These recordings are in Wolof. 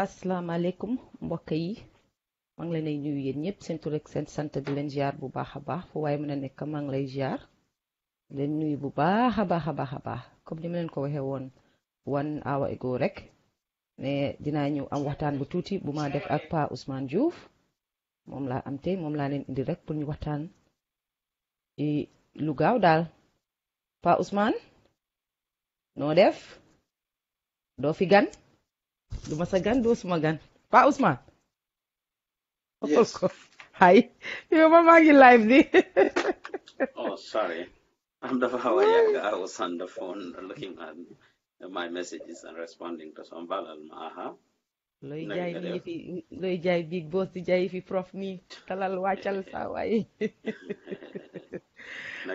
asalaamaaleykum mbokk yi maa ngi leen ay nuyu yéen ñëpp seen tur ak seen sant di leen ziar bu baax a baax fu waaye mën a nekk maa ngi lay ziar di leen nuyu bu baax a baax a baax a baax comme ni ma leen ko waxee woon one hour ago rek ne dinaa ñëw am waxtaan bu tuuti bu ma def ak Pa Ousman Joof moom laa am tey moom laa leen indi rek pour ñu waxtaan lu gaaw daal Pa Ousman noo def doo fi Dumasagan, dumasagan. Pa Usman? Yes. Oh, Hi. You my live di. oh, sorry. I'm the Hawaii. I was on the phone looking at my messages and responding to some balal maaha. Loy jay mi big boss di jay fi prof mi kalal waccal sa way.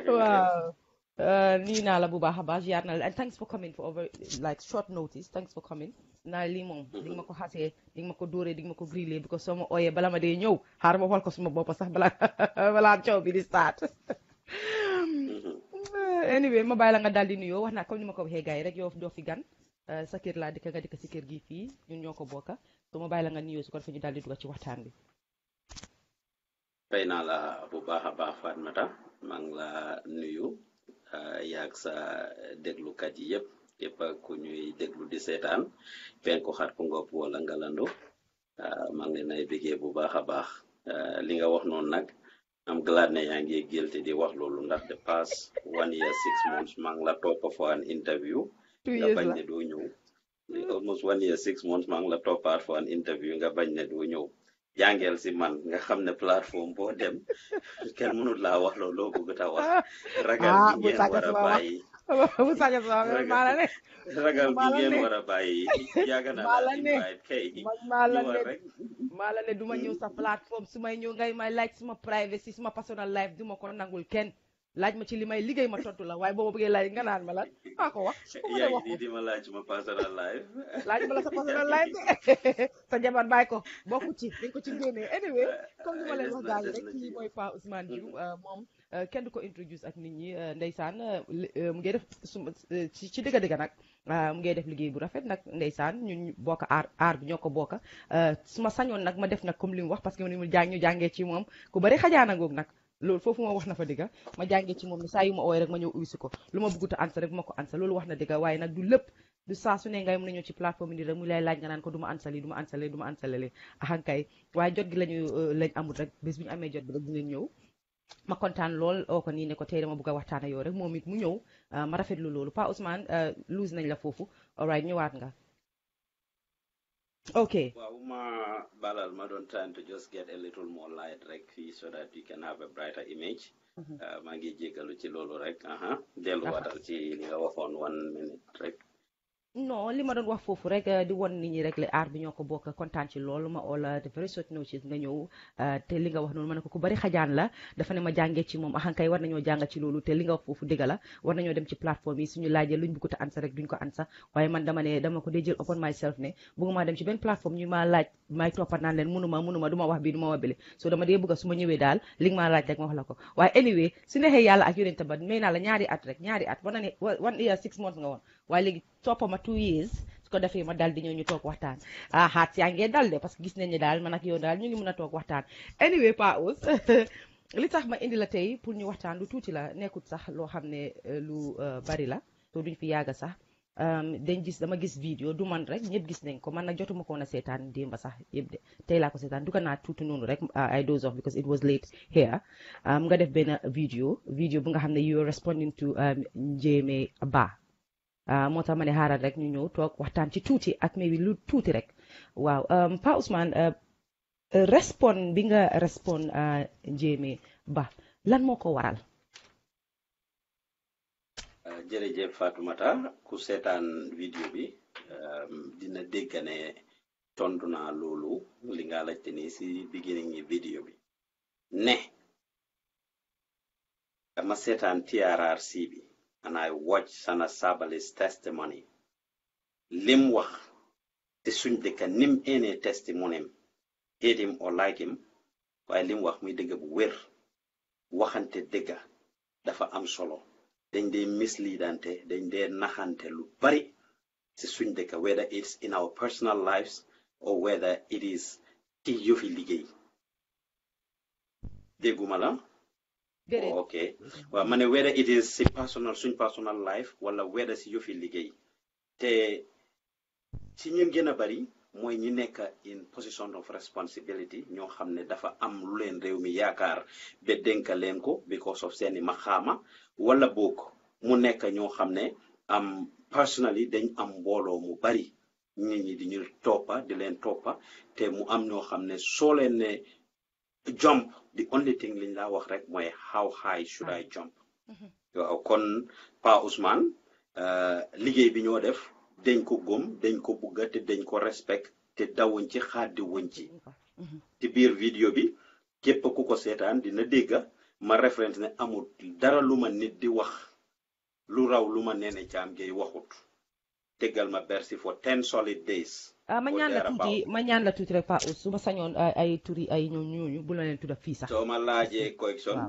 wow. Uh, Nina la bu baha and thanks for coming for over like short notice. Thanks for coming. na lii moom mm-hmm. di nga ma ko xasee di nga ko dóoree di nga ko grillé biko sama soo ma ooyee bala ma dee ñëw xaar ma xol ko suma bopp sax bala bala ciow bi di start mm-hmm. eh, anyway ma bayla nga dal di nuyo waxna comme ni ma ko waxee gay rek yo do fi gan eh, sa kër la dik nga dik si kër gi fi ñun ñoko boka bokka so ma bàyyi nga nuyo su ko fa ñu dal di dug ci waxtaan bi bayna la bu baaxa ba Fatmata mang ngi la nuyu eh, yaag sa deglu kat yi yëpp képp uh, ku ñuy déglu di seetaan penku xat ku ngopp wala ngalandu uh, maa ngi nay ay bu baax a baax uh, li nga wax noonu nag am glad ne yaa ngi guilty di wax loolu ndax de past one year six months maa ngi la for an interview nga bañ ne doo ñëw almost one year six months maa ngi la toppaat for an interview nga bañ ne doo ñëw jàngeel si man nga xam ne platform boo dem kenn mënut laa wax loolu loo bëgg ta wax ah, ragal bi ngeen war a bu saña sama mel maa la ne ragal a ne maa ne maa ne du ma ñëw sa plateforme su may ñëw ngay may laaj suma privacy suma personal life du ma ko nangul kenn laaj ma ci li may liggéey ma tontu la waaye boo ma bëggee laaj nga naan ma lan maa ko wax yaa ma laaj ma personal life laaj ma la sa personal life eh. sa jabar bàyyi ko bokku ci dañ ko ci génnee anyway comme li leen wax gaañ rek lii mooy Pa Ousman moom Euh, kenn du ko introduce ak nit ñi euh, ndeysaan euh, mu ngi def ci ci dëgg dëgg nag mu ngi def liggéey bu rafet nag ndeysaan ñu bokk aar aar bi ñoo ko bokk su ma sañoon nag ma def nag comme que ni ñu jàngee ci moom ku bari xajaana ngoog nag loolu foofu moo wax na fa dëgga ma jàngee ci moom ne saa yu ma ooy rek ma ñëw uysi ko lu ma bëggut a rek bu ma ko ansa loolu wax na dëgga waaye nag du lépp du saa su ne ngay ñëw ci plateforme nii rek mu lay laaj nga naan ko du ma ansali du ma ansali du ma waaye jot gi lañu lañ amul rek bés bu amee jot bi rek dinañ ñëw ma kontaan lool o ko nii ne ko tey dama bëgg a waxtaan yow rek moom it mu ñëw ah, ma rafetlu loolu Pa Ousmane ah, lose nañ la foofu alright ñëwaat nga. ok. waaw ma balal ma doon trying to just get a little more light rek fii so that you can have a brighter image. Mhm. Ah, maa ngi jégalu ci loolu rek. delluwaatal ci li nga waxoon one minute rek. non li ma doon wax foofu rek eh, di won nit ñi rek le aar bi ñoo ko bokk kontaan ci loolu ma oola de very short notice nga ñëw eh, te ne ko ku bari xajaan ne ma jàngee la a ñaari at rek ñaari at war ne one year six months nga woon waaye léegi topp two years su ko defee ma Dal di ñëw ñu toog waxtaan ah xaat yaa ngee dal de parce que gis nañ ne dal man ak yow daal ñu ngi mën a waxtaan anyway Pa Ous li tax ma indi la tey pour ñu waxtaan lu tuuti la nekkut sax loo xam ne eh, lu eh, bari la to duñ fi yàgga sax um, dañ gis dama gis vidéo du man rek ñëpp gis nañ ko man nag jotuma ko woon a seetaan démba sax yëpp de tey laa ko seetaan du ko naa tuuti noonu rek uh, I doze off because it was late here um, nga def benn vidéo vidéo bu nga xam ne you responding to um, Njeme Ba Ah, moo tax ma ne xaaral rek ñu ñëw toog waxtaan ci tuuti ak may lu tuuti rek waaw um, Pa Ousman uh, uh, respond bi respond Jammeh uh, Bah lan moo ko waral. jërëjëf Fatoumata ku seetaan vidéo bi um, dina dégg ne tontu naa loolu li nga laajte nii si beginning vidéo bi ne dama seetaan TRRC bi. and I watched Sana Sabale's testimony. Limwa, wax te suñ dëkka nim eenee testimony am hate him or like him waaye lim wax muy dëgg bu wér waxante dëgga dafa am solo dañ dee misleadante dañ dee naxante lu bari ci suñ dëkka whether it's in our personal lives or whether it is ci yëfi liggéey dégguma la ok waaw it is si personal suñ personal life wala whether si yofi liggéey te ci ñun gën bari mooy ñi nekk in position of responsibility ñoo xam dafa am lu leen réew mi because of seeni maxaama wala boog mu nekk ñoo xam am personally dañ am mu bari ñi di ñu topa, te mu am ñoo xam jump the only thing liñ la wax rek moy how high should I jump -hmm. kon Pa Ousmane uh, liggéey bi ñoo def dañ ko gom dañ ko bugga te dañ ko respect te dawuñ ci xaddi wuñ ci mm-hmm. ci biir vidéo bi képp ku ko seetaan dina dégga ma référence ne amul dara lu ma nit di wax lu raw lu ma nee caam gay waxut tegal ma bersi for 10 solid days Uh, la tuti ma la tuti rek fa o suma sañon ah, ay turi ay ñu ñu bu la len tuda fi sax. soo ma laajee correction.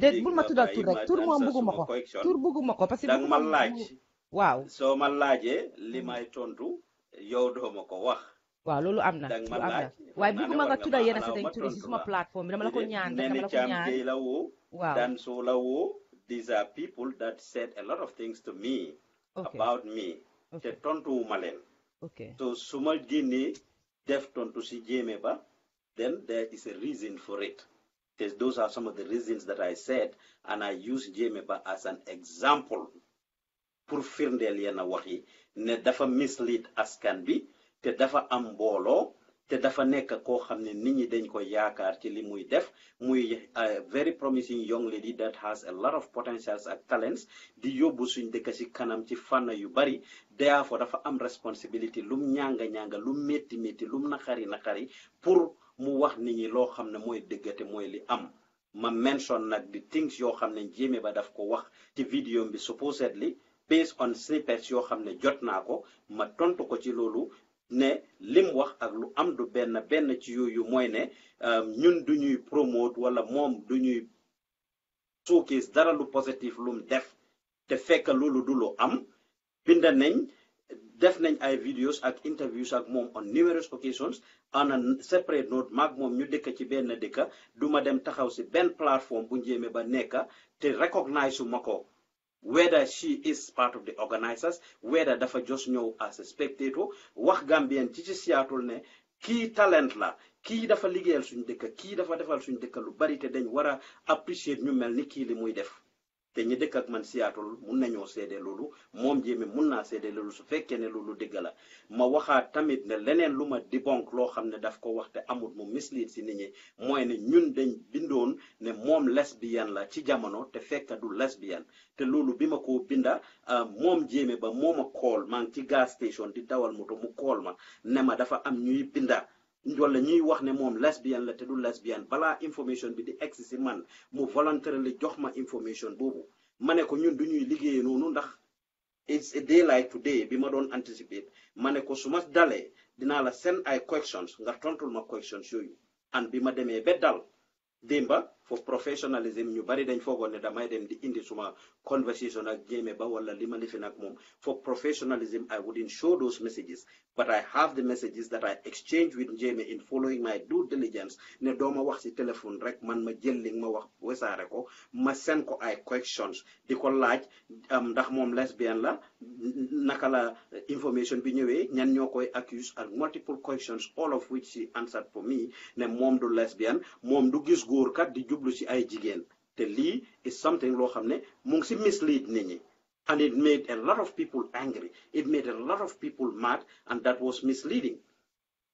de bu ma tuda tur rek tur mo bëgguma ko tur bëgguma ko parce que. dang ma laaj waaw. so ma laajee limay mm. tontu yow do mako wax. waaw lolu amna na lu am nga tuda yena sa tay turi ci suma plateforme dama la ko ñaan dama la ko ñaan. dan so la wo these are people that said a lot of things to me. okay. about me okay. te tontuwuma leen okay. so su ma génnee def tontu si jéeme then there is a reason for it because those are some of the reasons that I said and I use jéeme as an example pour firndeel yenn wax ne dafa mislead as can be. te dafa am te dafa nekk koo xam ne nit ñi dañ ko yaakaar ci li muy def muy euh, very promising young lady that has a lot of potentials ak talents di yóbbu suñ dëkk si kanam ci fànn yu bari therefore dafa am responsibility lum ñanga ñanga lum métti métti lum naqari naqari pour mu wax nit ñi loo xam ne mooy dëggate mooy li am ma mention nag di things yoo xam ne jéeme ba daf ko wax ci vidéo bi supposedly based on snippets yoo xam ne jot naa ko ma tontu ko ci loolu ne lim wax ak lu am du benn benn ci yooyu mooy ne euh, ñun duñuy promote wala moom duñuy ñuy suukis dara lu positif lum def te fekk loolu du lu am bind nañ def nañ ay videos ak interviews ak moom on numerous occasions on a separate note maag moom ñu dëkk ci benn dëkka duma dem taxaw si benn plateforme bu njéeme ba nekka te recognize su ma ko whether she is part of the organizers whether dafa just ñëw as a spectator wax Gambian ci ci Seattle ne kii talent la kii dafa liggéeyal suñ dëkk kii dafa defal suñ dëkk lu bari te dañ war appreciate ñu mel ni li muy def. te ñi dëkk ak man siyaatul mun nañoo seede loolu moom jéeme mun naa seede loolu su fekkee ne loolu dëgg la ma waxaat tamit ne leneen lu ma dibonk loo xam ne daf ko wax te amut mu mislead si nit ñi mooy ne ñun dañ bindoon ne moom lesbian la ci jamono te fekk du lesbian te loolu bi ma ko binda euh, moom jéeme ba moo a kool maa ngi ci gas station di dawal moto mu kool ma ne ma dafa am ñuy binda wala ñuy wax ne mom lesbian la te du lesbienne balaa information bi di egg si man mu volontarily jox ma information boobu mane ne ko ñun du ñuy liggéeyee ndax it's a day like today bi ma doon anticipate mane ne ko su ma dalee la send ay questions nga tontul ma questions yooyu and bi ma demee ba dal démba for professionalism, ñu bari dañ foogoon ne damay dem di indi suma conversation ak jéeme ba wala li ma lifin ak moom for professionalism I wouldn't show those messages but I have the messages that I exchange with jéeme in following my due diligence ne doo ma wax si téléphone rek man ma jël li ma wax wesaare ko ma seen ko ay questions di ko laaj ndax moom lesbian la naka la information bi ñëwee ñan ñoo koy accuse ak multiple questions all of which she answered for me ne moom du lesbian moom du gis góor kat di jub the ci ay te is something loo xam mu ngi mislead nit ñi and it made a lot of people angry it made a lot of people mad and that was misleading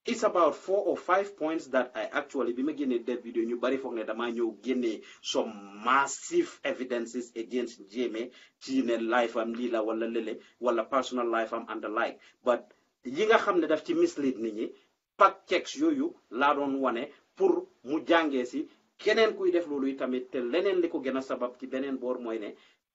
it's about four or five points that I actually bi ma génnee that video ñu bari foog ne damaa ñëw génnee some massive evidences against Jammeh ci ne life am li la wala lële wala personal life am and the like but yi nga xam daf ci mislead nit ñi fact checks yooyu laa doon wane pour mu keneen kuy def loolu tamit te leneen li ko gën a sabab ci beneen boor mooy ne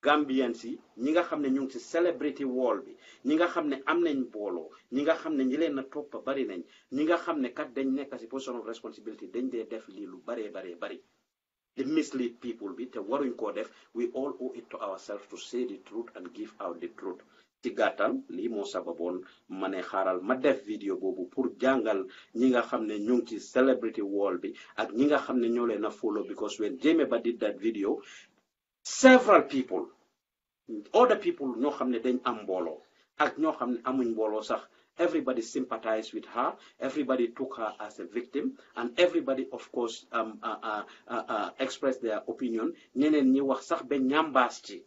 Gambian si ñi nga xam ne ñu ngi si celebrity wall bi ñi nga xam ne am nañ booloo ñi nga xam ne ñi leen a topp bari nañ ñi nga xam ne kat dañ nekk si position of responsibility dañ dee def lii lu baree baree bari di mislead people bi te waruñ koo def we all owe it to ourselves to say the truth and give out the truth ci gàttal lii moo sababoon ma ne xaaral ma def vidéo boobu pour jàngal ñi nga xam ñu ci celebrity wall bi ak ñi nga xam ñoo leen follow because when Jammeh Bah did that video several people other people ñoo xam ne dañ am mbooloo ak ñoo xam amuñ mbooloo sax everybody sympathized with her everybody took her as a victim and everybody of course um, uh, uh, uh, expressed their opinion ñeneen ñi wax sax ba ñambaas ci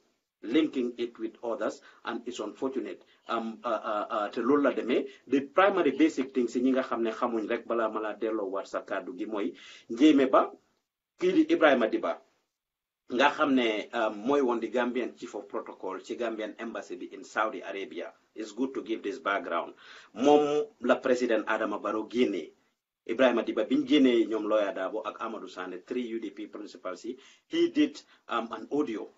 linking it with others, and it's unfortunate. Um, uh, uh, uh, loolu la demee the primary basic things si ñi nga xam ne xamuñ rek balaa ma la delloo war sa kàddu gi mooy njéeme ba kii di Ibrahima Diba nga xam ne um, mooy woon di Gambian chief of protocol ci Gambian embassy bi in Saudi Arabia it's good to give this background moom la président Adama Barrow génnee Ibrahima Diba biñ génnee ñoom Lawyer Darboe ak Amadou Sanneh three UDP principals yi he did um, an audio.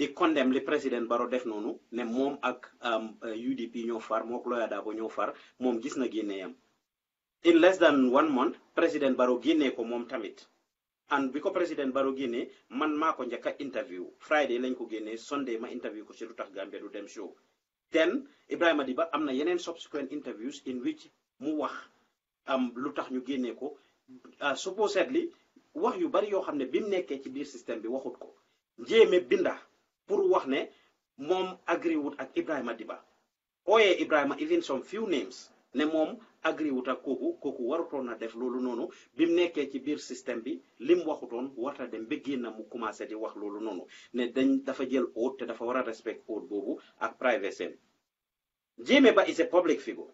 di condemn li président Baro def nonu ne mom ak UDP um, uh, ñoo far mook Lawyer Darboe ñoo far moom gis na in less than one month President Baro gine ko mom tamit and bi President président Baro génnee man maa ko interview Friday lañ ko génnee Sunday ma interview ko ci lu Gambia du dem show then Ibrahima Diba am amna yeneen subsequent interviews in which mu wax am um, lu ñu ko uh, supposedly wax yu bari yoo xam ne bi mu ci biir système bi waxut ko binda pour wax ne moom agriwut ak Ibrahima Diba ooyee Ibrahima even some few names ne moom agriwut ak kooku kooku warutoon na def loolu noonu bi mu nekkee ci biir système bi lim waxutoon warta dem ba na mu commencé di wax loolu noonu ne dañ dafa jël oath te dafa war a respect oath boobu ak privacy Jammeh Bah is a public figure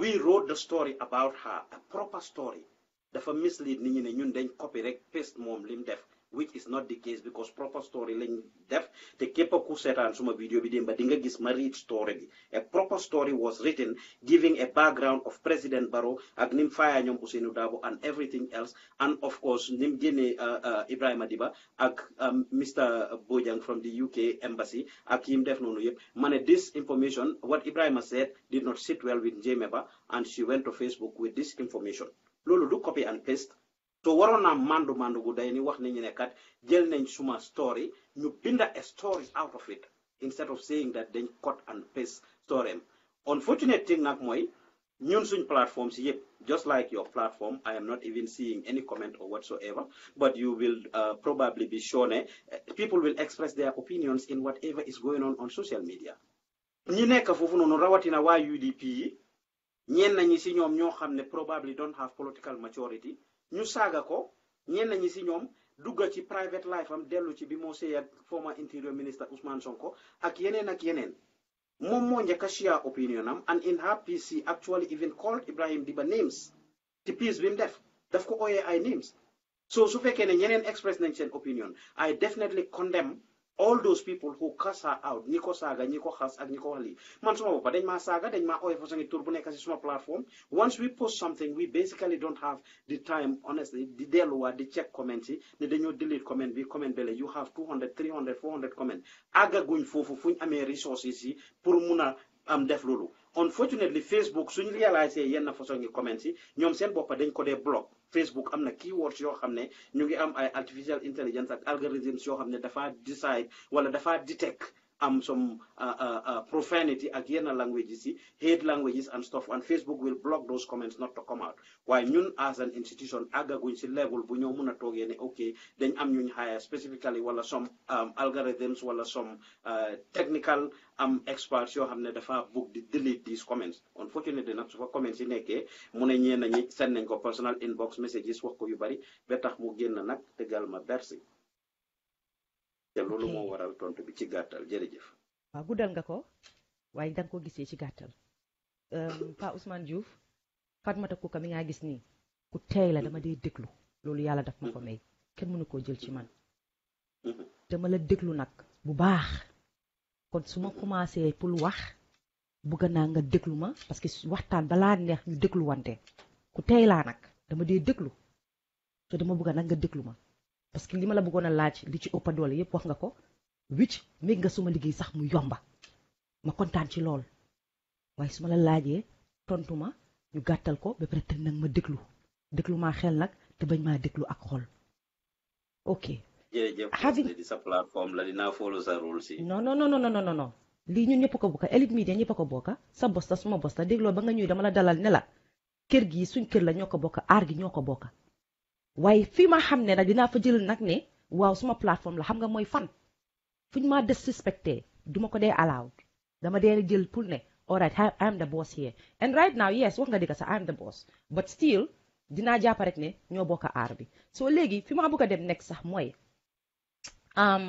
we wrote the story about her a proper story dafa mislead nit ñi ne ñun dañ copy rek paste moom lim def which is not the case because proper story lañ the te képp ku seetaan suma video bi but di gis ma read story bi a proper story was written giving a background of President Barrow ak nim faya ñoom and everything else and of course nim génnee uh, uh, Ibrahima Diba ak um, Mr Bojang from the UK embassy ak yim def this information what Ibrahima said did not sit well with Njemeba and she went to Facebook with this information loolu du copy and paste so waroon naa mandu mandu gu day ni wax nañu ne kat jël nañ suma story ñu binda a story out of it instead of saying that dañ cut and paste story am unfortunate thing nag mooy ñun suñ platform si yëpp just like your platform I am not even seeing any comment or whatsoever but you will uh, probably be shown. Eh, people will express their opinions in whatever is going on on social media. ñi nekk foofu noonu rawatina waa UDP yi ñenn ñi si ñoom ñoo xam ne probably don't have political maturity. ñu saaga ko ñenn nyom, si ñoom dugga ci private life am dellu ci bi ak former interior minister Ousmane Sonko ak yenen ak yenen moom moo njëkk and in her piece she actually even called Ibrahim Diba names ci piece bi def daf ko ooyee ay names so su kene ne express nañ seen opinion I definitely condemn all those people who curse her out Niko saga, Niko has ag, Niko hali. ñi ko wax lii man suma boppa dañ maa saaga dañ maa ooy turbo tur bu nekk suma platform once we post something we basically don't have the time honestly deal delluwaat di check comment yi ne dañoo delete comment bi comment bele you have 200 300 400 comment àggaguñ foofu fuñ amee resources yi pour mun am def loolu unfortunately Facebook suñ réalisé yen na yi comment yi ñoom seen boppa dañ ko block Facebook am na keywords yoo xam ne ñu ngi am ay artificial intelligence ak algorithms you have. ne dafa decide wala dafa detect um, some uh, uh, uh profanity again languages, eh, hate languages and stuff, and Facebook will block those comments not to come out. While ñun as an institution aga si level bu ñoo mën a ne ok Then am ñuñ hire specifically wala some um, algorithms wala some uh, technical um, experts yo have ne dafa bugg di delete these comments. Unfortunately nag su comments yi nekkee mu ne ñee nañu send nañ ko personal inbox messages wax ko yu bari ba tax mu tegal ma bersi te lolu mo waral tontu bi ci gàttal jërëjëf wa guddal nga ko waye dang ko gisee ci euh pa Ousmane Diouf Fatmata Kuka mi nga gis ni ku tey la dama day deglu lolu yalla daf mako may ken munu ko jël ci man dama la deglu nak bu baax kon suma ma commencé pour wax bëgg naa nga déglu ma parce que waxtaan balaa neex ñu déglu wante ku tey laa nag dama dee déglu te dama bëgg nga déglu ma parce que li ma la bëggoona laaj li ci ëpp doole yëpp wax nga ko wicc méeg nga suma liggéey sax mu yomba ma kontaan ci lool waaye su ma la laajee tontuma ñu gàttal ko ba pare te nag ma déglu déglu maa xel nag te bañ maa déglu ak xol ok. jërëjëf di sa la dinaa follow sa rôle si. non lii ñun ñëpp ko bokka Elite Media ñëpp ko bokka sa bosta suma bosta dégloo ba nga ñëw dama la dalal ne la kër gi suñ kër la ñoo ko bokka aar gi ñoo ko bokka waaye fii ma xam ne nag fa jël nag ne waaw suma platform, la xam nga mooy fan fu ma disrespecté du ko dee allowed dama dee jël pour ne all right I am the boss here and right now yes wax nga I am the boss but still dinaa jàpp rek ne ñoo bokk aar bi so léegi fi ma bëgg a dem nekk sax mooy um,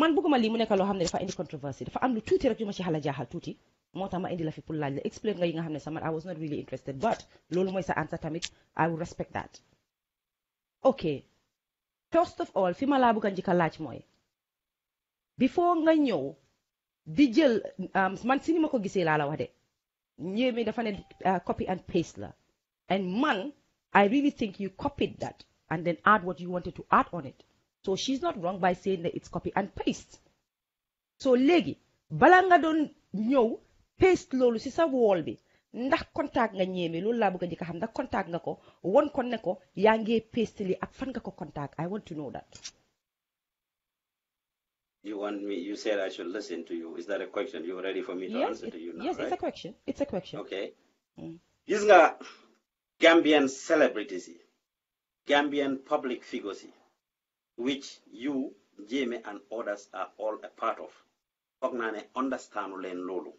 man bëgguma lii mu nekk loo xam dafa indi controversy. dafa am lu tuuti rek yu ma ci xala jaaxal tuuti indi la fi pour laaj la explain nga yi nga xam ne I was not really interested but loolu mooy sa answer tamit I will respect that ok first of all fi ma laa bëgg a njëkk laaj mooy before nga ñëw di jël um, man si ni ma ko gisee laa la wax de ñëw mi dafa ne uh, copy and paste la and man I really think you copied that and then add what you wanted to add on it so she's not wrong by saying that it's copy and paste so legi, bala nga doon ñëw paste sa wall bi ndax contact nga bëgg xam ndax contact nga ko won ko ne ko paste li ak fan nga ko contact I want to know that. You want me? You said I should listen to you. Is that a question? You ready for me to yes, answer it, to you now? Yes, right? it's a question. It's a question. Okay. Mm. Gis nga Gambian celebrities Gambian public figures which you Jeme and others are all a part of foog naa ne understand leen loolu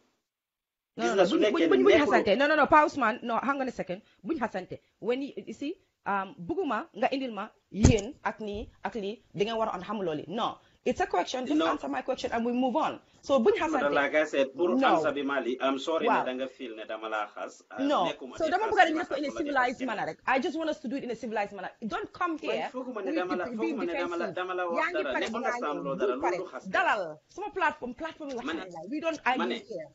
no no no Pause, man. no hang on a second buñ xasante when you see um, bugguma nga indil ma yéen ak nii ak lii a on xam loolu it's a question just answer my question and we move on so buñ xasante like I said poor pour answer bi Mali I'm sorry ne da nga feel ne dama laa ah, no so dama bëgg a def ko in a civilized manner I just want us to do it in a civilized manner don't come here fooguma ne dama la fooguma ne dama la dama la wax dara ne understand loolu dalal suma plateforme plateforme nga xam ne we don't care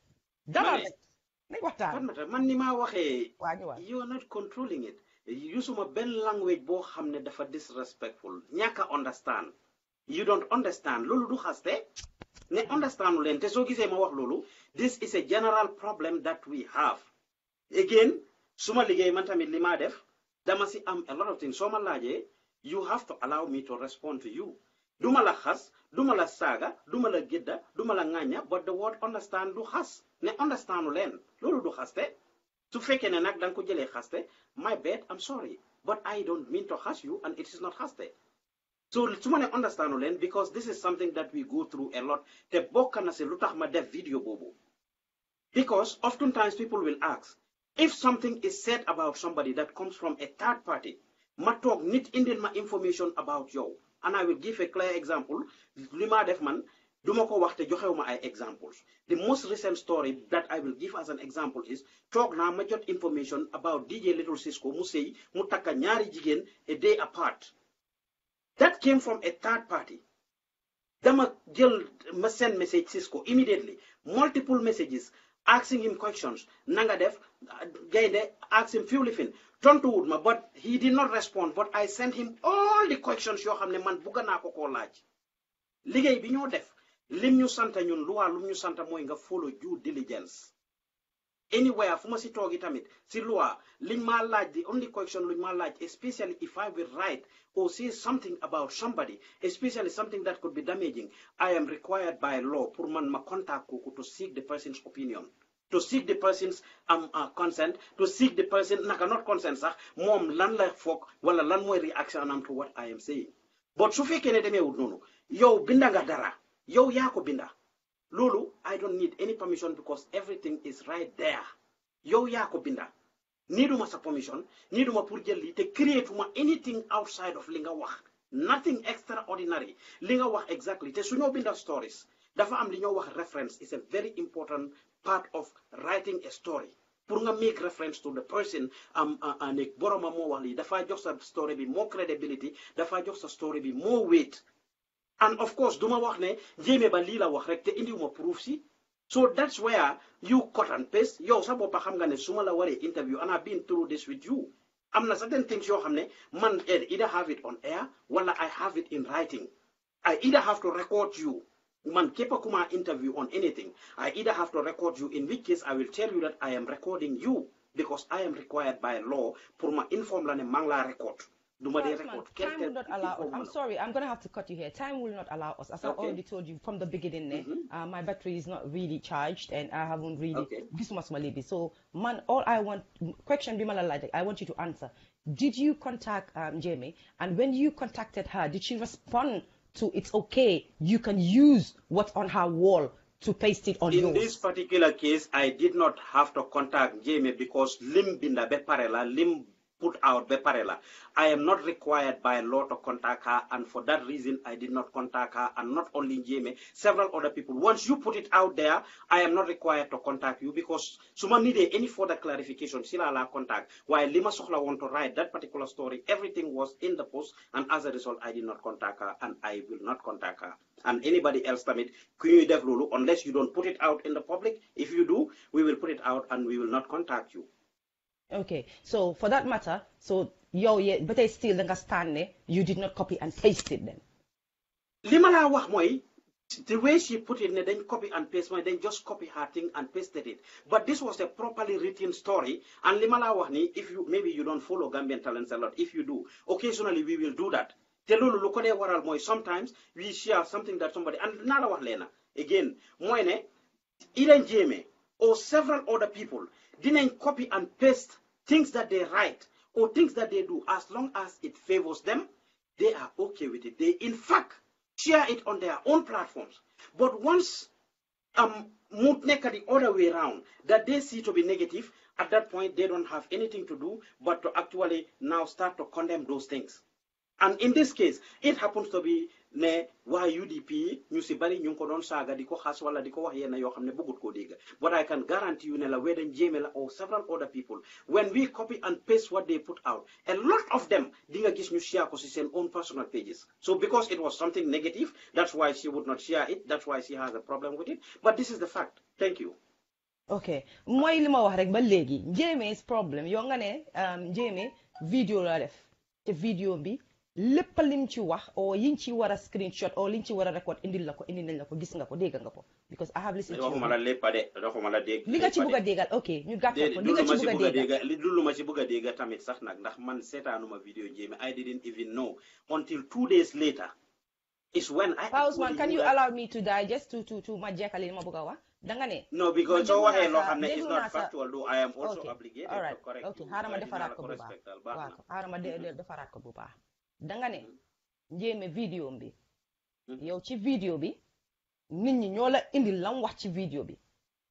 man ni maa waxee you are not controlling it yusuma benn language boo xam ne dafa disrespectful ñàkk understand you don't understand loolu du xaste ne understand leen te soo gisee ma wax loolu this is a general problem that we have again suma liggéey man tamit li maa def dama si am a lot of things soo ma you have to allow me to respond to you duma la xas duma la saaga duma la gédda duma la ŋàñña but the word understand du xas ne understand leen loolu du xaste su fekkee ne nag ko jëlee xaste my bad I'm sorry but I don't mean to hurt you and it is not xaste so su ma ne understand leen because this is something that we go through a lot te book na also look tax ma def video boobu because oftentimes people will ask if something is said about somebody that comes from a third party ma toog nit indil ma information about you, and I will give a clear example li def man Dumako ko joxewuma ay examples the most recent story that I will give as an example is toog naa ma jot information about DJ Little Cisco mu sëy mu takka ñaari a day apart that came from a third party dama jël ma send message Cisco immediately multiple messages asking him questions nanga def gaynde ask him few lifin tontuwut ma but he did not respond but I sent him all the questions yoo xam ne man bugana naa ko koo laaj def lim ñu sant ñun luwaa lum ñu sant mooy nga follow due diligence anywhere fu ma si toogi tamit si luwaa liñ maa laaj the only question luñ maa laaj especially if I will write or say something about somebody especially something that could be damaging I am required by law pour man ma contact kooku to seek the person's opinion to seek the person's um, uh, consent, to seek the person, naka not consent sax, mom lan la fok, wala lan moy reaction am to what I am saying. But su fekkene demewut nonu, yow binda nga dara, Yo ya kobinda, Lulu. I don't need any permission because everything is right there Yo ya kobinda, binda needuma sa permission needuma pour jël te create ma anything outside of linga nga nothing extraordinary li exactly. They exactly te be binda stories dafa am linga ñoo reference is a very important part of writing a story Purunga make reference to the person um nekk boromam moo wax dafa just sa story be more credibility dafa just sa story be more weight and of course duma wax ne jéeme ba lii la wax rek te indiwuma proof si so that's where you cut and paste Yo sa boppa xam nga ne su ma la waree interview and I've been through this with you am na certain things yo xam man either have it on air wala I have it in writing I either have to record you man kepa kuma interview on anything I either have to record you in which case I will tell you that I am recording you because I am required by law pour ma inform la ne maa ngi record Nobody Time will not allow us. I'm sorry, I'm going to have to cut you here. Time will not allow us. As okay. I already told you from the beginning, mm -hmm. uh, my battery is not really charged and I haven't really. my lady. So, man, all I want, question Bimala Ladek, I want you to answer. Did you contact um, Jamie? And when you contacted her, did she respond to it's okay, you can use what's on her wall to paste it on In yours. this particular case, I did not have to contact Jamie because lim binda be lim put out Beparela. I am not required by law to contact her, and for that reason, I did not contact her, and not only Njeme, several other people. Once you put it out there, I am not required to contact you because someone needed any further clarification, still will contact. While Lima Sohla want to write that particular story, everything was in the post, and as a result, I did not contact her, and I will not contact her. And anybody else, Tamit, unless you don't put it out in the public, if you do, we will put it out and we will not contact you. Okay, so for that matter, so your yeah, but I still understand, eh? you did not copy and paste it then. Limala ma the way she put it then copy and paste my then just copy her thing and pasted it but this was a properly written story and limala ma if you maybe you don't follow Gambian talents a lot if you do occasionally we will do that te loolu lu ko dee waral sometimes we share something that somebody and another one, wax again mooy ne Eden Jeme or several other people didn't copy and paste things that they write or things that they do, as long as it favors them, they are okay with it. They, in fact, share it on their own platforms. But once um, Mutneka the other way around, that they see to be negative, at that point they don't have anything to do but to actually now start to condemn those things. And in this case, it happens to be ne waa UDP ñu si bari ñu ko doon saaga di ko wala wax bëggut dégg but I can guarantee you ne la Wedan Jammeh la or several other people when we copy and paste what they put out a lot of them di nga gis ñu share ko si seen own personal pages so because it was something negative that's why she would not share it that's why she has a problem with it but this is the fact thank you ok li ma wax rek ba problem nga ne um, vidéo la def vidéo bi lepp lim ci wax o yiñ ci wara screenshot o liñ ci wara record indil lako indi nañ lako gis nga ko deg nga ko because I have listened to waxuma la lépp de waxuma la deg li nga ci bëgga degal déggal ok ñu gatt ko li nga ci bëgga degal li dulluma ci bëgga degal tamit sax nak ndax man vidéo I didn't even know until two days later is when I man can you allow me to digest to to to ma jekkali ma bëgga wax da nga ne no because so waxe lo xamne is not factual do I am also obligated to correct okay xaaral ma defaraat ko bu baax harama defarat ko bu baax danga ne njéeme vidéo bi mm-hmm. yow ci vidéo bi nit ñi ñoo la indi lan wax ci vidéo bi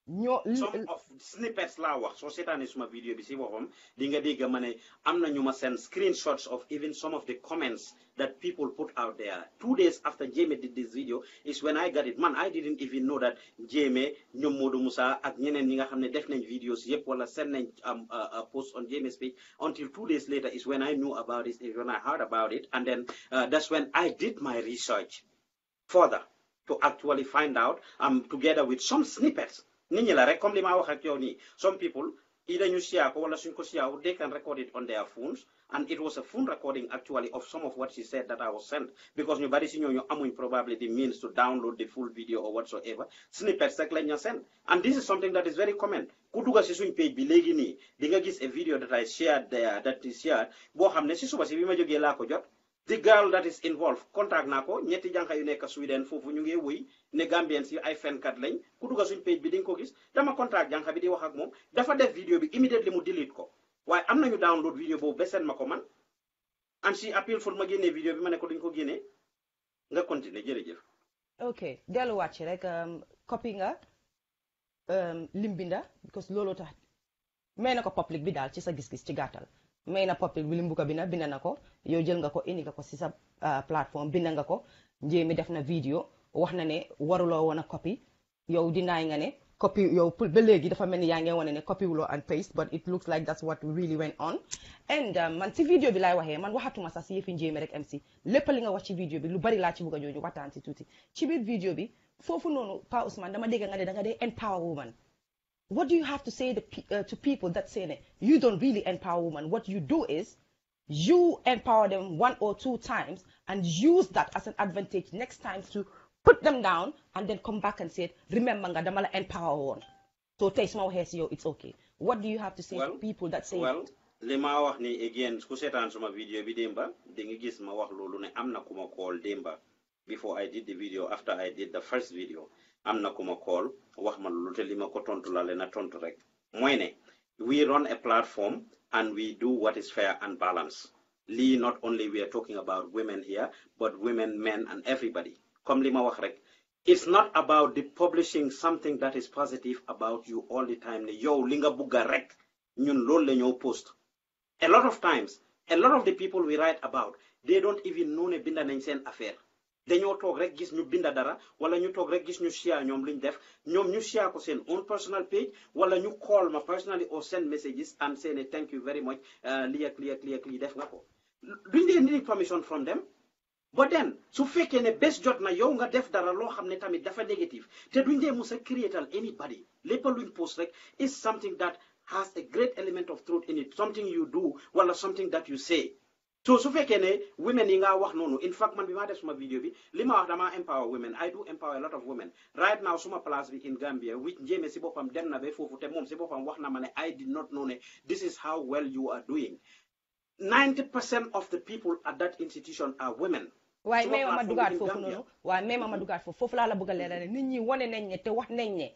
some of oh, snippets laa wax soo seetaanee suma vidéo bi si boppam di nga dégg ma ne am na screenshots of even some of the comments that people put out there two days after Jamie did this video is when I got it man I didn't even know that Jammeh ñoom Modou Moussa ak ñeneen ñi nga xam ne def nañ videos yëpp wala seen nañ um, post on Jamie's page until two days later is when I knew about it is when I heard about it and then uh, that's when I did my research further to actually find out um together with some snippets nit ñi la rek comme li maa wax ak yow nii some people either ñu share wala suñ ko share they can record it on their phones and it was a phone recording actually of some of what she said that I was sent because ñu bari si ñooñu amuñ probably the means to download the full video or whatsoever snippets rek lañ ñu sent and this is something that is very common ku dugga si suñ page bi léegi nii di nga gis a video that I shared there that is shared boo xam ne si suba si bi ma jógee ko jot the girl that is involved contact nako. ko ñetti jànka yu nekk Sweden foofu ñu ngi wéy ne gambien si ay kat lañ ku duga suñ page bi ding ko gis dama contact jànq bi di wax ak mom dafa def video bi immediately mu delete ko waye amna ñu download video bo besen mako man am si appel for ma génnee video bi mané ko duñ ko génnee nga continuer jërëjëf ok delu wacc rek um, copy nga um, lim binda because lolo tax mayna ko public bi dal ci sa gis-gis ci gatal mayna public bi limbuka bina, bina nako, yo jël nga ko indi nga ko ci sa uh, platform bina nga ko ndiemi def na video wax na ne waruloo woon a copy yow dinaay nga ne copy yow ba léegi dafa mel ni yaa ngee wane ne copy wuloo and paste but it looks like that's what really went on and um, man si vidéo bi laay waxee man waxatuma sax si yëfi njéeme rek MC lépp li nga wax ci vidéo bi lu bari laa ci bugg a jooju waxtaan si tuuti ci biir vidéo bi foofu noonu Pa Ousman dama dégg nga ne da nga dee empower woman what do you have to say uh, to people that say ne you don't really empower woman what you do is you empower them one or two times and use that as an advantage next time to put them down and then come back and say it. remember nga empower woon so tey small hair, waxee si it's okay what do you have to say to people that say well li ma wax ni again ku seetaan suma video bi démba di nga gis ma wax loolu ne am na call démba before I did the video after I did the first video amna kuma call wax ma loolu te li ma ko tontu la le na tontu rek mooy ne we run a platform and we do what is fair and balanced Li not only we are talking about women here but women men and everybody comme wax rek it's not about the publishing something that is positive about you all the time ne yow li nga bugga rek ñun loolu la ñoo post a lot of times a lot of the people we write about they don't even know ne binda nañ seen affaire dañoo toog rek gis ñu binda dara wala ñu toog rek gis ñu share ñoom liñ def ñoom ñu share ko seen own personal page wala ñu call ma personally or send messages and say ne thank you very much lii ak lii ak lii ak lii def nga ko duñ need permission from them but then, su fekkee ne bés jot na yow nga def dara loo xam ne tamit dafa négative te duñ dee mus a creatal anybody lépp luñ post rek is something that has a great element of truth in it something you do wala something that you say so su fekkee ne women yi nga wax noonu in fact man bi maa def suma vidéo bi li ma wax empower women I do empower a lot of women right now suma place bi in Gambia which njéeme si boppam dem na ba foofu te moom si boppam wax na ma ne I did not know ne this is how well you are doing 90 percent of the people at that institution are women waaye mais ma dugaat foofu noonu waaye mais ma dugaat foofu foofu laa la bëgg a leerale nit ñi wane nañ ne te wax nañ ne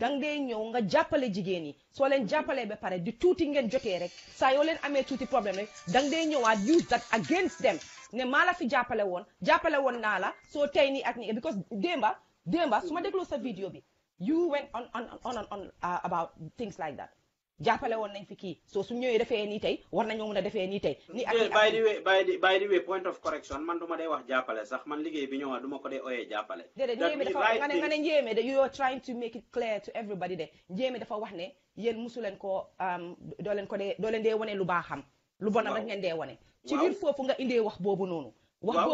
dang dee ñëw nga jàppale jigéen yi soo leen jàppalee ba pare di tuuti ngeen jotee rek saa yoo leen amee tuuti problème rek dang dee ñëwaat use that against them ne maa la fi jàppale woon jàppale woon naa la soo tey nii ak nii because démba démba su ma dégloo sa vidéo bi you went on on on on uh, about things like that jàppale woon nañ fi suñ war ni ak point of correction man du ma wax jàppale sax man liggéey bi ñëwa du ko dee ooyee jàppale déedéet njéeme dafa nga nga ne you are trying to make it clear to everybody de njéeme dafa wax ne yéen musu leen ko um, doo leen ko dee doo leen dee wane lu baaxam lu bonam rek ngeen ci nga wax I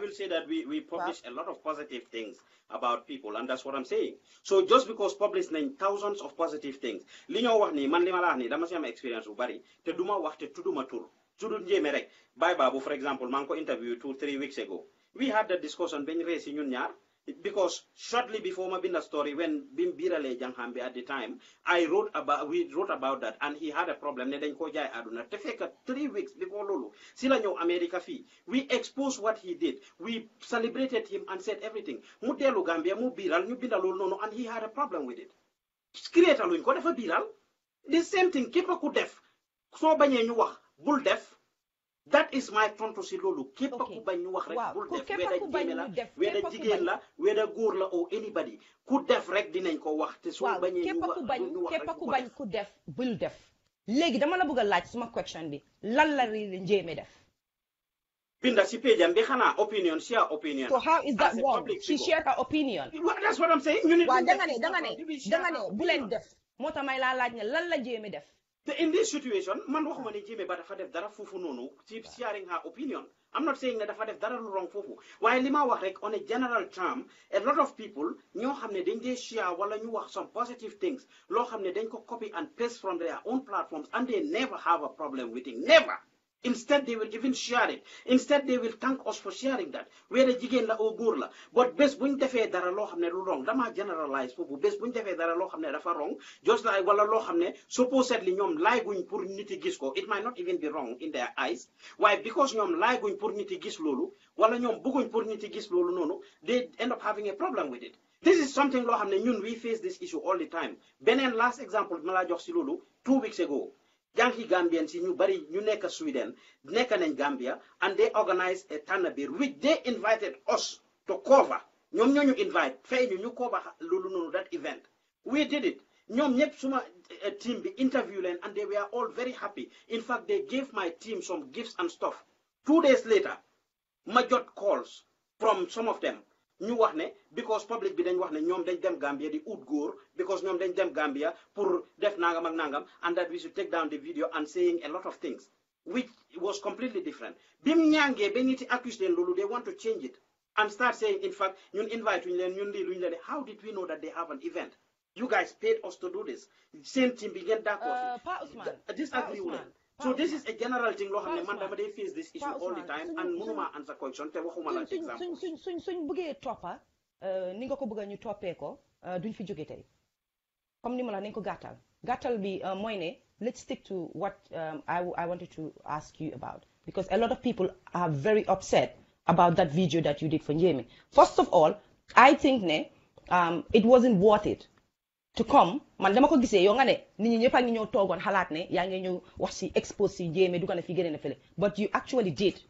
will say that we we publish a lot of positive things about people and that's what I'm saying. so just because publish nañ thousands of positive things li ñoo wax nii malani. li ma la wax nii am expérience bu bari te du ma wax te tudduma tur tuddul njéeme for example manko interview two three weeks ago we had the discussion bañ reesi ñun ñaar because shortly before Mabinda story, when Bim Birale Janghambe at the time, I wrote about we wrote about that, and he had a problem. Neden kojai aduna. Tefeka three weeks before Lulu, sila nyo America fi. We exposed what he did. We celebrated him and said everything. Mudelo Gambia, mu biral, binda lulu no, and he had a problem with it. Create a ko defa biral. The same thing, kepa ku def. So banye nyu def, that is my front si loolu képp ku bañ ñu wax rek bul def weda jéeme la weda jigéen la weda góor la o anybody could def rek dinañ ko wax te suñu Keep ñu wax ñu wax képp ku bañ ku def bul def léegi dama la bëgg a laaj question bi lan la ri njéeme def Binda si pejam bi opinion share opinion so how is ah, that wrong she shared her opinion that's what I'm saying ñu ne waaw danga ne danga ne danga ne bu leen def moo tax may laa laaj ne lan def in this situation, man waxuma ne Jammeh ba dafa def dara foofu nonu ci sharing her opinion. I'm not saying that dafa def dara lu wrong foofu waaye lima ma wax rek on a general term a lot of people ñoo xam dañ share wala ñu wax some positive things Lo xam dañ ko copy and paste from their own platforms and they never have a problem with it never. Instead, they will even share it. Instead, they will thank us for sharing that. Where the jigen la ogur la. But best buñ defé dara lo xamné lu wrong. Dama generalize fofu. Best buñ defé dara lo xamné dafa wrong. Just like wala lo xamné supposedly ñom lay guñ pour nit gis ko. It might not even be wrong in their eyes. Why? Because ñom lay guñ pour nit gis lolu wala ñom bëgguñ pour nit gis lolu nonu, they end up having a problem with it. This is something lo xamné ñun we face this issue all the time. Benen last example mala jox ci lolu 2 weeks ago. Yankee Gambians in new bari new neka Sweden, neka in Gambia, and they organized a Tanabir, which they invited us to cover. Nyom nyom invite, fay you cover lulunu that event. We did it. Nyom nyep suma eh, team be interview and they were all very happy. In fact, they gave my team some gifts and stuff. Two days later, major calls from some of them ñu wax ne because public bi dañ wax ne ñoom dañ dem Gambia di ut góor because ñoom dañ dem Gambia pour def nangam ak nangam and that we should take down the video and saying a lot of things which was completely different bim ñaangee ba ñi ti accuse leen loolu they want to change it and start saying in fact ñun invite ñu leen ñun lii luñ leen how did we know that they have an event you guys paid us to do this Same team bi ngeen d'accord this uh, agree wu leen so this is a general thing loo xam ne man dama face this issue all the time and mënuma answer question te waxuma la exemple suñ suñ suñ suñ bëggee toppa euh, ni nga ko bëgg ñu toppee ko euh, duñ fi jóge tey comme ni ma la nañ ko gàttal gàttal bi euh, mooy ne let's stick to what um, I I wanted to ask you about because a lot of people are very upset about that video that you did for Njeme first of all I think ne um, it wasn't worth it to come man dama ko gisee yow nga ne nit ñi ñëpp a ngi ñëw xalaat ne yaa ngi ñëw wax si expose si jéeme du ko ne fi gën fële but you actually did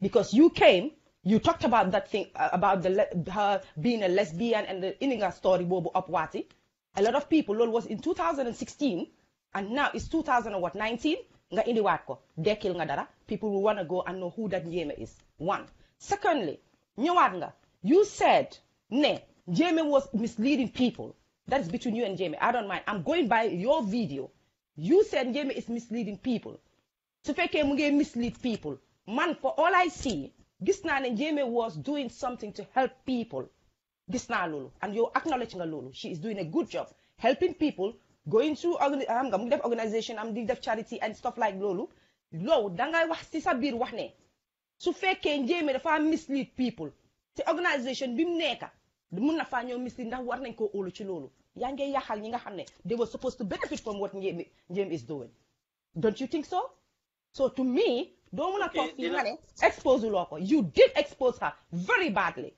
because you came you talked about that thing uh, about the her being a lesbian and the Ininga story boobu Upwati a lot of people loolu was in 2016 and now it's 2019 nga indiwaat ko dekkil nga dara people will wanna go and know who that Njéemé is one secondly ñëwaat nga you said ne Njéemé was misleading people that is between you and Jamie. I don't mind. I'm going by your video. You said Jamie is misleading people. So Feke mislead people. Man, for all I see, Gisna and Jamie was doing something to help people. Gisna Lulu. And you're acknowledging Lulu. She is doing a good job helping people, going through I'm ah, um, organization, I'm um, charity and stuff like Lulu. Low, danga wa ci wane. bir Jamie ne su mislead people The organisation bi The nekk mun na faa ñëw mislead ndax war ñi nga they were supposed to benefit from what Njeme is doing don't you think so so to me don't wanna fii nga ne expose loo you did expose her very badly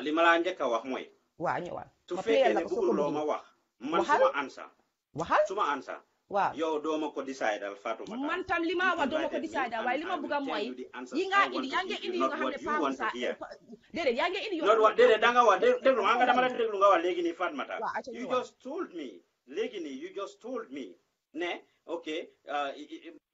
li ma a wax mooy waa ñëwal su ne ma wax man suma ansa waxal suma ansa waaw yow dooma ko decide al Fatoumata man tam li ma wax dooma ko decide waaye li ma bëgg mooy yi nga indi yaa ngi indi yu nga xam ne Paa Moussa déedéet yaa ngi indi yoo xam ne da nga wax déglu nga dama la déglu nga wax léegi nii Fatoumata you just told me léegi nii you just told me ne ok uh,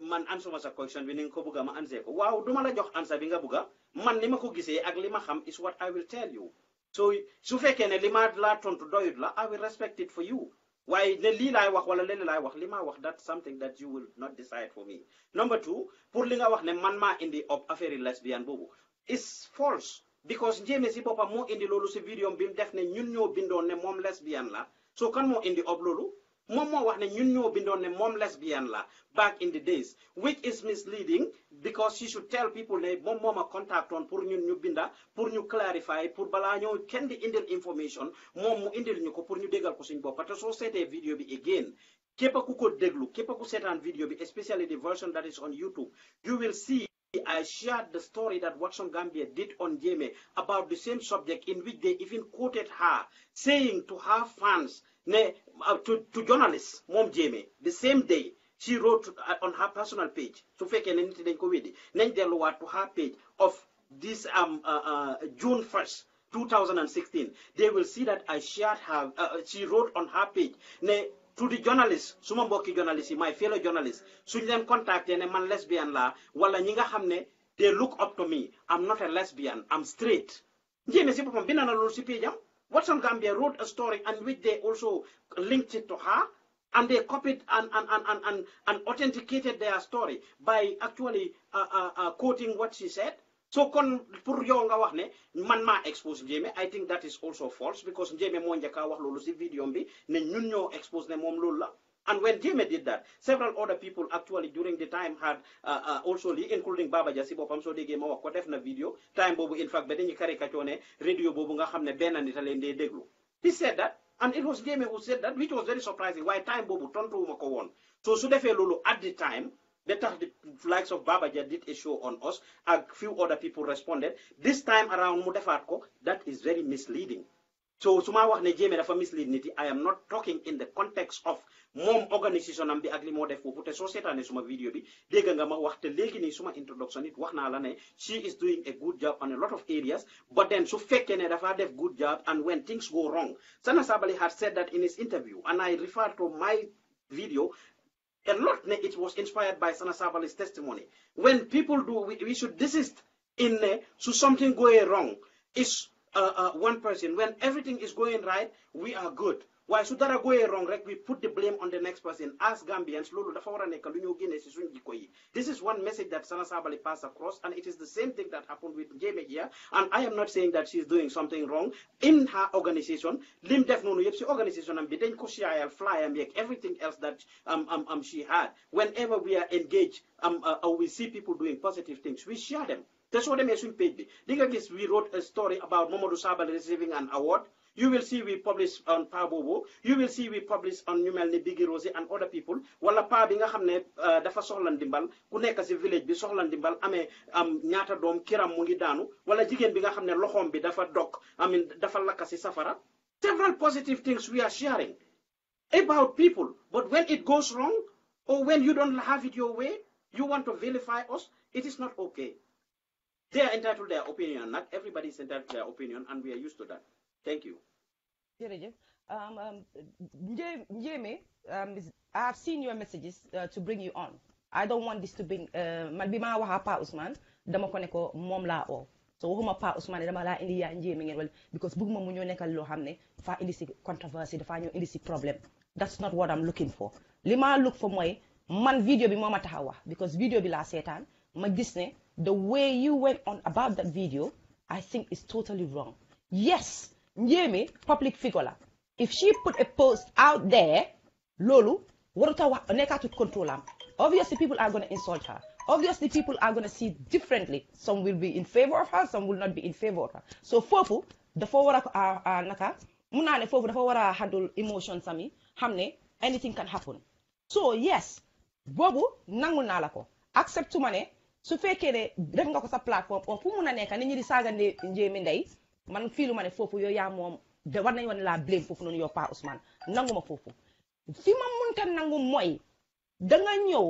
man ansuma sa question bi ni nga ko bëgg a ma ansee ko waaw duma la jox ansa bi nga bëgg man ni ma ko gisee ak li ma xam is what I will tell you so su fekkee ne li ma laa tontu doyut la I will respect it for you why the lii laay wax wala lenn laay wax li maa wax that something that you will not decide for me number two pour li nga wax ne man maa indi op affaire lesbian boobu is false because njéeme si boppam moo indi loolu si vidéo bi def ne ñun ñoo bindoon ne mom lesbian la so kan moo indi op loolu Momma, moo wax ne ñun ñoo bindoon ne moom lesbian la back in the days which is misleading because you should tell people ne moom contact ma contactoon pour ñun ñu binda pour ñu clarify pour balaa ñoo kenn di indil information moom mu indil ñu ko pour ñu déggal ko suñ bopp te soo seetee vidéo bi again képp ku ko déglu képp ku seetaan vidéo bi especially the version that is on YouTube you will see I shared the story that Watson Gambia did on Jeme about the same subject in which they even quoted her saying to her fans ne uh, to, to journalists Mom Jamie, the same day she wrote uh, on her personal page to fake ne nit dañ ko weddi nañ to her page of this um, uh, June 1st 2016 they will see that I shared her she wrote on her page ne to the journalists suma mbokki journalists my fellow journalists suñ leen contacté ne man lesbian la. wala ñi they look up to me I'm not a lesbian I'm straight Jammeh si papa bina na loolu si page Watson Gambia wrote a story and which they also linked it to her, and they copied and, and, and, and, and authenticated their story by actually uh, uh, uh, quoting what she said. so kon pour yow nga wax ne man expose Njémé I think that is also false because Njémé mo njëkk wax vidéo bi ne ñun ñoo expose ne moom la and when Jame did that, several other people actually during the time had uh, uh, also including Baba Jasibo Pam so they gave ko def na video time bobu in fact then you carry ne radio bobu nga ben nit deglu he said that and it was Jame who said that which was very surprising why time bobu turned to won so Sudefe defé at the time the likes of Babaja did a show on us. A few other people responded. This time around, Mudafatko, that is very misleading so su wax ne jéeme dafa mislead I am not talking in the context of mom organisation am bi ak li moo def foofu te soo seetaane suma vidéo bi dégg nga ma wax te léegi nii suma introduction it wax la ne she is doing a good job on a lot of areas but then su fekkee ne dafa def good job and when things go wrong Sana sabali had said that in his interview and I refer to my video a lot it was inspired by Sana sabali's testimony when people do we, we should desist in ne su something going wrong is uh, uh, one person. When everything is going right, we are good. Why should that go wrong we put the blame on the next person as Gambians this is one message that Sana Sabali passed across and it is the same thing that happened with Jammeh here and I am not saying that she is doing something wrong in her organisation lim def noonu yëpp si organisation am fly am everything else that um, um, um, she had whenever we are engaged or uh, uh, we see people doing positive things we share them that's what Mesun Pedi. Digagis, we wrote a story about Momodu Sabal receiving an award. You will see we publish on Pabobo. You will see we publish on Numel ne Rose and other people. wala pa bi nga xam ne euh, dafa soxla ndimbal ku nekk village bi soxla ndimbal amee am ñaata doom kiram mu ngi daanu wala jigen bi nga xam ne loxoom bi dafa dog amin dafa lakasi safara. several positive things we are sharing about people but when it goes wrong or when you don't have it your way you want to vilify us it is not okay. They are entitled to their opinion. Not everybody is entitled to their opinion, and we are used to that. Thank you. Jerry, um, um, Njeme, um, I've seen your messages uh, to bring you on. I don't want this to bring. Uh, man bi ma waxa Pa Ousmane dama ko ne ko so waxuma Pa Ousmane dama laa indi yaa Jamie ngeen because bëgguma munyo ñoo lohamne loo xam controversy dafaa ñëw indi si that's not what I'm looking for. li look for mooy man video bi moo ma because video bi laa seetaan ma the way you went on about that video I think is totally wrong yes Ndiémé public figure if she put a post out there loolu waruta wax to control her? obviously people are gonna insult her obviously people are gonna see differently some will be in favor of her some will not be in favor of her so foofu the war a naka mun naa ne foofu handle emotions. sami hamne anything can happen so yes Bobu, nangu naa la ko su fekkee ne def nga ko sa plateforme o fu mun a nekk nit ñi di saaga njéemi ndey man fii lu ma ne foofu yow yaa moom de war nañu wane laa blame foofu noonu yow Pa Ousmane nangu ma foofu fi ma munta nangu mooy danga ñëw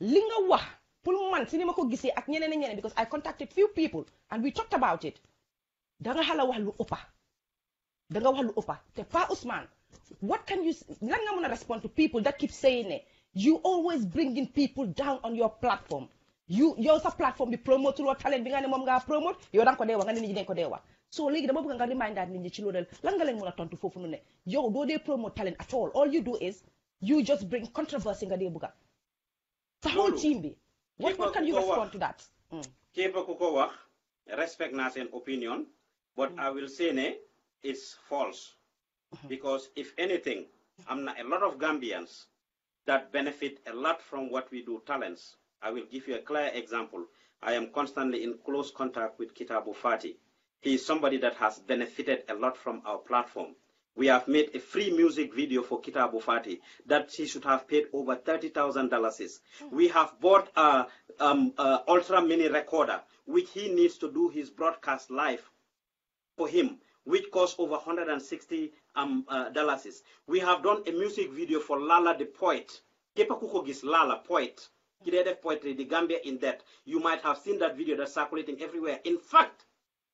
li nga wax pour man si ni ma ko gisee ak ñeneen ñeneen because I contacted few people and we talked about it danga xala wax lu ëppa danga wax lu ëppa te Pa Ousmane what can you lan nga mën a respond to people that keep saying ne you always bringing people down on your platform you yow sa platform bi promote loo talent bi nga ne moom ngaa promote yow danga ko dee wax nga ne nit ñi dañ ko dee so léegi dama bëgg nga remindaat nit ñi ci loolu lan nga leen mën tontu foofu ne yow doo dee promote talent at all all you do is you just bring controversy nga dee bëgg sa whole team bi what what can you respond to that mm. képp ku ko wax respect naa seen opinion but mm. I will say ne it's false mm-hmm. because if anything am na a lot of Gambians that benefit a lot from what we do talents I will give you a clear example. I am constantly in close contact with Kitabu Fati. He is somebody that has benefited a lot from our platform. We have made a free music video for Kitabu Fati that he should have paid over $30,000. Hmm. We have bought a um, ultra mini recorder, which he needs to do his broadcast live for him, which costs over 160 um, uh, dollars. We have done a music video for Lala the poet. Kepa Kukogis Lala, poet creative poetry, the Gambia in that. You might have seen that video that's circulating everywhere. In fact,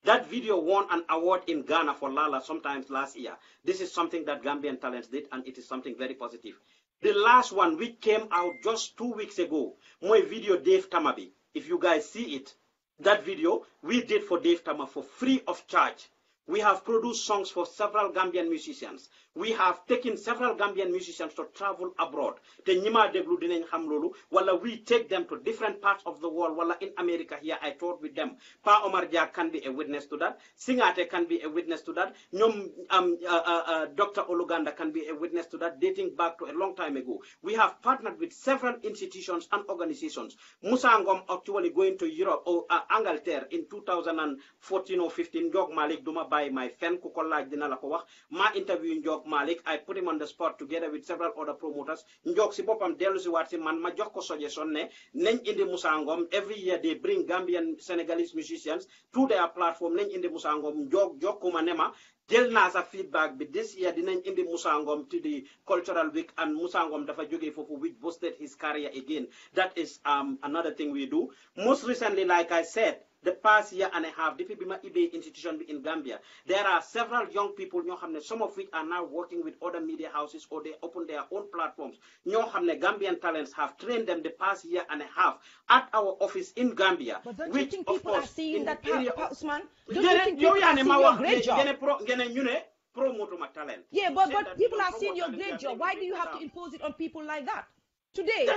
that video won an award in Ghana for Lala sometimes last year. This is something that Gambian talents did, and it is something very positive. The last one, which came out just two weeks ago, my video Dave Tamabi. If you guys see it, that video we did for Dave Tama for free of charge. We have produced songs for several Gambian musicians. We have taken several Gambian musicians to travel abroad. The ñima De dinañ xam lolu wala we take them to different parts of the world wala in America here I toured with them. Pa Omar Dia can be a witness to that. Singate can be a witness to that. um, uh, uh, uh Dr. Oluganda can be a witness to that dating back to a long time ago. We have partnered with several institutions and organizations. Musa Angom actually going to Europe or uh, Angleterre in 2014 or 15 Jog Malik Duma Pai, my fan, Kukola, Dinala Kowak. My interview Njok Malik, I put him on the spot together with several other promoters. Njok Sibopam Delusi Wati, man, Majoko suggestion, ne, Nen in the Musangom. Every year they bring Gambian Senegalese musicians to their platform, Nen in the Musangom, Njok, Jokumanema, jël naa sa feedback bi this year dinañ indi musangom to the cultural week and musangom dafa jógee foofu which boosted his career again that is um, another thing we do most recently like i said the past year and a half depuis bi ma institution in Gambia there are several young people ñoo xam some of which are now working with other media houses or they open their own platforms ñoo xam Gambian talents have trained them the past year and a half at our office in Gambia. But don't which, you think people course, are seeing that, area, pa Usman? Don't you think people are seeing your great job? Yeah, but, but people are seeing your great job. Why do you have to impose it on people like that? today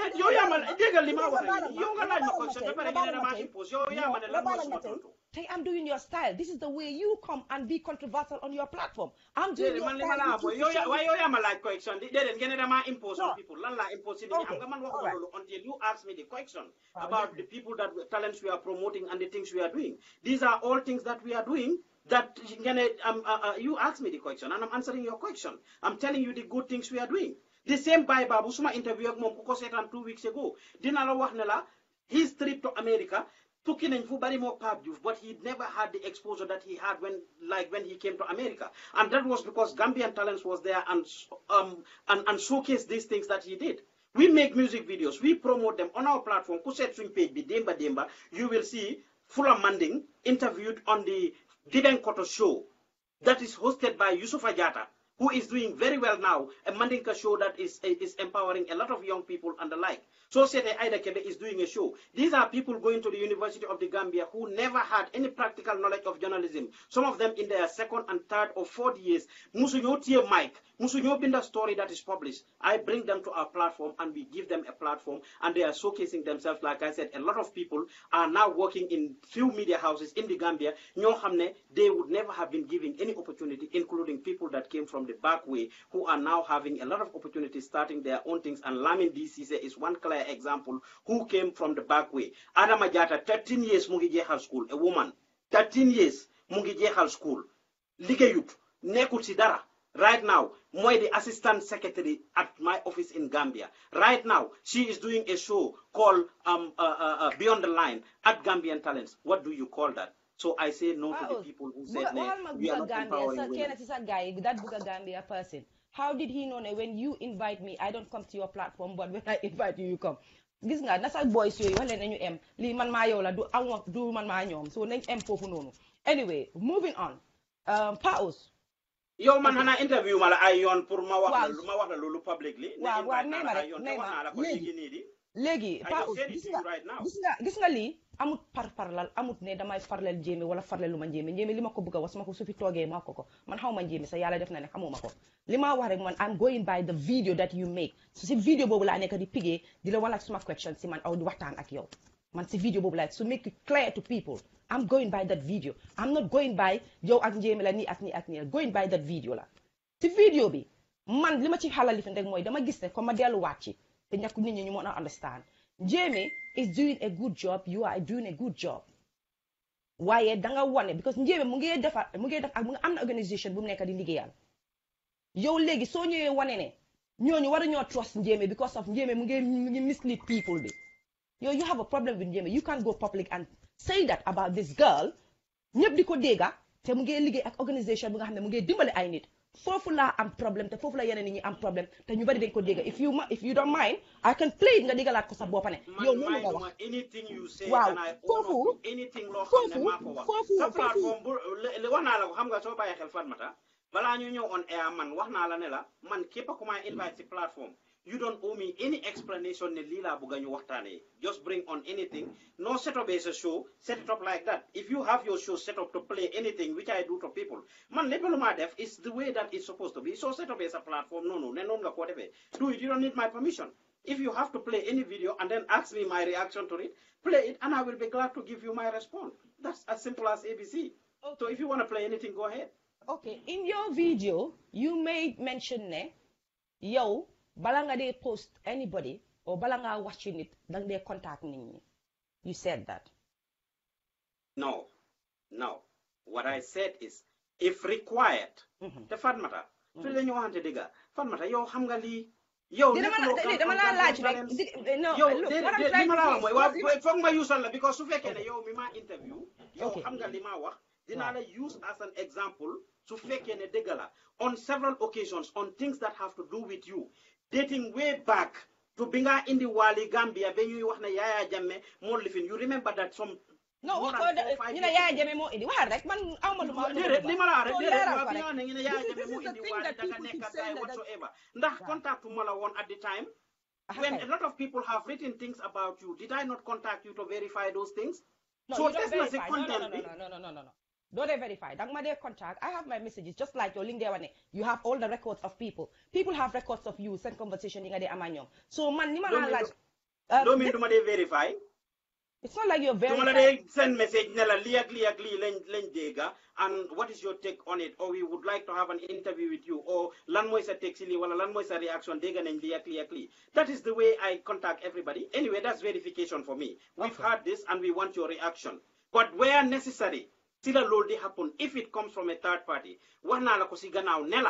I'm doing your style this is the way you come and be controversial on your platform I'm doing your style Why you yaa ma laaj question di déedéet ngeen ne dama impose on people lan laa impose nit ñi until you ask me the question about the people that talents we are promoting and the things we are doing these are all things that we are doing that um, uh, uh, you ask me the question and I'm answering your question I'm telling you the good things we are doing the same Baye Babu, suma interview ak moom ku ko two weeks ago dina la wax la his trip to America Took in fu bari moo Pape Diouf but he never had the exposure that he had when like when he came to America and that was because Gambian talents was there and um and, and showcased these things that he did we make music videos we promote them on our platform ku page bi Demba you will see Fula Manding interviewed on the Diven Koto show that is hosted by Yusuf Ajata who is doing very well now, a Mandinka show that is, is empowering a lot of young people and the like. Societe Aida is doing a show. These are people going to the University of the Gambia who never had any practical knowledge of journalism. Some of them in their second and third or fourth years. Musunyo tie Mike, Musunyo binda story that is published. I bring them to our platform and we give them a platform and they are showcasing themselves. Like I said, a lot of people are now working in few media houses in the Gambia. Nyohamne, they would never have been given any opportunity, including people that came from the back way who are now having a lot of opportunities starting their own things. And Lamin DCC is one class example, who came from the back way. Adama Jata, 13 years mu high school, a woman. 13 years mu high school. Lige nekkul ci dara. Right now, Moi the assistant secretary at my office in Gambia. Right now, she is doing a show called um, uh, uh, uh, Beyond the Line at Gambian Talents. What do you call that? So I say no to the people who said, no. we are not Gambia, empowering women. Kenneth is a guy, that book a Gambia person how did he know that when you invite me I don't come to your platform but when I invite you you come gis nga na sa boys yooyu wax leen nañu em lii man maa yow la du aw du man maa so nañ em anyway moving on um, Paos yow man xanaa interview mala la ay yoon pour ma wax la wax la publicly rek Legi, Pa Ouz gis nga gis nga gis amut par parlal amut ne damay farlal njéeme wala farlal lu ma njéeme njéeme li ma ko bëgg a wax ma ko su fi toogee ma ko man xaw ma sa sax yàlla def na ne xamuma ko li wax rek man I'm going by the video that you make so si video boobu laa nekk di pigee di la wala suma question si man aw di waxtaan ak yow man si video boobu laa su make it clear to people I'm going by that video I'm not going by yow ak njéeme la nii ak nii ak nii going by that video la si video bi man lima ma ci xalali fi rek mooy dama gis ne comme ma delluwaat ci you might not understand. Jamie is doing a good job. You are doing a good job. Why? danga wane because njéeme mu ngi defar am an organisation bu mu nekk di liggéeyal yow léegi You ñëwee wane ne ñooñu war a trust because of Jamie. mu ngi mu ngi mislead people you have a problem with Jamie. you can't go public and say that about this girl ñëpp di ko dégga te organisation foofu laa am problème te la yeneen nit ñi am problème te ñu bari dañ ko dégg if you if you don't mind I can play it nga déggalaat ko sa bopp ne yow loolu nga wax waaw foofu foofu foofu foofu wax naa la ko xam nga soo bàyyi xel Fatmata ñu ñëw on air man wax la ne la man képp invite si you don't owe me any explanation ne lila buganyu waxtane just bring on anything no set up as a show set it up like that if you have your show set up to play anything which i do to people man of def is the way that it's supposed to be so set up as a platform no no ne no, whatever. do it you don't need my permission if you have to play any video and then ask me my reaction to it play it and i will be glad to give you my response that's as simple as abc so if you want to play anything go ahead okay in your video you made mention ne yo balanga they post anybody or balanga watching it nit danga dee contact nit you said that no no what I said is if required mm-hmm. the Fatmata mm-hmm. fi la ñu waxante dëgga Fatmata yow xam nga lii yow dama because su fekkee ne yow interview yow xam nga li use as an example to fekkee ne dëgga on several occasions on things that have to do with you dating way back to Binga in the Wali Gambia when you want Yaya Jamme more living. You remember that some no, what you know, Yaya Jamie Mo in the world, like man, how much more? This is the thing that people keep saying that whatsoever. That contact Mala one at the time when a lot of people have written things about you. Did I not contact you to verify those things? No, so you don't verify. No, no, no, no, no, no, no, no. Don't they verify? That my contract. I have my messages, just like your link there one. You have all the records of people. People have records of you, send conversation in the amanyom. So man, you man like. Uh, don't mean to verify. It's not like you're very. Tomorrow send message nela liag liag li len dega and what is your take on it? Or we would like to have an interview with you. Or lan moy sa text li wala lan sa reaction dega len liag liag That is the way I contact everybody. Anyway, that's verification for me. We've okay. had this and we want your reaction. But where necessary, si la di happen if it comes from a third party wax la ko si gannaaw ne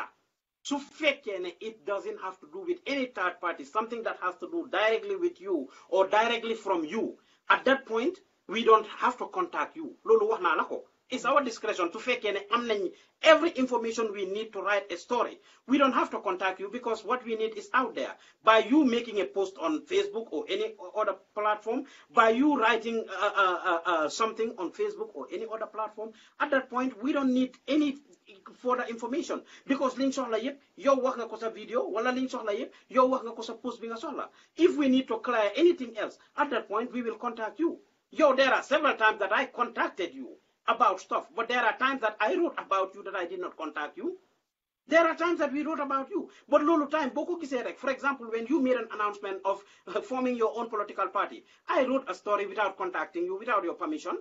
su it doesn't have to do with any third party something that has to do directly with you or directly from you at that point we don't have to contact you loolu wax naa la ko it's our discretion to fake any every information we need to write a story. We don't have to contact you because what we need is out there. By you making a post on Facebook or any other platform, by you writing uh, uh, uh, uh, something on Facebook or any other platform, at that point, we don't need any further information because liñ soxla yëpp yow wax nga ko sa video wala liñ soxla yëpp yow wax nga ko sa post bi nga soxla if we need to clear anything else at that point we will contact you yo there are several times that i contacted you about stuff, but there are times that I wrote about you that I did not contact you. There are times that we wrote about you. But no time, Boko Kiserek, for example, when you made an announcement of uh, forming your own political party, I wrote a story without contacting you, without your permission.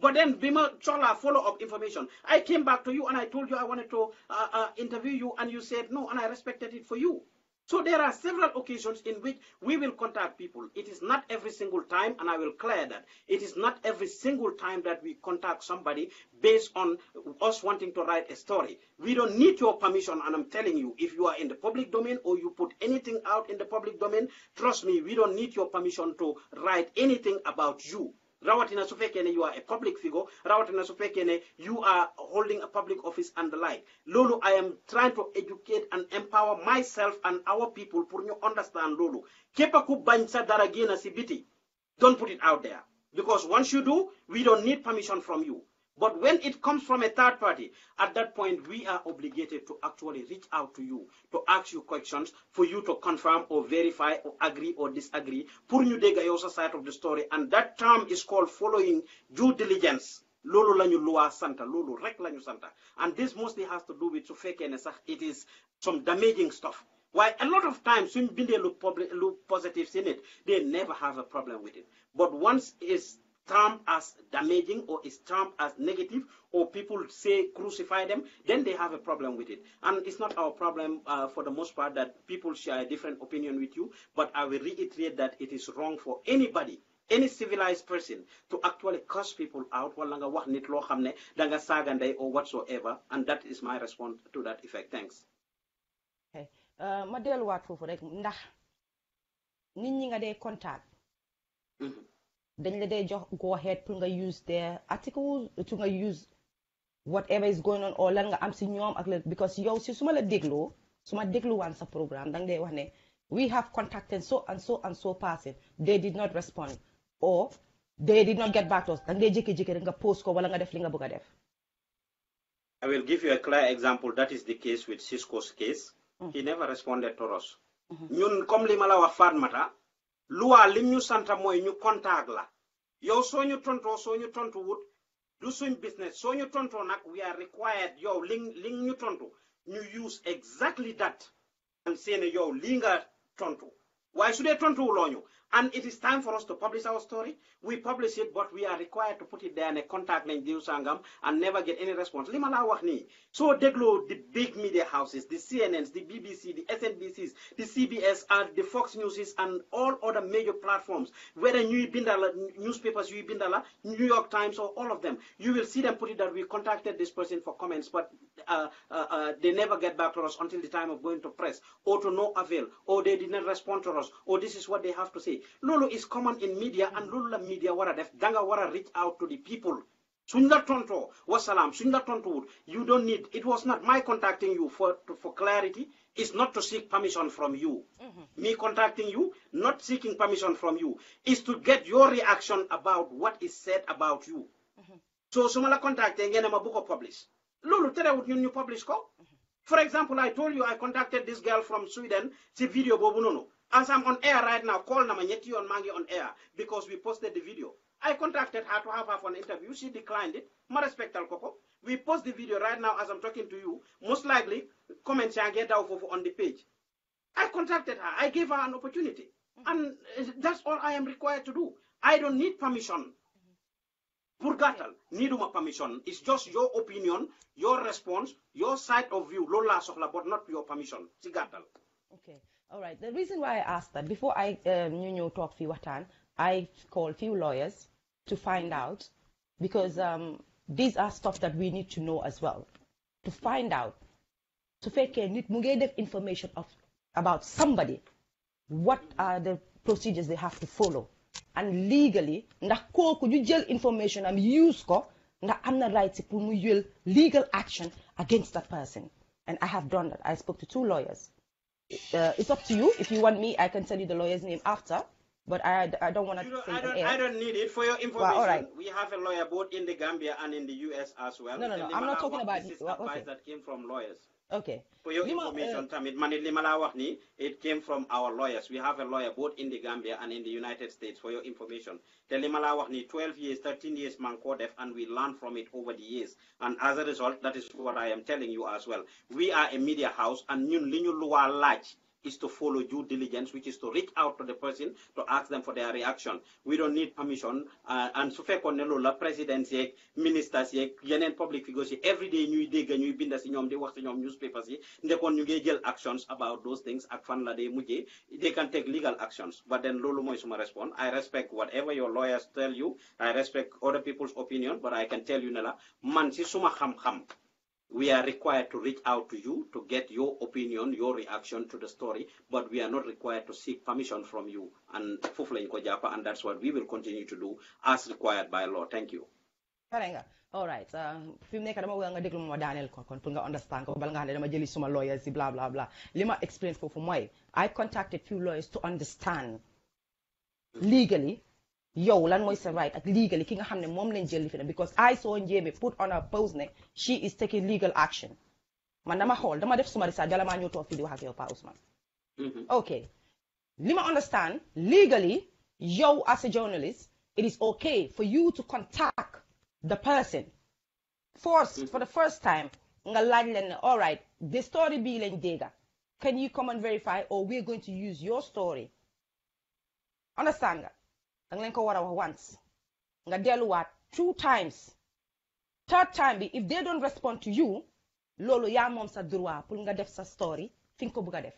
But then Bima Chola follow-up information. I came back to you and I told you I wanted to uh, uh, interview you and you said no and I respected it for you. So there are several occasions in which we will contact people. It is not every single time, and I will clear that. It is not every single time that we contact somebody based on us wanting to write a story. We don't need your permission, and I'm telling you, if you are in the public domain or you put anything out in the public domain, trust me, we don't need your permission to write anything about you rawatina su you are a public figure rawatina su you are holding a public office and the like Lulu, I am trying to educate and empower myself and our people Put you understand loolu képp ku bañ sa dara génn si biti don't put it out there because once you do we don't need permission from you but when it comes from a third party, at that point, we are obligated to actually reach out to you, to ask you questions, for you to confirm or verify or agree or disagree. Pour ñu dégg yow sa side of the story. And that term is called following due diligence. Lolo la ñu santa lolo rek la santa and this mostly has to do with to fake it is some damaging stuff Why? a lot of times when people look positive in it, they never have a problem with it but once is termed as damaging or is termed as negative or people say crucify them, then they have a problem with it. And it's not our problem uh, for the most part that people share a different opinion with you, but I will reiterate that it is wrong for anybody any civilized person to actually curse people out wala nga or whatsoever and that is my response to that effect thanks okay uh, ma nga dé contact mm-hmm then let them just go ahead tunga use their articles to use whatever is going on or lan nga am si ñoom ak because yow si suma la dégloo suma dégluwaan sa programme dang day wax ne we have contacted so and so and so person they did not respond or they did not get back to us dang day jékki-jékki rek nga post ko wala nga def li nga bëgg def I will give you a clear example that is the case with Cisco's case mm. he never responded to us mm-hmm. ñun comme li ma wax Fatmata luwa lim ñu santa mooy ñu contact la yow soo so tontoo soo ñu tontu wut du suñ business soo ñu tontoo nag we are required yow ling ling ñu tontu ñu use exactly that I'm seene yow lii nga tontu waaye su dee tontuwuloo ñu and it is time for us to publish our story. We publish it, but we are required to put it there in a contact link, Diu Sangam and never get any response. Limala la So nii the big media houses the CNNs the BBC the SNBCs the CBS and the Fox Newses and all other major platforms whether ñuy bindala newspapers yuy bindala New York Times or all of them you will see them put it that we contacted this person for comments but uh, uh, uh, they never get back to us until the time of going to press or to no avail or they didn't respond to us or this is what they have to say Lulu is common in media and Lulu la media war a def danga war a reach out to the people suñ la tontoo wasalaam suñ la you don't need it was not my contacting you for for clarity is not to seek permission from you mm-hmm. me contacting you not seeking permission from you is to get your reaction about what is said about you mm-hmm. so su ma la contacté ngeen ne ma bu ko publish loolu terewut ñun ñu publish ko mm-hmm. for example I told you I contacted this girl from Sweden ci video boobu Nono. As I'm on air right now, call Namanyeti on Mangi on air because we posted the video. I contacted her to have her for an interview. She declined it. My respect, Alcoco. We post the video right now as I'm talking to you. Most likely, comments and get out on the page. I contacted her. I gave her an opportunity. Mm-hmm. And eh, that's all I am required to do. I don't need permission. Mm-hmm. Purgatal, more permission. It's just your opinion, your response, your side of view. Lola sohla, but not your permission. Sigatal. Okay all right the reason why I asked that before I um, knew ñëw talk few waxtaan I call few lawyers to find out because um, these are stuff that we need to know as well to find out su fekkee need to get information of about somebody what are the procedures they have to follow and legally ndax could you jël information am use ko ndax am na right pour legal action against that person and I have done that I spoke to two lawyers uh, it's up to you. If you want me, I can tell you the lawyer's name after. But I, I don't want to. Don't, I, don't, I don't need it for your information. Well, all right. We have a lawyer both in the Gambia and in the U.S. as well. No, no, no. I'm not talking about. Well, okay. that came from lawyers. Okay. For your information, uh, eh, Tamit, Manili ni it came from our lawyers. We have a lawyer both in the Gambia and in the United States, for your information. Tele ni 12 years, 13 years Mancodef, and we learn from it over the years. And as a result, that is what I am telling you as well. We are a media house, and Nyun Linyu Lua Lach is to follow due diligence, which is to reach out to the person to ask them for their reaction. We don't need permission. Uh, and so far, ne loolu la présidents ministers yeeg public figures every new day, new binda si ñoom di wax si newspapers They can take legal actions about those things la they can take legal actions but then lolo mooy suma I respect whatever your lawyers tell you I respect other people's opinion but I can tell you Nela, manzi man si suma ham ham we are required to reach out to you to get your opinion, your reaction to the story, but we are not required to seek permission from you. And in Kojapa, and that's what we will continue to do as required by law. Thank you. All right. Um, fi mu nekk dama nga déglu ma ma daaneel ko nga understand ko bala nga xam dama jëli suma lawyers yi bla bla bla li ma experience foofu mooy I contacted few lawyers to understand legally yow lan mooy sa right ak legally ki nga xam ne moom lañ jël fi na because I saw Njie put on her pose. ne she is taking legal action man dama xool dama def suma research bala maa ñëw toog fii di wax ak yow Pa Ousman mm-hmm. ok li ma understand legally yow as a journalist it is okay for you to contact the person first mm-hmm. for the first time nga laaj leen ne all right the story bii lañ dégga can you come and verify or we're going to use your story understand nga danga wara ko once nga two times third time if they don't respond to you lolo ya mom sa droit pulungadef nga def sa story think nga ko def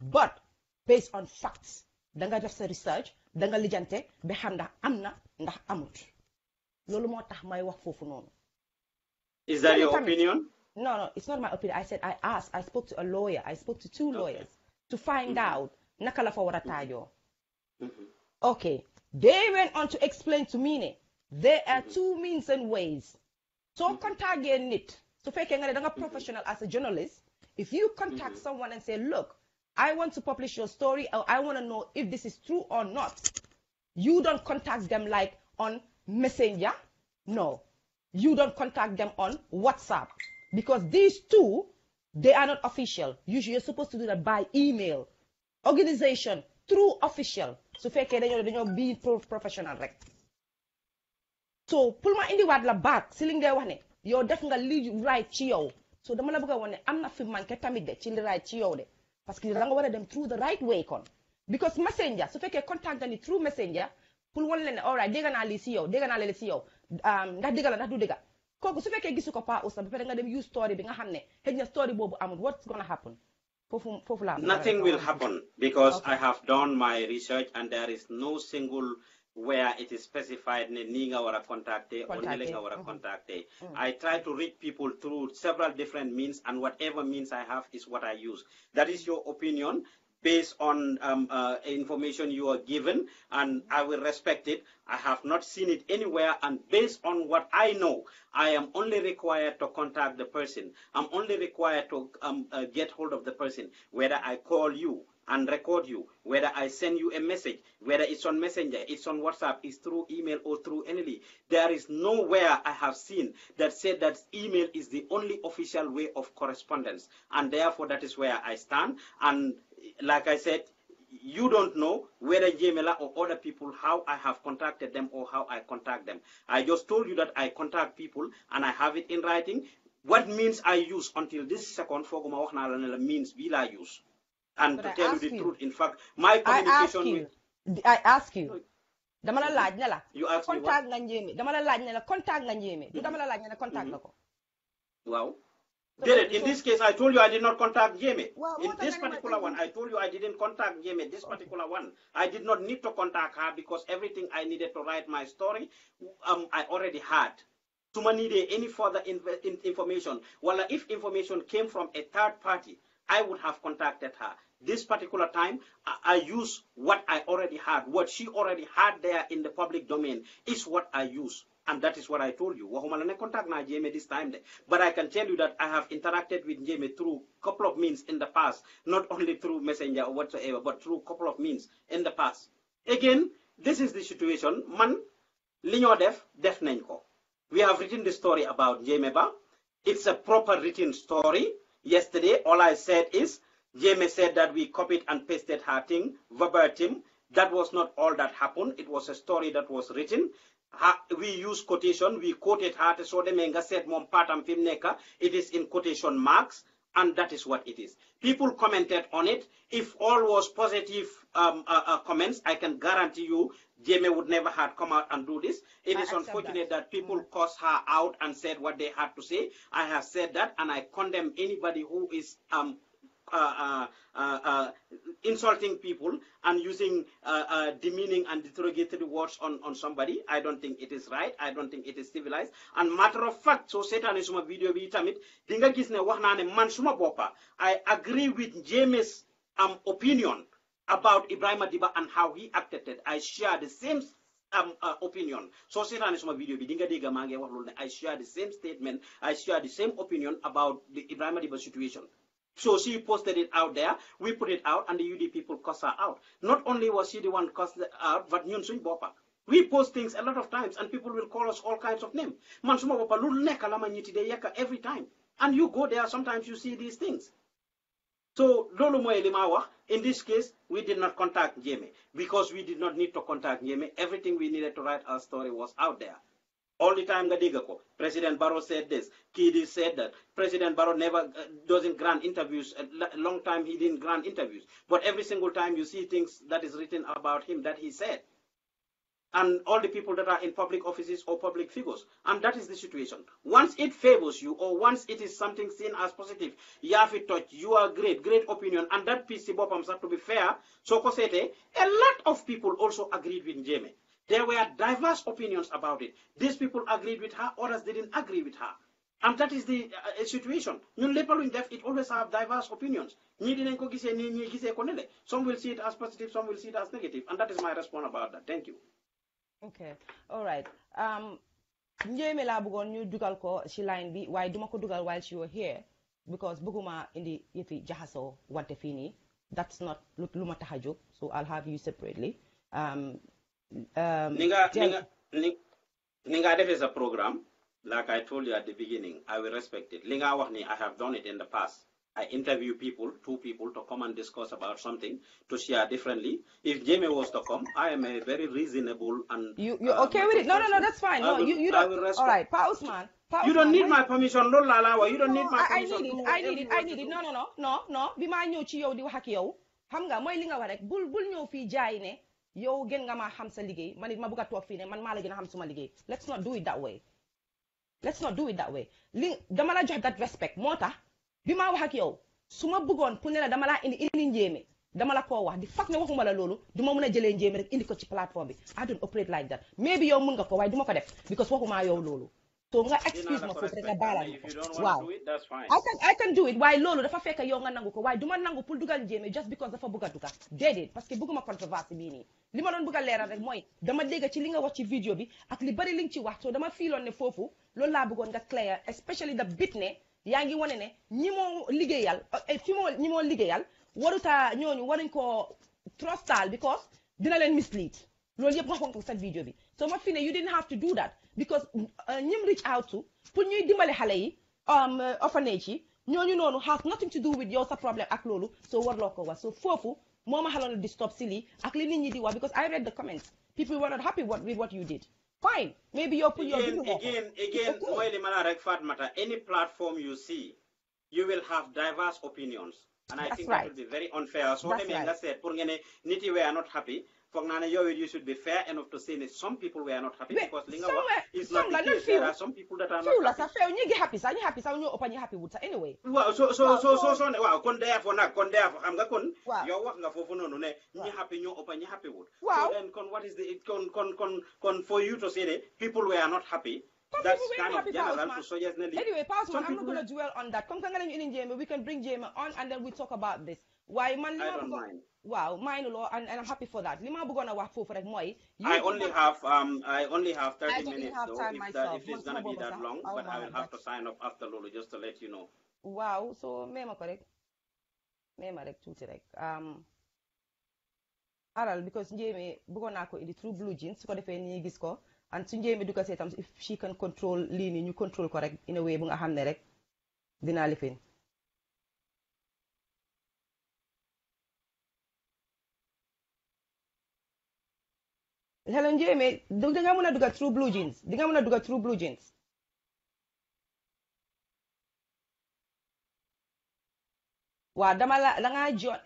but based on facts danga def sa research danga lijjante behanda amna na amut Lolo mo tax may wax Is that your opinion? No, no, it's not my opinion. I said I asked. I spoke to a lawyer. I spoke to two lawyers to find mm-hmm. out naka la mm-hmm. Okay. They went on to explain to me there are mm-hmm. two means and ways. So mm-hmm. contact it. So fake a mm-hmm. professional as a journalist. If you contact someone and say, look, I want to publish your story, or I want to know if this is true or not, you don't contact them like on Messenger. No, you don't contact them on WhatsApp because these two, they are not official. Usually, you're supposed to do that by email, organization, through official. su fekkee dañoo dañoo bi professionnel rek so pour ma indiwaat la baag si li ngay wax ne yow def nga li right ci yow so dama la bëgg a wane am na fi manqué tamit de ci li right ci yow de parce que la nga war dem through the right way kon because messenger su fekkee contact nga through messenger pour wan leen ne all right dégg naa lii si yow dégg naa leen si yow um, ndax dégg la ndax du dégg kooku su fekkee gisu ko pas aussi ba pare nga dem use story bi nga xam ne na story boobu amul what's gonna happen Nothing will happen because okay. I have done my research and there is no single where it is specified Ninga or a contact day or Nilinga or a contact day. Mm-hmm. Mm. I try to reach people through several different means and whatever means I have is what I use. That is your opinion based on um, uh, information you are given, and I will respect it. I have not seen it anywhere, and based on what I know, I am only required to contact the person. I'm only required to um, uh, get hold of the person, whether I call you, and record you. Whether I send you a message, whether it's on Messenger, it's on WhatsApp, it's through email or through any. There is nowhere I have seen that said that email is the only official way of correspondence. And therefore, that is where I stand. And like I said, you don't know whether Jemela or other people how I have contacted them or how I contact them. I just told you that I contact people and I have it in writing. What means I use until this second, Fogoma Means will I use? and but to tell you the you. truth in fact my communication I ask you, I ask you dama la laaj ne la contact nga njéeme dama la laaj ne la contact nga njéeme du mm-hmm. dama la laaj ne la contact nga mm-hmm. ko waaw Did it. In this case, I told you I did not contact Jamie. in this particular one, I told you I didn't contact Jamie. This particular one, I did not need to contact her because everything I needed to write my story, um, I already had. Tuma needed any further in, information. Well, if information came from a third party, I would have contacted her. This particular time, I, I use what I already had. What she already had there in the public domain is what I use. And that is what I told you. Wahumalane contact na Jeme this time. But I can tell you that I have interacted with Jeme through a couple of means in the past, not only through messenger or whatsoever, but through a couple of means in the past. Again, this is the situation. Man, linyo def, def nenko. We have written the story about Jemeba. It's a proper written story yesterday, all I said is Jamie said that we copied and pasted her thing verbatim. That was not all that happened. It was a story that was written. we use quotation. We quoted her. So the menga said mom film filmmaker. It is in quotation marks. And that is what it is. People commented on it. If all was positive um, uh, uh, comments, I can guarantee you Jamie would never have come out and do this. It I is unfortunate that, that people mm. her out and said what they had to say. I have said that, and I condemn anybody who is um, uh, uh, uh, uh insulting people and using uh, uh, demeaning and derogatory words on, on somebody. I don't think it is right. I don't think it is civilized. And matter of fact, so Satan is my video bi tamit dinga gis ne man suma bopa. I agree with James um, opinion about Ibrahim Adiba and how he acted. I share the same um, uh, opinion. So sirani suma video bi dinga diga mangi wax lolne I share the same statement, I share the same opinion about the Ibrahim Adiba situation. So she posted it out there, we put it out and the UD people cast her out. Not only was she the one cast, out, uh, but ñun suñ bopa. We post things a lot of times and people will call us all kinds of names. Man suma bopa lul nek lama ñiti de every time. And you go there sometimes you see these things. So lolo moy lima in this case, we did not contact Njeme because we did not need to contact Njeme. Everything we needed to write our story was out there. All the time, Gadigako. President Barrow said this. Kidi said that. President Barrow never uh, doesn't grant interviews. A long time he didn't grant interviews. But every single time you see things that is written about him that he said and all the people that are in public offices or public figures. And that is the situation. Once it favors you or once it is something seen as positive, you have it touch, you are great, great opinion. And that PC Bopam said to be fair, so Kosete, a lot of people also agreed with Njeme. There were diverse opinions about it. These people agreed with her, others didn't agree with her. And that is the uh, uh situation. Ñun lepp in depth, it always have diverse opinions. Some will see it as positive, some will see it as negative. And that is my response about that. Thank you ok all right um, njéeme laa bëggoon ñu dugal ko ci line bi waaye duma ko dugal while she was here because Buguma indi the jaxasoo wante fii nii that's not luma tahajo. so I'll have you separately um. um nga ni nga ni nga defee sa programme like I told you at the beginning I will respect it Linga nga I have done it in the past I interview people, two people, to come and discuss about something to share differently. If Jamie was to come, I am a very reasonable and you you uh, okay with it? No, no, no, that's fine. no, you you don't. All right, pause, man. Pause, you don't man. need my permission, no, Lalawa. You don't no, need my I, permission. I need it. I need it. I need it. No, no, no, no, no. Bi ma ñew ci di wax ak yow. Xam nga moy nga bul bul nyo fi jai ne yo gën gama hamse xam sa liggéey man it ne man malagi na ham a let Let's not do it that way. Let's not do it that way. Li gama la that respect moo bi wax ak yow su bëggoon pour ne dama laa indi indi njéeme dama la koo wax di fak ne waxuma la loolu du ma mën a jëlee njéeme rek indi ko ci plateforme bi I don't operate like that Maybe bi yow mun nga ko waaye du ma ko def because waxumaa yow loolu so nga excuse ma foofu rek nga baalal ma waaw I can I can do it waaye loolu dafa fekk yow nga nangu ko waaye du ma nangu pour dugal njéeme just because dafa bëgg a dugal déedéet parce que bëgguma controverse bii nii li ma doon bëgg a leeral rek mooy dama dégg ci li nga wax ci vidéo bi ak li bari li nga ci wax so dama fiiloon ne foofu loolu laa bëggoon nga clair especially the bit ne yaa ngi wane ne ñi moo liggéeyal eh, fi moo ñi moo liggéeyal waruta ñooñu waruñ koo trustal because dina leen mislead loolu yëpp waxoon ko sa vidéo bi so ma fi ne you didn't have to do that because uh, ñim reach out to pour ñuy dimbale xale yi um, uh, orphanage yi ñooñu noonu has nothing to do with yow sa problème ak loolu so warloo ko wax so foofu moo ma xaloon a disturb si lii ak li nit ñi di wax because I read the comments people were not happy with what you did Fine. Maybe you open again, your video. Again, offer. again, okay. Malarek any platform you see, you will have diverse opinions. And I That's think right. that would be very unfair. So, That's I mean, right. that's it. Niti, we are not happy foog naa you should be fair enough to say that some people were not happy. because linga nga wax is not the case there are some people that are not happy. sa feew ñu ngi happy sax you happy sax you open? ñu happy wut anyway. waaw so so so so so ne waaw for. therefore nag kon therefore xam nga kon. waaw yow wax nga foofu no? ne ñi happy ñoo open? You happy wut. waaw so then kon what is the kon kon kon kon for you to say that people were not happy. That's kind of general to suggest that anyway, Pastor, I'm not going to dwell on that. Come, come, come, we can bring Jema on and then we talk about this. Why, man, I don't mind. Wow, maa law loo and I'm happy for that li ma bëggoon a for foofu rek mooy. I only have um I only have 30 minutes though if that if it's gonna be that long but oh I will have to sign up after Lulu just to let you know. Wow, so mee ma correct? rek mee ma too, tuuti Um, aral because njéeme bëggoon naa ko the true blue jeans su ko defee nii gis ko and su njéeme du ko see if she can control Lini, nii ñu control correct in a way bu nga xam ne rek dinaa lifin Helen Njeme da nga mën a dugg true blue jeans di nga mën a dugg through blue jeans waaw dama la da ngaa join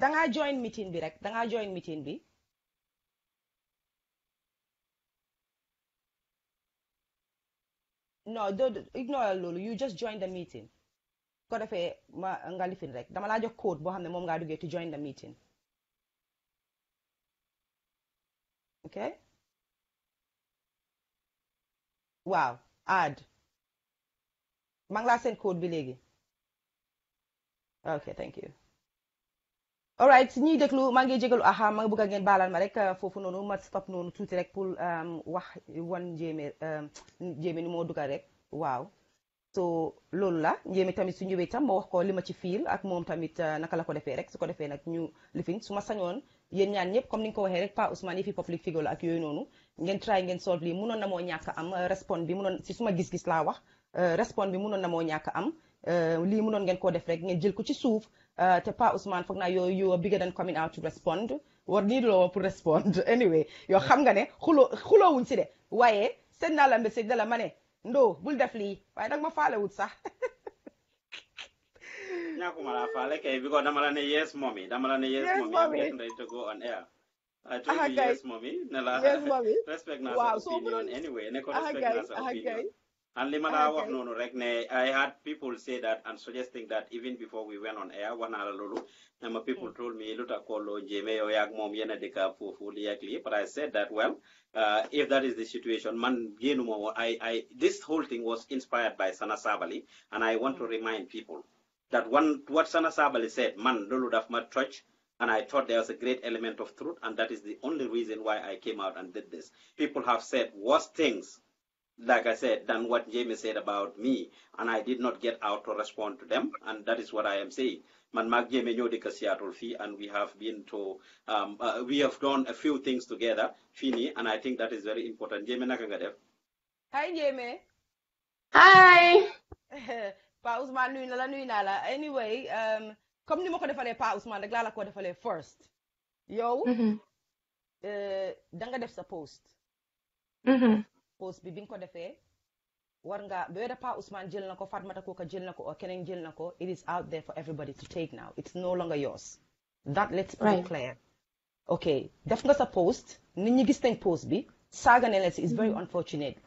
da ngaa join meeting bi rek da ngaa join meeting bi no don't ignore loolu you just join the meeting ko defee ma nga lifin rek dama laa jox code boo xam mom moom ngaa duggee to join the meeting Okay? wow, add Mang ngi laa code bilegi. Okay, thank you alright ni deklu, maa ngi jégalu aha ma bëgg ngeen baalal ma rek mat uh, noonu ma stop noonu tuuti rek pour um, wax wan njéeme um, njéeme ni modu dugal rek waaw so lola, la njéeme tamit su ñëwee tam ma wax ko lima ma ci fiil ak moom tamit uh, naka la ko defee rek su ko ñu lifin yen ñaan ñëpp comme ni nga ko waxee rek Pa Ousmane yi fi public figure ak yooyu noonu ngeen try ngeen solve lii munoon na moo ñàkk am euh, response bi munoon si suma gis euh, na moo ñàkk am euh, lii munoon ngeen koo def rek ngeen jël ko ci suuf te Pa Ousmane foog naa yoo yoo bigger than coming out to respond war nii loo pour respond anyway yoo xam nga ne xuloo xuloowuñ si de waaye seen na la message da la ma ne ndoo bul def lii waaye nag ma faale wut sax ñàkkuma laa faale kay because dama ne yes mommy dama ne yes mommy I'm getting ready to go on air I told you yes mommy Yes, mommy. respect naa sa opinion anyway ne ko respect naa sa opinion and li ma laa wax noonu rek ne I had people say that and suggesting that even before we went on air wax naa la loolu ne ma people hmm. told me lu tax kooloo njéeme yow oh, yaag moom yéen a dëkk foofu lii but I said that well Uh, if that is the situation, man, I, I, this whole thing was inspired by Sana Sabali, and I want mm to hmm. remind people that one what Sana Sabali said, man, Lulu daf ma touch, and I thought there was a great element of truth, and that is the only reason why I came out and did this. People have said worse things, like I said, than what Jamie said about me, and I did not get out to respond to them, and that is what I am saying. Man, Mag Jamie Nyodika Seattle fee, and we have been to, um, uh, we have done a few things together, Fini, and I think that is very important. Jamie Nakangadev. Hi, Jamie. Hi. Pa Ousmane nuyu na la nuyu la anyway um, comme ni ma ko defalee Pa Ousmane rek laa la ko defalee first yow mm-hmm. eh, da nga def sa post mm-hmm. post bi bi nga ko defee war nga ba da Pa Ousmane jël na ko Fatmata Koka jël na or keneen jël nako. it is out there for everybody to take now it's no longer yours that let's be clear ok def nga sa post nit ñi gis nañ post bi saaga ne la si is very mm-hmm. unfortunate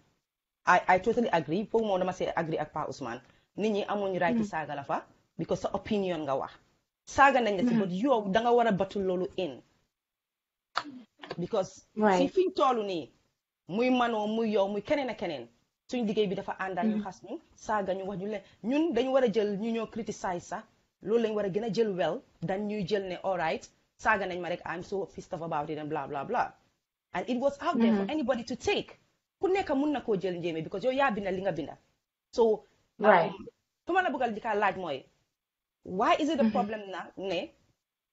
I I totally agree foofu moom dama agree ak Pa Ousmane nit ñi amuñ right ci hmm. saga la fa because sa opinion nga wax saga nañ la ci but hmm. yow da nga wara batul lolu in because si fiñ tolu ni muy mano muy yow muy keneen ak keneen suñ liggéey bi dafa ànda ñu hmm. xas ñu saga ñu wax ñu le ñun dañu wara jël ñu ñoo criticize sa loolu lañ wara a gën a jël wel dañ ñuy jël ne all right saga nañ ma rek I'm so pissed off about it and blah blah blah and it was out there for anybody to take ku nekk mun na koo jël njéeme because yow yaa bind li nga bind so right um, why is it a mm-hmm. problem now? ne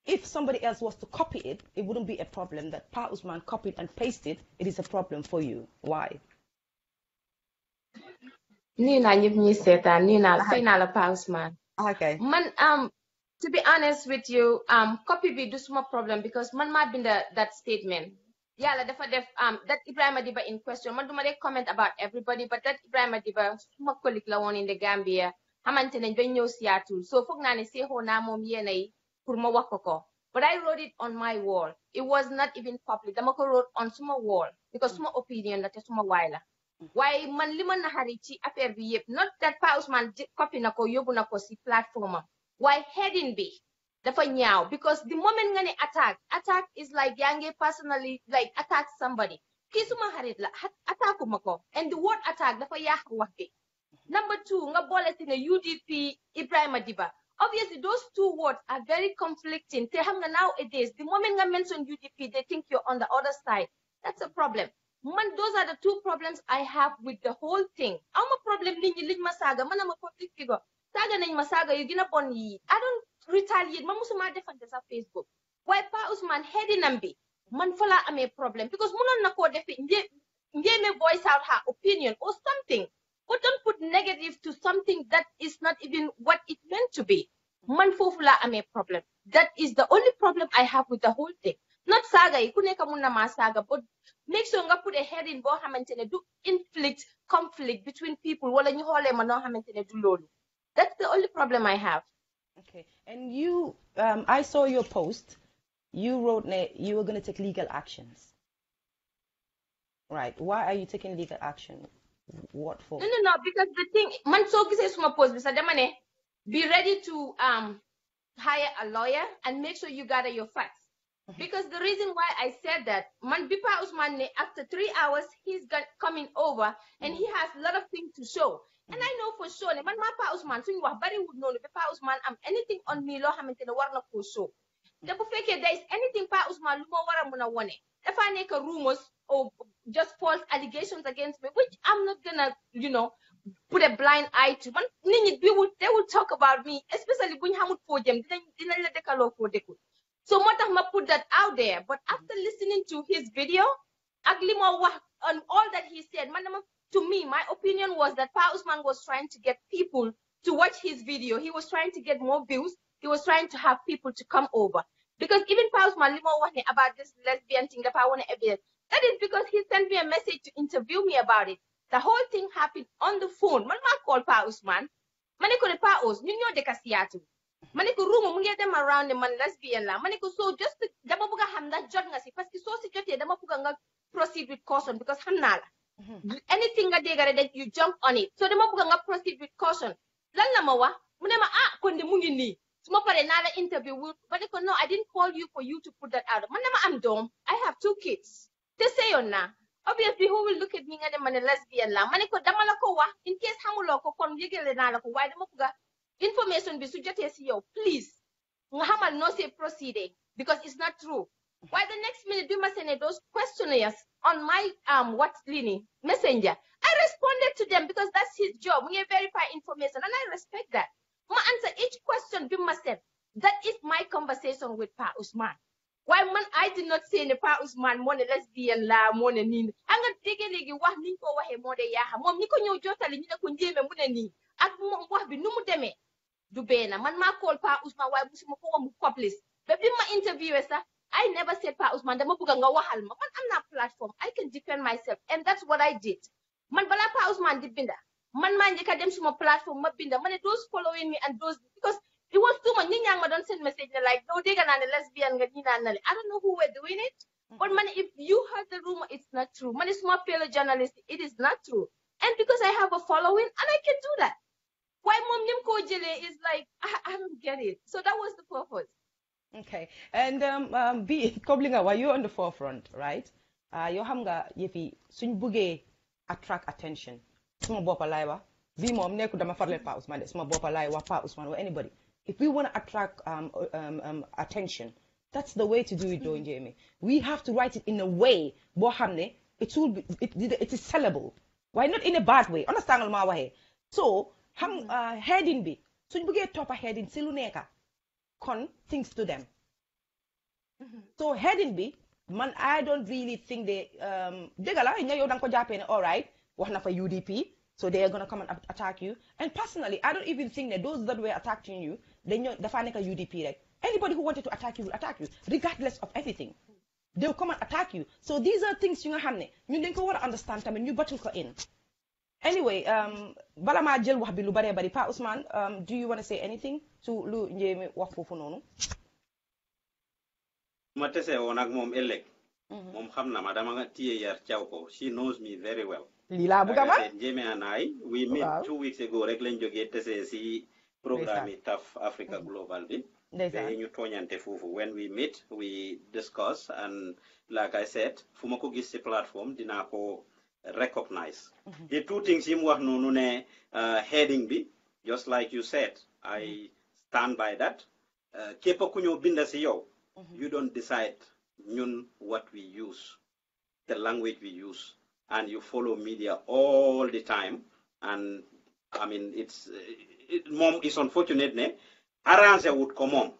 if somebody else was to copy it it wouldn't be a problem that Pa Ousman copied and pasted it is a problem for you why nuyu naa ñëpp ñuy seetaan nuyu naa Pa okay man um to be honest with you um copy be do small problem because man maa in that statement yàlla dafa def am that Ibrahim Adiba in question man duma dee comment about everybody but that Ibrahima Diba suma collègue la woon in the Gambia i xamante ne dañ ñëw Seattle so foog naa ne to naa how yéena yi pour ma wax ko but I wrote it on my wall it was not even public I ko wrote on my wall because my opinion la my suma Why? la waaye man li ma naxari ci bi yëpp not that Pa Ousmane copy na ko yóbbu na ko si plateforme am heading bi dafa ñaaw because the moment nga ne attack attack is like yaa personally like attack somebody kii suma xarit la attaque ko and the word attack dafa yàq wax bi number two nga boole si ne UDP Ibrahima Diba obviously those two words are very conflicting te xam nga nowadays the moment nga mention UDP they think you're on the other side that's a problem man those are the two problems I have with the whole thing awma problem nit ñi liñ ma saaga man ama public figure saga nañ ma saga yu gën a bon yii I don't retaliate man musuma defante sax Facebook waaye Pa Ousmane xeedinam bi man fa laa amee problème because munoon na koo defee njéeme voice out her opinion or something but don't put negative to something that is not even what it meant to be man foofu laa amee problème that is the only problem I have with the whole thing not saga yi ku nekk mun na maa saaga but make sure nga put a head in xamante ne du inflict conflict between people wala ñu xoolee ma noo xamante du loolu that's the only problem I have. Okay. And you, um, I saw your post. You wrote you were going to take legal actions. Right. Why are you taking legal action? What for? No, no, no. Because the thing, man, so says from a post, Mr. Damane, be ready to um, hire a lawyer and make sure you gather your facts. Mm-hmm. Because the reason why I said that, man, Bipa Usmane, after three hours, he's got, coming over and mm-hmm. he has a lot of things to show and I know for sure ne man maa Pa you suñu wax bariwul noonu ba Pa i am anything on me I'm xamante ne war na koo show The bu fekkee there is anything Pa I'm gonna a it. If I make a rumors or just false allegations against me which I'm not gonna you know put a blind eye to But, nit they will they will talk about me especially when buñ xamul foo jëm dinañ dinañ la dëkkaloo foo dëkkul so I'm moo gonna put that out there but after listening to his video ugly more ma on all that he said man dama to me, my opinion was that Pa Usman was trying to get people to watch his video. He was trying to get more views. He was trying to have people to come over. Because even Pa Usman Limo warned about this lesbian thing that I want to evidence. That is because he sent me a message to interview me about it. The whole thing happened on the phone. Man, ma call Pa Usman. Mani ko Pa Us, ñu ñoo dekk Seattle. Mani ko room mu ngi dem around man lesbian la. Maniko so just dama bëgg xam ndax jot nga ci parce que so ci jotté dama bëgg nga proceed with caution because xam naa la hmm Anything nga dégg rek that you jump on it so dama bëgg nga proceed with caution lan la ma wax mu ne ma ah kon de mu ngi nii su ma paree interview ba ne ko no I didn't call you for you to put that out man ne ma am doom I have two kids te on oh, naa obviously who will look at me nga ne ma lesbian la ma ne ko dama la ko wax in case xamuloo ko kon yëgale naa la ko waaye dama bëgg information bi su jotee si yow please nga xamal no see proceeding because it's not true why the next minute Duma Senado's questionnaires on my um what Lini messenger. I responded to them because that's his job. We verify information and I respect that. I answer each question Duma said. That is my conversation with Pa Usman. Why man I did not say ne Pa Usman money. Let's be in la money nin. I'm gonna Anga dege legi wax niñ ko waxe mo de yaha mom ñiko ñew jotali ñi ne ko ñeme mu ni ak mom wax bi nu mu du benn man ma call Pa Ousmane waaye musuma ko woon mu coplis ba bi ma interviewé eh, sax I never said, Pa Usman, dama bëgg nga waxal ma. Man am naa platform. I can defend myself. And that's what I did. Man balaa Pa Usman di binda. Man man, njëkk a dem suma platform ma binda. Man, those following me and those because it was too many Ñi ñaa ma doon send message like, no diga na ne lesbian nga ñi na I don't know who were doing it. Mm-hmm. But man, if you heard the rumor, it's not true. Man, it's my fellow journalist. It is not true. And because I have a following and I can do that. Why mom nim ko is like, I, I don't get it. So that was the purpose. Okay. And um, um, bi Koblinga, while you're on the forefront, right? Uh, yoo xam nga suñ buggee attract attention Sma boppa laay wax bii moom nekku dama farle Pa Ousman sma suma Pa Ousman or anybody if we want to attract um, um, um, attention that's the way to do it don't you, mm-hmm. Njeme we have to write it in a way boo xam it will be it, it is sellable Why not in a bad way understand ma wahe? so xam mm-hmm. uh, heading bi suñ buggee toppa heading si lu nekka con things to them. Mm -hmm. so heading be man I don't really think they um, dëgga You ña yow danga ko jàppee ne all right One for UDP so they are gonna come and attack you and personally I don't even think that those that were attacking you you're the final UDP rek anybody who wanted to attack you will attack you regardless of everything they will come and attack you so these are things you nga xam you ñun dañ ko war to understand and you better ko in anyway um, bala maa jël wax bi bari Pa Ousmane um, do you want to say anything to lu njéemi wax foofu noonu se tesee woon ak moom ëllëg mhm. moom xam tiye yar caw she knows me very well lii laa bëgg and I, we met two weeks ago rek lañ jógee tesee si programme yi TAF Africa mhm. Global bi when we meet we discuss and like I said fu ma ko gis si recognize mm-hmm. the two things yi mu uh, heading bi just like you said I mm-hmm. stand by that uh, Kepo ku binda si mm-hmm. you don't decide ñun what we use the language we use and you follow media all the time and I mean it's uh, mom is unfortunate ne arrangé would come on,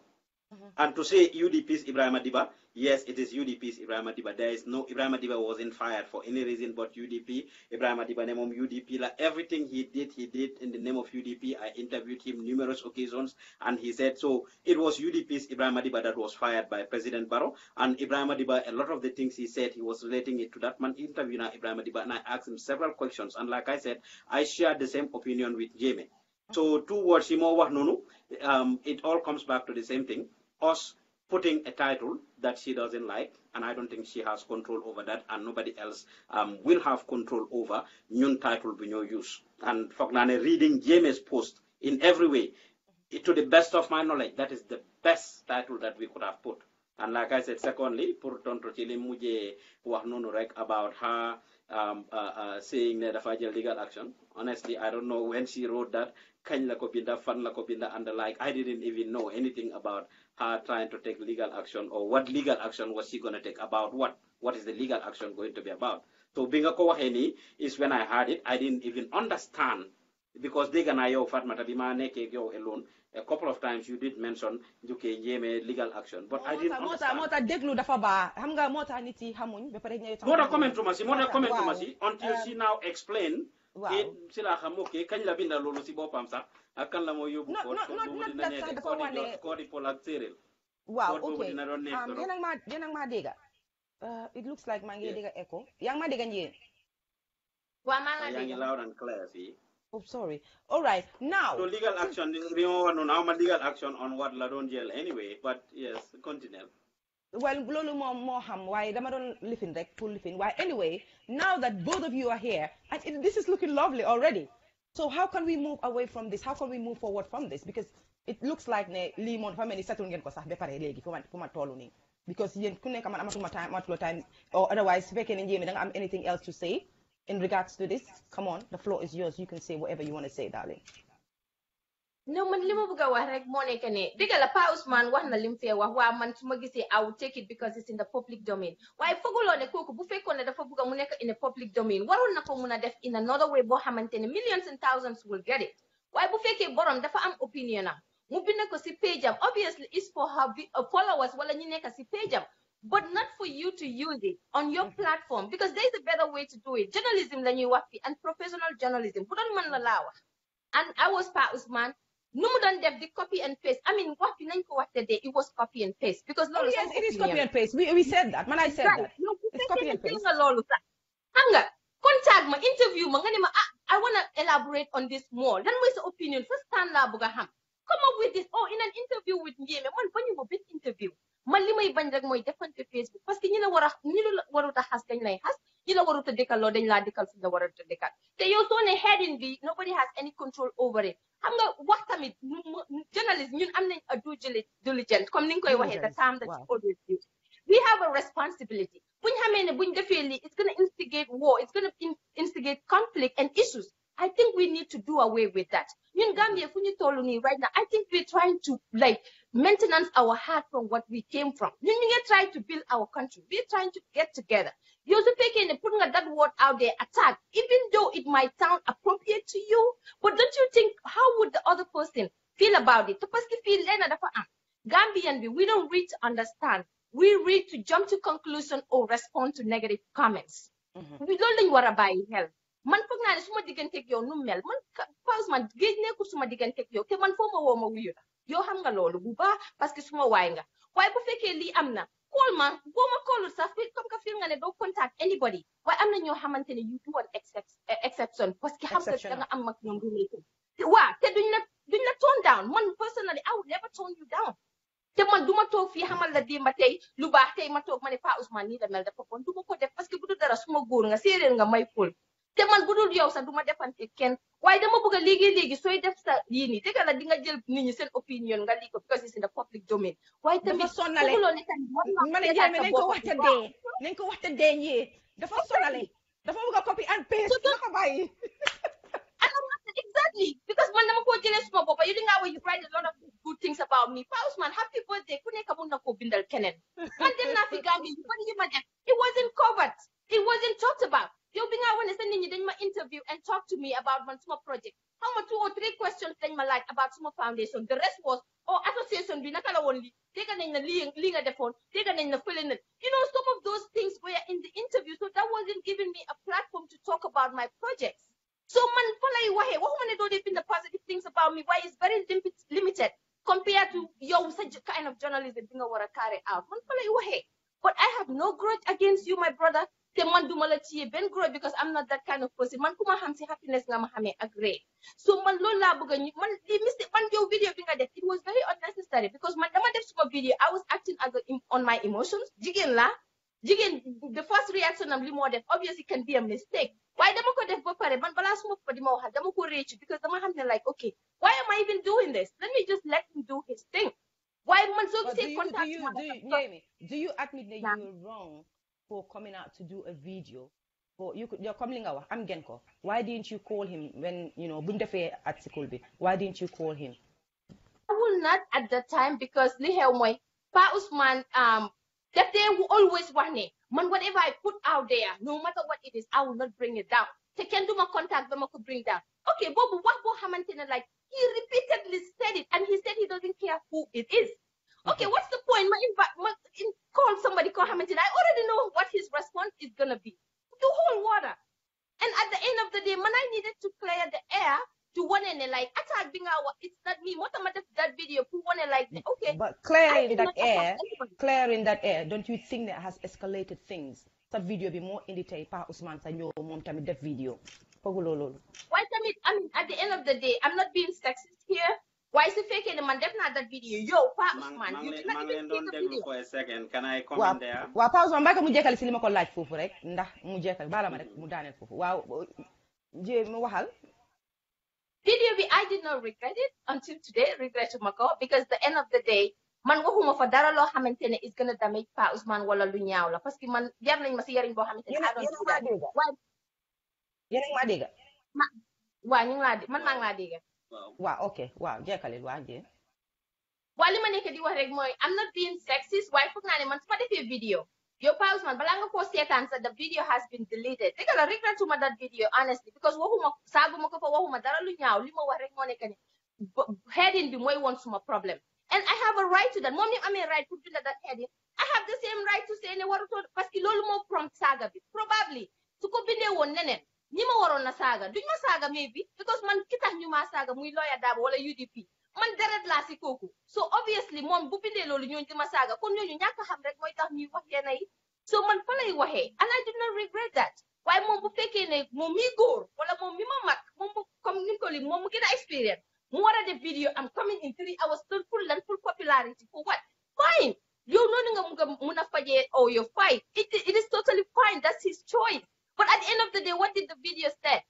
and to say UDP's Ibrahim Diba Yes, it is UDP's Ibrahim Adiba. There is no Ibrahim Adiba wasn't fired for any reason but UDP. Ibrahim Adiba name UDP. Like everything he did, he did in the name of UDP. I interviewed him numerous occasions and he said so it was UDP's Ibrahim Adiba that was fired by President Barrow. And Ibrahim Adiba, a lot of the things he said, he was relating it to that man interview now, Ibrahim Adiba, and I asked him several questions. And like I said, I shared the same opinion with Jamie. So towards him um, it all comes back to the same thing. Us putting a title that she doesn't like, and I don't think she has control over that, and nobody else um, will have control over new title we know use. And Fognane reading James' post in every way, to the best of my knowledge, that is the best title that we could have put and like I said, secondly, Purton tontu ci li mujjee wax rek about her um, uh, uh, saying ne dafa jël legal action. Honestly, I don't know when she wrote that. Kañ la fan and the like. I didn't even know anything about her trying to take legal action or what legal action was she going to take about what? What is the legal action going to be about? So being a ko is when I heard it, I didn't even understand because dégg naa yow Fatmata bi maa nekkee yow alone a couple of times you did mention njukee njéemee legal action but I didn't understand moo tax déglu dafa baax xam nga moo tax nit yi xamuñ ba pare ñëw moo tax commentuma si moo tax commentuma si until she um, now explain Wow. si laa xam ok kañ la binda loolu si boppam sax ak kan la moo yóbbu ko dina nekk koodi pol ak séeréel Wow. ok dina doon nekk um, yéen ak maa yéen ak maa dégga uh, it looks like maa ngi dégga echo yaa ngi maa dégga njéen waaw maa ngi laa dégga yaa ngi loud and clear fii Oh, sorry. All right, now. So legal action, we don't know now legal action on what la doon jël anyway, but yes, continue. Well, loolu moom moo xam waaye dama doon lifin rek pour lifin Why? anyway now that both of you are here and it, this is looking lovely already so how can we move away from this how can we move forward from this because it looks like ne lii moom fa mel ni setul ngeen ko sax ba pare léegi fu ma fu ma toll nii because yéen ku nekk man amatuma time amatuloo time or otherwise su fekkee ne njéemi am anything else to say in regards to this? Come on, the floor is yours. You can say whatever you want to say, darling. No, man, lima buga wa rek mone kane. Diga la pa Usman wa na limfe wa wa man tuma gisi I will take it because it's in the public domain. Why fogulo ne koko bufe fekko ne dafa buga mu in the public domain. Waron na ko muna def in another way bo xamantene millions and thousands will get it. Why bufe fekke borom dafa am opinion am. Mu binda ko ci page am. Obviously it's for her uh, followers wala ñi nek ci page am but not for you to use it on your mm-hmm. platform because there is a better way to do it journalism than you wax and professional journalism Put on mën and I was part Pa man. No more than def the copy and paste I mean what fi nañ ko wax today it was copy and paste because loolu yes it is copy and paste we, we said that man I said that it's copy and paste contact my interview ma ma ah, I want to elaborate on this more Then what's sa opinion First stand laa come up with this oh in an interview with me, man you ma bit interview man li may bañ rek mooy defante Facebook parce que ñi la war a ñi la warut a xas dañ lay xas ñi la warut a dëkkaloo dañ laa dëkkal fu la warut a dëkkal te yow soo ne heading bi nobody has any control over it xam nga wax tamit journalist ñun am nañ a due diligent, comme ni nga koy waxee the time that you always use we have a responsibility buñ xamee ne buñ defee lii it's gonna instigate war it's gonna instigate conflict and issues I think we need to do away with that. In Gambia, right now, I think we're trying to like maintenance our heart from what we came from. When we try to build our country, we're trying to get together. You're and putting that word out there, attack, even though it might sound appropriate to you, but don't you think how would the other person feel about it? Uh-uh. Gambian, we don't read to understand. We read to jump to conclusion or respond to negative comments. We don't know what about health. man foog naa ne su ma digganteeg yow nu mel man pause man géej nekkul su ma digganteeg yow te man foo ma woo ma wuyu la Yo, xam nga loolu bu baax parce que suma waay nga waaye bu fekkee lii am call ma boo ma callul sax comme que fii nga ne doo contact anybody waaye amna na ñoo xamante you do an exception parce que xam nga da nga am mag ñoom relation waa te duñ la duñ la tone down man personally I would never tone you down te man duma ma toog fii xamal la démba tey lu baax tey ma toog ma Pa Ousmane nii la mel dafa bon du ko def parce que bu dara suma góor nga séeréer nga may call te man bu dul yow sax du ma defante kenn waaye dama bëgg a léegi léegi def sa yii nii dëgg la di nga jël nit ñi seen opinion nga lii ko because it's in the public domain. waaye tamit sonale man a jaame nañ ko waxta dee nañ ko waxta dee ñee dafa sonale dafa bëgg copy and paste ko bàyyi. Exactly, because man dama ko jëlee suma bopp you think I write a lot of good things about me. Pa man, happy birthday Could nekk mun na koo bindal keneen man dem naa fi Gambie it wasn't covered it wasn't talked about you bi ngaa wane sa nit ñi dañ my interview and talk to me about man suma project How much two or three questions dañ ma laaj about suma foundation the rest was oh association bi naka la woon lii dégg nañ na lii lii nga defoon dégg nañ na fële na you know some of those things were in the interview so that wasn't giving me a platform to talk about my projects so man fa lay waxee waxuma do they dee the positive things about me why it's very limited compared to your such kind of journalism bi a carry out man fa lay waxee but I have no grudge against you my brother te man duma la ci benn growth because I'm not that kind of person man kuma ma xam si happiness nga ma xamee ak ree so man loolu la bëgg ñu man di mistake man yow video bi nga def it was very unnecessary because man dama def suma video I was acting as on my emotions jigéen la. jigéen the first reaction am li moo def obviously can be a mistake Why dama ko def ba pare man balaa suma ko di ma waxal dama ko réccu because dama xam ne like okay why am I even doing this let me just let him do his thing Why man so gisee contact do you do you admit that you were wrong for coming out to do a video but you could you're coming out am Genko. why didn't you call him when you know Bundefe at Sikulbi? why didn't you call him I will not at that time because lihe xew moy Pa Ousmane um that they will always want it. man whatever I put out there no matter what it is I will not bring it down They can do my contact them I could bring down okay bobu what bo xamantene like he repeatedly said it and he said he doesn't care who it is Okay, what's the point? My, my, call somebody, call Hamilton. I already know what his response is going to be. The hold water. And at the end of the day, man, I needed to clear the air to one and like attack being our it's not me what am I that video who wanna like okay but clearing that air clearing that air don't you think that has escalated things that video be more in detail pa Usman Sanyo mom that video why I mean at the end of the day I'm not being sexist here why waaye su fekkee The man definitely naa that video Yo, Pa Ousman you did not even see the video for a second can I comment there waaw Pa Ousman mbaa ko mu jekkali si li ma ko laaj foofu rek ndax mu jekkal baala ma rek mm-hmm. mu daaneel foofu waaw jé mu waxal video bi I did not regret it until today Regret regretuma ko because the end of the day man waxuma fa dara loo xamante ne is gonna damage Pa Ousman wala lu ñaaw la parce que man jar nañ ma si yariñ boo xamante ne waaye yéen a ngi maa dégg waaw ñu ngi laa dégg man maa ngi laa dégg waaw ok waaw jeexalil waa jéem. waaw li ma nekk di wax rek mooy I'm not being sexist waaye foog naa ne man su ma video yow Pa Ousman balaa nga koo seetaan sax the video has been deleted dëgg la regretuma that video honestly because waxuma saaguma ko fa waxuma dara lu ñaaw li wax rek moo nekk ni heading bi mooy woon suma problème and I have a right to that moom ni amee right pour binda that heading I have the same right to say ne warutoo parce que loolu moo prompt saaga bi probably su ko bindee woon neneen Nima ma waroon na saaga duñ ma saaga may bi because man ki tax ñu maa muy lawyer Darboe wala UDP man deret laa si kooku so obviously moom bu bindee loolu ñooñu di saga saaga kon ñooñu ñàkk xam rek mooy tax ñuy wax yenn so man fa lay waxee and I do not regret that Why moom bu fekkee ne moom mi góor wala moom mi ma mag moom bu comme ni ko li moom mu gën experience mu wara a def video am coming in three hours ton full and full popularity for what fine yow noonu nga mun faje fajee oh you fight. It it is totally fine that's his choice but at the end of the day, what did the video say?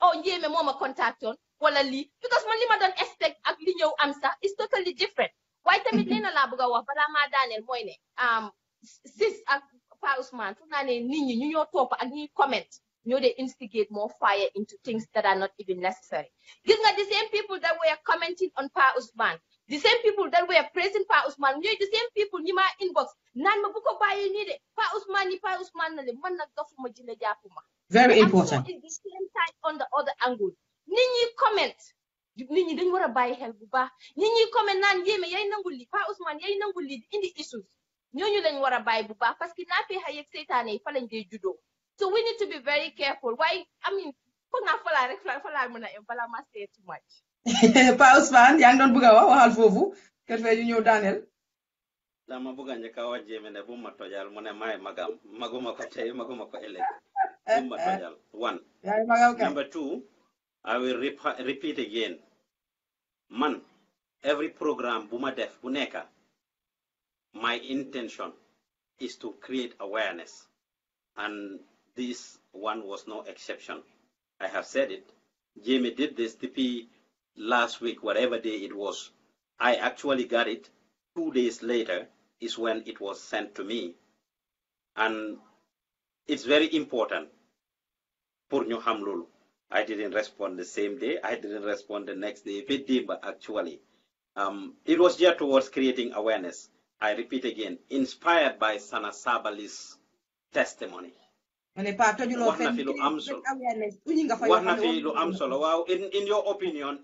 Oh, yeah, my mama contact on. Wala li. Because man lima don't expect ak li ñew answer, is totally different. Why tamit leena la bëgg wax bala ma daanel moy ne um sis ak Pa Ousmane fu na ne nit ñi ñu ñoo top and ñi comment you know, they instigate more fire into things that are not even necessary. These are the same people that were commenting on Pa Usman the same people that were praising Pa Ousmane ñooy the same people ñi ma inbox naan ma bu ko de Pa Ousmane ni Pa Ousmane na le man nag dofuma ji very important at the same time on the other angle. Nini comment Nini ñi dañu war a bàyyi xel bu baax nit ñi comment naan yéeme yay nangul lii Pa Ousmane yay nangul In the issues ñooñu lañ war a bàyyi bu baax parce que naa fee xëy ak seytaane yi fa so we need to be very careful Why? I mean foog naa fa laa rek fa laa mën a too much. Pa Ousmane yaa ngi doon bëgg a wax waxal foofu kër fee ñu ñëw Daniel? dama bëgg a njëkk a wax jéeme ne bu ma tojal mu ne maay magam maguma ko tey maguma ko ëllëg eh, bu ma eh. tojal one number two I will repeat again man every programme bu ma def bu nekk my intention is to create awareness and this one was no exception I have said it Jemmy did this depuis last week, whatever day it was. I actually got it two days later is when it was sent to me. And it's very important for new xam I didn't respond the same day. I didn't respond the next day. It did, but actually, um, it was geared towards creating awareness. I repeat again, inspired by Sana Sabali's testimony in your opinion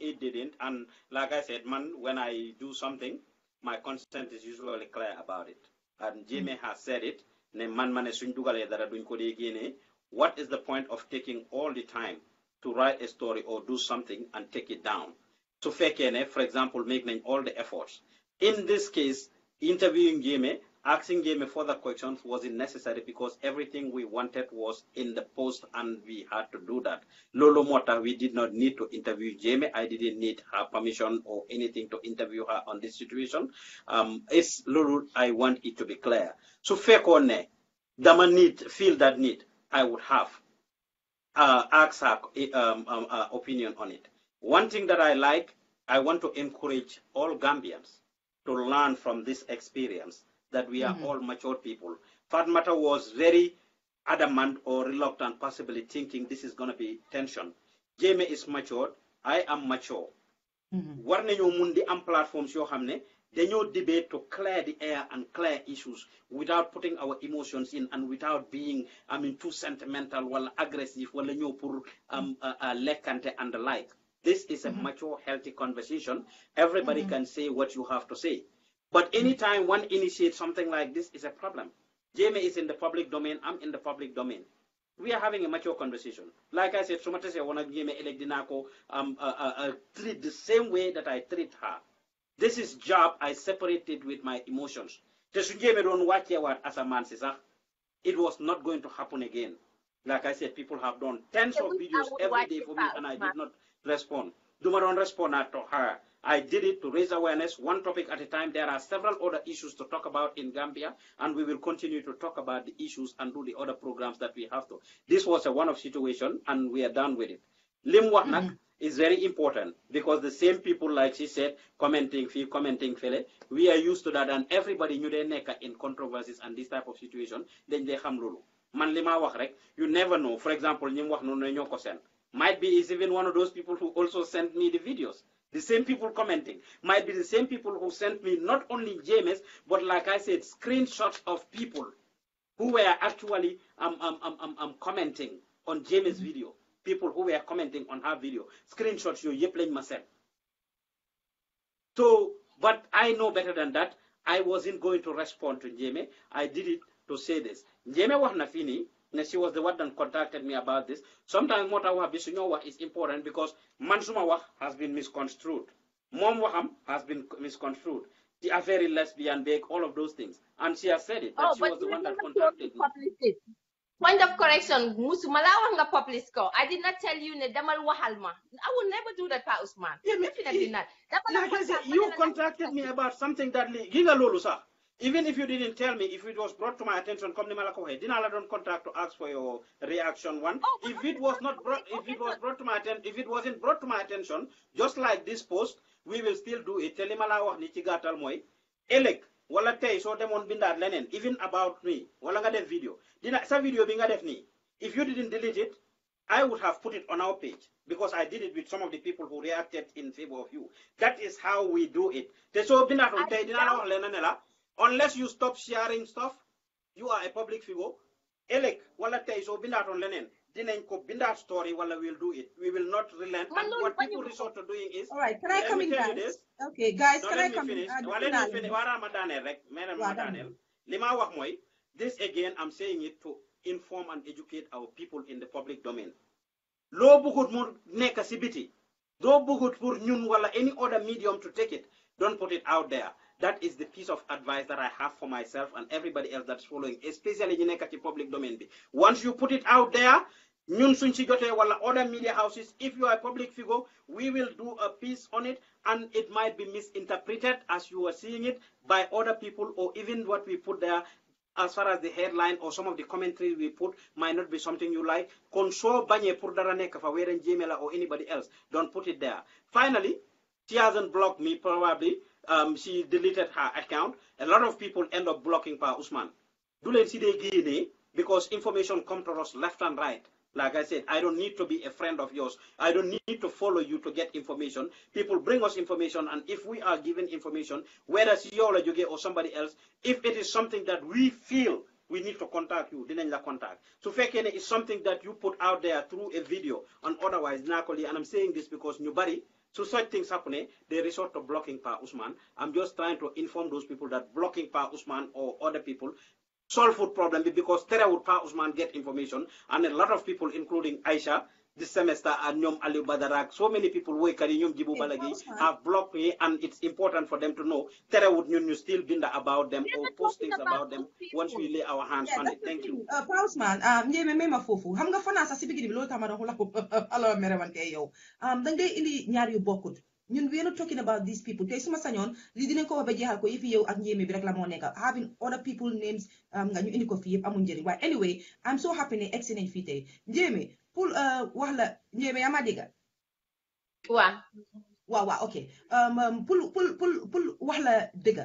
it didn't and like i said man when i do something my consent is usually clear about it and jimmy mm has said it ne man mané what is the point of taking all the time to write a story or do something and take it down So, fake it? for example making all the efforts in this case interviewing Jimmy. Asking Jamie further questions wasn't necessary because everything we wanted was in the post and we had to do that. Lolo Mota, we did not need to interview Jamie. I didn't need her permission or anything to interview her on this situation. Um, it's Lolo, I want it to be clear. So Fekone, Dama need, feel that need, I would have uh, asked her um, um, uh, opinion on it. One thing that I like, I want to encourage all Gambians to learn from this experience that we are mm -hmm. all matured people. Fatmata was very adamant or reluctant, possibly thinking this is going to be tension. Jamie is matured. I am mature. Mm-hmm. war nañoo mun di am platforms yo xam Then dañoo debate to clear the air and clear issues without putting our emotions in and without being I mean too sentimental wala aggressive wala ñëw pour am um, mm-hmm. uh, uh, lekante and the like. This is a mm-hmm. mature healthy conversation. Everybody can say what you have to say. But hmm. anytime one initiates something like this is a problem. Jamie is in the public domain, I'm in the public domain. We are having a mature conversation. Like I said, Sumatra I wanna me elect Dinako, um, uh, uh, uh, treat the same way that I treat her. This is job I separated with my emotions. Tesujeme don't watch as a man, says. it was not going to happen again. Like I said, people have done tens of videos every day for me, and I did not respond. Do not respond to her. I did it to raise awareness, one topic at a time. There are several other issues to talk about in Gambia, and we will continue to talk about the issues and do the other programs that we have to. This was a one-off situation, and we are done with it. Lim Wahnak mm-hmm. mm -hmm. is very important because the same people, like she said, commenting feel commenting fele, we are used to that, and everybody knew their neck in controversies and this type of situation, then they ham lulu. Man lima rek, you never know. For example, nim wah no might be is even one of those people who also sent me the videos. The same people commenting might be the same people who sent me not only James but like I said, screenshots of people who were actually um, um, um, um, um commenting on James' video, people who were commenting on her video, screenshots you are playing myself. So, but I know better than that. I wasn't going to respond to Njeme. I did it to say this. Njeme was nafini she was the one that contacted me about this. Sometimes Motawa know is important because Mansumawa has been misconstrued. Momwaham has been misconstrued. The very lesbian bake, all of those things. And she has said it. That oh, she was the one that contacted me. Point of correction, Musumalawa nga publish ko. I did not tell you ne damal wahalma. I will never do that, Pa Usman. Yeah, Definitely it, not. like I said, you contacted me about something that giga lulu sa even if you didn't tell me, if it was brought to my attention, come Nimalakohe, I don't contact to ask for your reaction one. Oh, if it was not brought if it was brought to my attention if it wasn't brought to my attention, just like this post, we will still do it. Telimala wax ni ci gatal elek wala tay so on bindat lenen even about me wala nga video dina sa video binga nga if you didn't delete it I would have put it on our page because I did it with some of the people who reacted in favor of you. That is how we do it. They so bindat on tay dina la unless you stop sharing stuff you are a public figure ëllëg wala tey soo on leneen dinañ ko bindaat story wala we'll do it we will not relent and what people resort to doing is all right can I come in guys okay guys can I come in ah, wala ñu finish wara ma daaneel rek mena ma daaneel li ma wax this again I'm saying it to inform and educate our people in the public domain loo bëggut mo nekk si biti doo bëggut ñun wala any other medium to take it don't put it out there that is the piece of advice that I have for myself and everybody else that's following especially in the public domain once you put it out there ñun suñ ci jotee wala other media houses if you are a public figure we will do a piece on it and it might be misinterpreted as you are seeing it by other people or even what we put there as far as the headline or some of the commentary we put might not be something you like. Conso banye pour daraneka for wearing or anybody else. Don't put it there. Finally, she hasn't blocked me probably um, she deleted her account. A lot of people end up blocking Pa Usman. see the Guinea, because information comes to us left and right. Like I said, I don't need to be a friend of yours. I don't need to follow you to get information. People bring us information, and if we are given information, whether it's you or or somebody else, if it is something that we feel we need to contact you, dinañ la contact. So fekene is something that you put out there through a video, and otherwise, and I'm saying this because nobody to such things happening, they resort to blocking Pa Usman. I'm just trying to inform those people that blocking Pa Usman or other people solve food problem because they would Pa Usman get information and a lot of people, including Aisha, this semester and Nyom Ali Badarak, so many people work at Nyom Jibu Balagi have blocked me and it's important for them to know Tara would you still binder about them or post things about them once we lay our hands on it. Thank you. Uh, Pausman, um, yeah, me ma fofu. Ham nga fana sa si bigi bilo tamara hula ko uh, uh, ala merewan kay yo. Um, dangay indi nyari yu bokut. Ñun we are not talking about these people. Kay suma sañon li dinañ ko ba jeexal ko yëf yow ak ñëmi bi rek la mo nekk. Having other people names um, nga ñu indi ko fi yëpp amu njëriñ. Waaye anyway, I'm so happy ne egg si nañ fii tey. Ñëmi, pour uh, wax la njéeme yaa ma dégg waaw waaw waaw ok pour um, um, pour pour pour wax la dëgg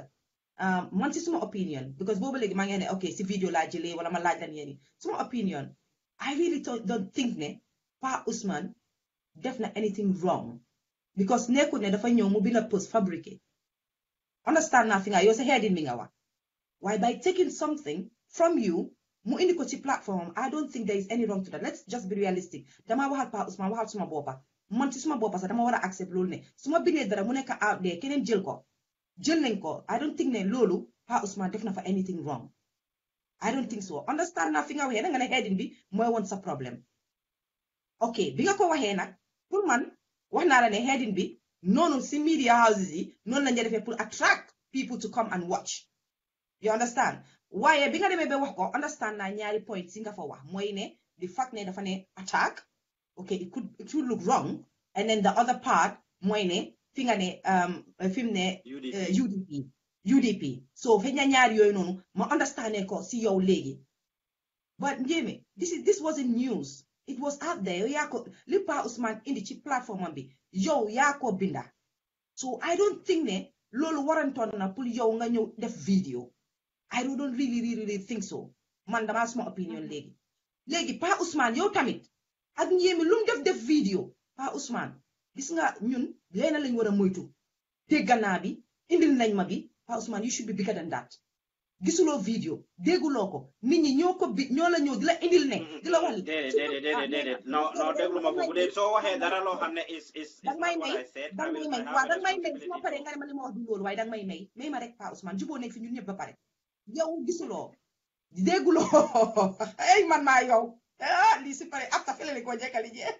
um, man si suma opinion because boobu léegi maa ngi ne ok si vidéo laa jëlee wala ma laaj lan yéen suma opinion I really don't think ne Pa Usman def na anything wrong because nekkul ne dafa ñëw mu bind post fabriqué understand nothing fi nga ah. yow sa heading bi nga ah, wax Why by taking something from you mu'inikoci platform i don't think there is any wrong to that let's just be realistic dama waxal pa Ousmane waxal suma boppa man ci suma boba sax dama war a accept loolu ne suma bindee that are nekk out there keneen jail ko Jail nañ i don't think ne lulu pa Usman definitely for anything wrong i don't think so understand naa fi nga waxee nga ne heading be mooy wants a problem. ok bi nga ko waxee nag pour man wax naa la ne heading bi No si media houses No noonu la attract people to come and watch you understand why? bi nga demee ba wax understand naa ñaari point si nga fa wax the fact ne dafa ne attack okay it could it should look wrong and then the other part moine, finger ne um, fi mu ne UDP UDP uh, so when na ñaari yooyu noonu ma understand ko si yow léegi but njéeme this is this wasn't news it was out there yow yaa Usman in the Ousmane platform, ci Be, yo, yow yaa ko binda so I don't think ne loolu warantoon na pour yo nga ñëw def vidéo I don't really really really think so man that's my opinion lady. Mm-hmm. Lady, Pa Usman, you yow tamit ak njéemi lu mu def the vidéo Pa Ousmane gis nga ñun leena lañ war a moytu dégganaa bi indil nañ ma bi Pa Usman, you should be bigger than that gisuloo vidéo dégguloo ko nit ñi ko bi ñoo la ñëw di la indil ne di la dede dede dede. déedéet no, ah, ah, non non déglu ma ko bu dee dara loo xam ne is is dang may may dang may may waaw dang may may su may may. nga ne ma dang may may may marek rek Pa Ousmane juboo nañ fi yun ñëpp ba pare yow gisuloo dégguloo ay man maa yow ah lii si pare ab tafale ko jekkali jee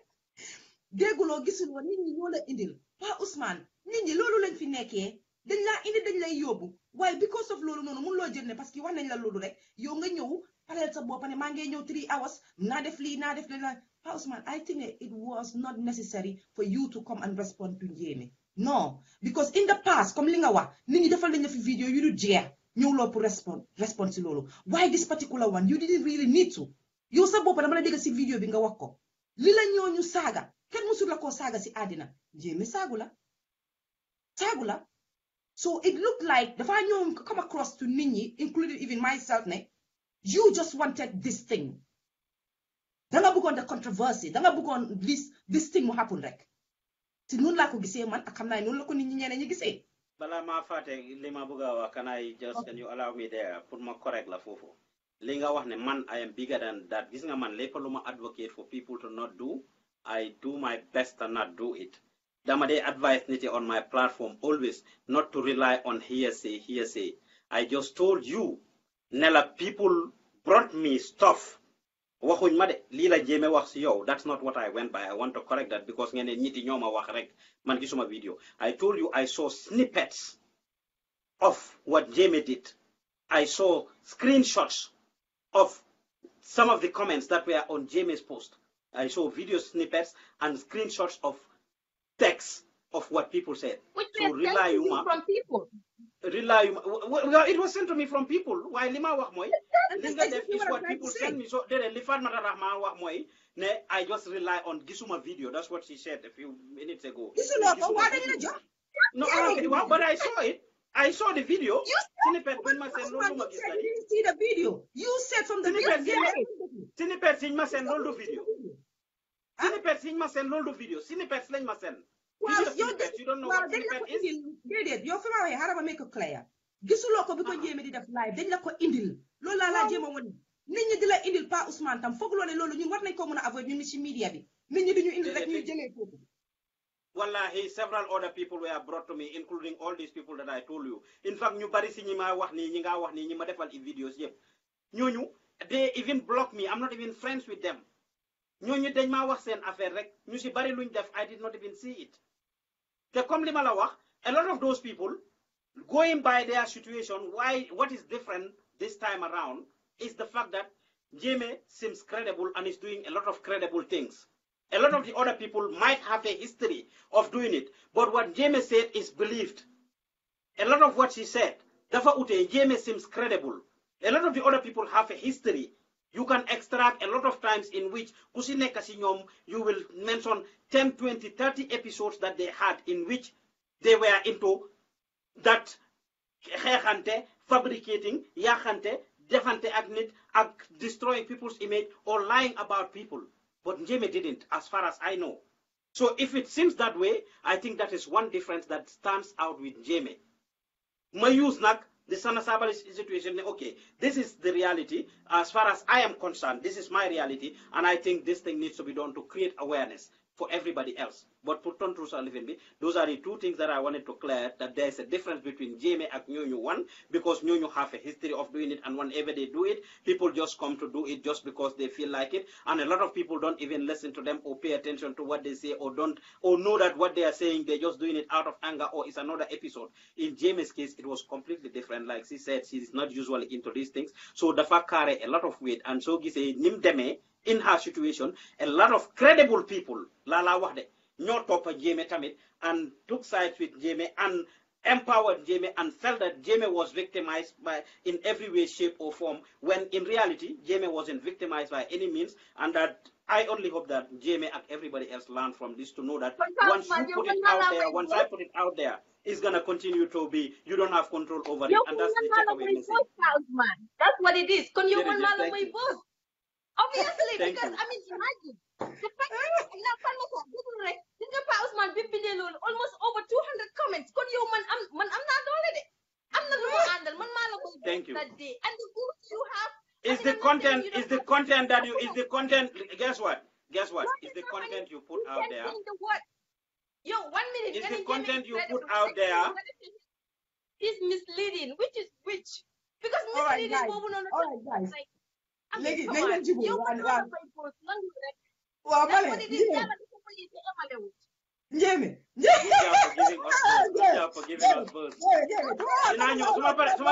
dégguloo gisuloo nit ñi ñoo la indil waa Ousmane nit ñi loolu lañ fi nekkee dañ laa indi dañ lay yóbbu waaye because of loolu noonu mun loo jene. parce que wax nañ la loolu rek yow nga ñëw paleel sa bopp ne maa ngi ñëw three hours Na def lii naa def lii waa Ousmane I think it was not necessary for you to come and respond to Njéeme No, because in the past comme li nga wax nit ñi defal nañ fi vidéo yu du jeex ñëw law pour respond respond si loolu why this particular one you didn't really need to You sa bopp dama la dégg si vidéo bi nga wax ko li la ñooñu saaga kenn musul la koo saaga si àddina jéemi saagu la saagu so it looked like the dafa ñëw come across to Nini, ñi including even myself ne you just wanted this thing danga on the controversy danga on this this thing will happen rek si noonu laa ko gisee man ak xam naa noonu la ko nit ñi ñeneen ñi gisee balaa maa fàtte li ma bëgg wax can I just can you allow me there pour ma correct la foofu li nga wax ne man I am bigger than that gis nga man lépp lu ma advocate for people to not do I do my best to not do it dama dee advise nit on my platform always not to rely on hearsay hearsay I just told you nela people brought me stuff waxuñ ma de la jéeme wax si yow that's not what I went by I want to correct that because ngeen ne ñiti ñoo wax rek man gisuma video I told you I saw snippets of what Jamie did I saw screenshots of some of the comments that were on Jamie's post I saw video snippets and screenshots of text of what people said. Which so rely from people rely it was sent to me from people Why li ma wax mooy li nga is what people send me so déedéet li Fatmata Rahman wax mooy ne I just rely on gisuma video that's what she said a few minutes ago gisuloo ko waa dañ la jox no waaw but I saw it I saw the video snippet buñ ma seen loolu ma didn't see the video you said from the video snippet siñ ma seen loolu du video snippet siñ ma seen loolu video snippet lañ ma seen well, you don't know. la ko indil déedéet yow fi you waxee xaaral ma make ko clair gisuloo ko bi ko jéemee ah. di live dañ la ko indil loolu laa laa jéem a wane indil Pa Ousmane tam foog loo ne loolu ñun war nañ media indil wallahi several other people were brought to me including all these people that I told you in fact you bari si ñi ma ñi nga wax nii ñi ma defal i videos they even block me I'm not even friends with them ñooñu dañ maa wax seen affaire rek ñu si bari luñ def I did not even see it te comme li ma la wax a lot of those people going by their situation why what is different this time around is the fact that Jeme seems credible and is doing a lot of credible things. A lot of the other people might have a history of doing it, but what Jeme said is believed. A lot of what she said, Dafa Ute, Jeme seems credible. A lot of the other people have a history you can extract a lot of times in which kusi nekk you will mention 10 20 30 episodes that they had in which they were into that fabricating destroying people's image or lying about people but Njeme didn't as far as I know so if it seems that way I think that is one difference that stands out with Njeme ma use nag the Sanasabali situation, okay, this is the reality. As far as I am concerned, this is my reality, and I think this thing needs to be done to create awareness for everybody else but proton truths and living Those are the two things that I wanted to clear that there is a difference between GMA and Nyonyo 1 because Nyonyo have a history of doing it and whenever they do it, people just come to do it just because they feel like it. And a lot of people don't even listen to them or pay attention to what they say or don't or know that what they are saying, they're just doing it out of anger or it's another episode. In James' case, it was completely different. Like she said, she's not usually into these things. So fact carry a lot of weight. And so he said, Nimdeme, in her situation, a lot of credible people, Lala Wahde, ñoo topp Jammeh tamit and took sides with Jammeh and empowered Jammeh and felt that Jammeh was victimized by in every way, shape or form when in reality Jammeh wasn't victimized by any means and that I only hope that Jammeh and everybody else learn from this to know that once you put it out there, once I put it out there, it's gonna continue to be you don't have control over it. And that's the takeaway That's what it is. Can you run my Obviously, because I mean, imagine the fact that example message didn't rek di nga Pa almost over 200 comments Could you man am man am naa doole i am not going to handle. man maa la koy def that day and the good you have is the content is the content that you is the content guess what guess what is the content you put out there yo one minute is the content you put out there is misleading which is which because misleading is on the boobu noonu like léegi si ah. su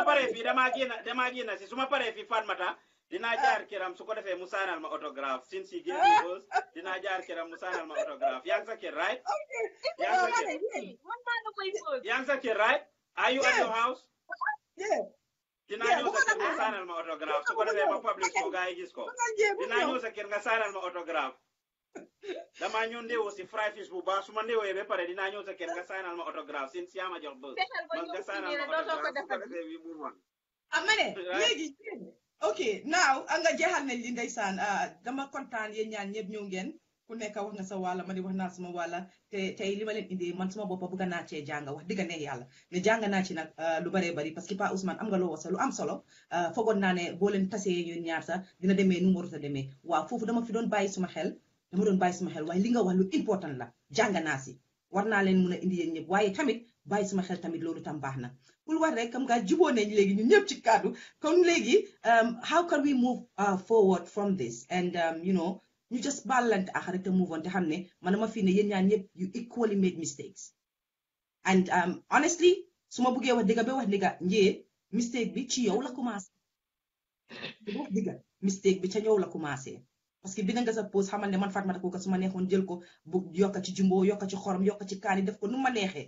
ma paree fii Fatmata jaar këram su defee mu saanal ma autographe sin ah. jaar këram mu saanal ma autographe yaa ngi sa dinaa ñëw sa kër nga saanal ma autographe su ko defee ma public ko gars yi gis ko dinaa ñëw sa kër nga saanal ma autographe damaa ñëw ndéewu si fry bu baax su ma ndéewee ba pare dinaa ñëw sa kër nga saanal ma autographe sin si jox nga saanal ma autographe su ko defee ok now a nga nañ li ndeysaan dama ñaan ñëpp ñëw ngeen ku nekk wax nga sa wàlla ma di wax naa sama wàlla te tey li ma leen indi man naa cee wax yàlla naa ci nag euh, lu parce que Pa Ousmane am nga loo wasa lu am solo euh, naa ne boo leen tasee ñun ñaar dina demee nu warut a demee waaw foofu dama fi doon bàyyi suma xel dama doon bàyyi suma xel waaye li nga wax lu important la naa si war naa leen mun a indi yéen ñëpp waaye tamit bàyyi suma xel tamit loolu tam baax na war rek comme nga nañ léegi ñun ñëpp ci kaddu léegi um, how can we move uh, forward from this and um, you know ñu just baalante ak rek te move on te xam ne man ma fii ne yéen ñaan ñëpp you equally made mistakes and um, honestly su ma buggee wax dëgga ba wax dëgga njee mistake bi ci yow la commencé wax mistake bi ca yow la commencé parce que bi na nga sa pause xamal ne man Fatma ko su ma neexoon jël ko bu yokka ci jumbo yokka ci xorom yokka ci kaani def ko nu ma neexee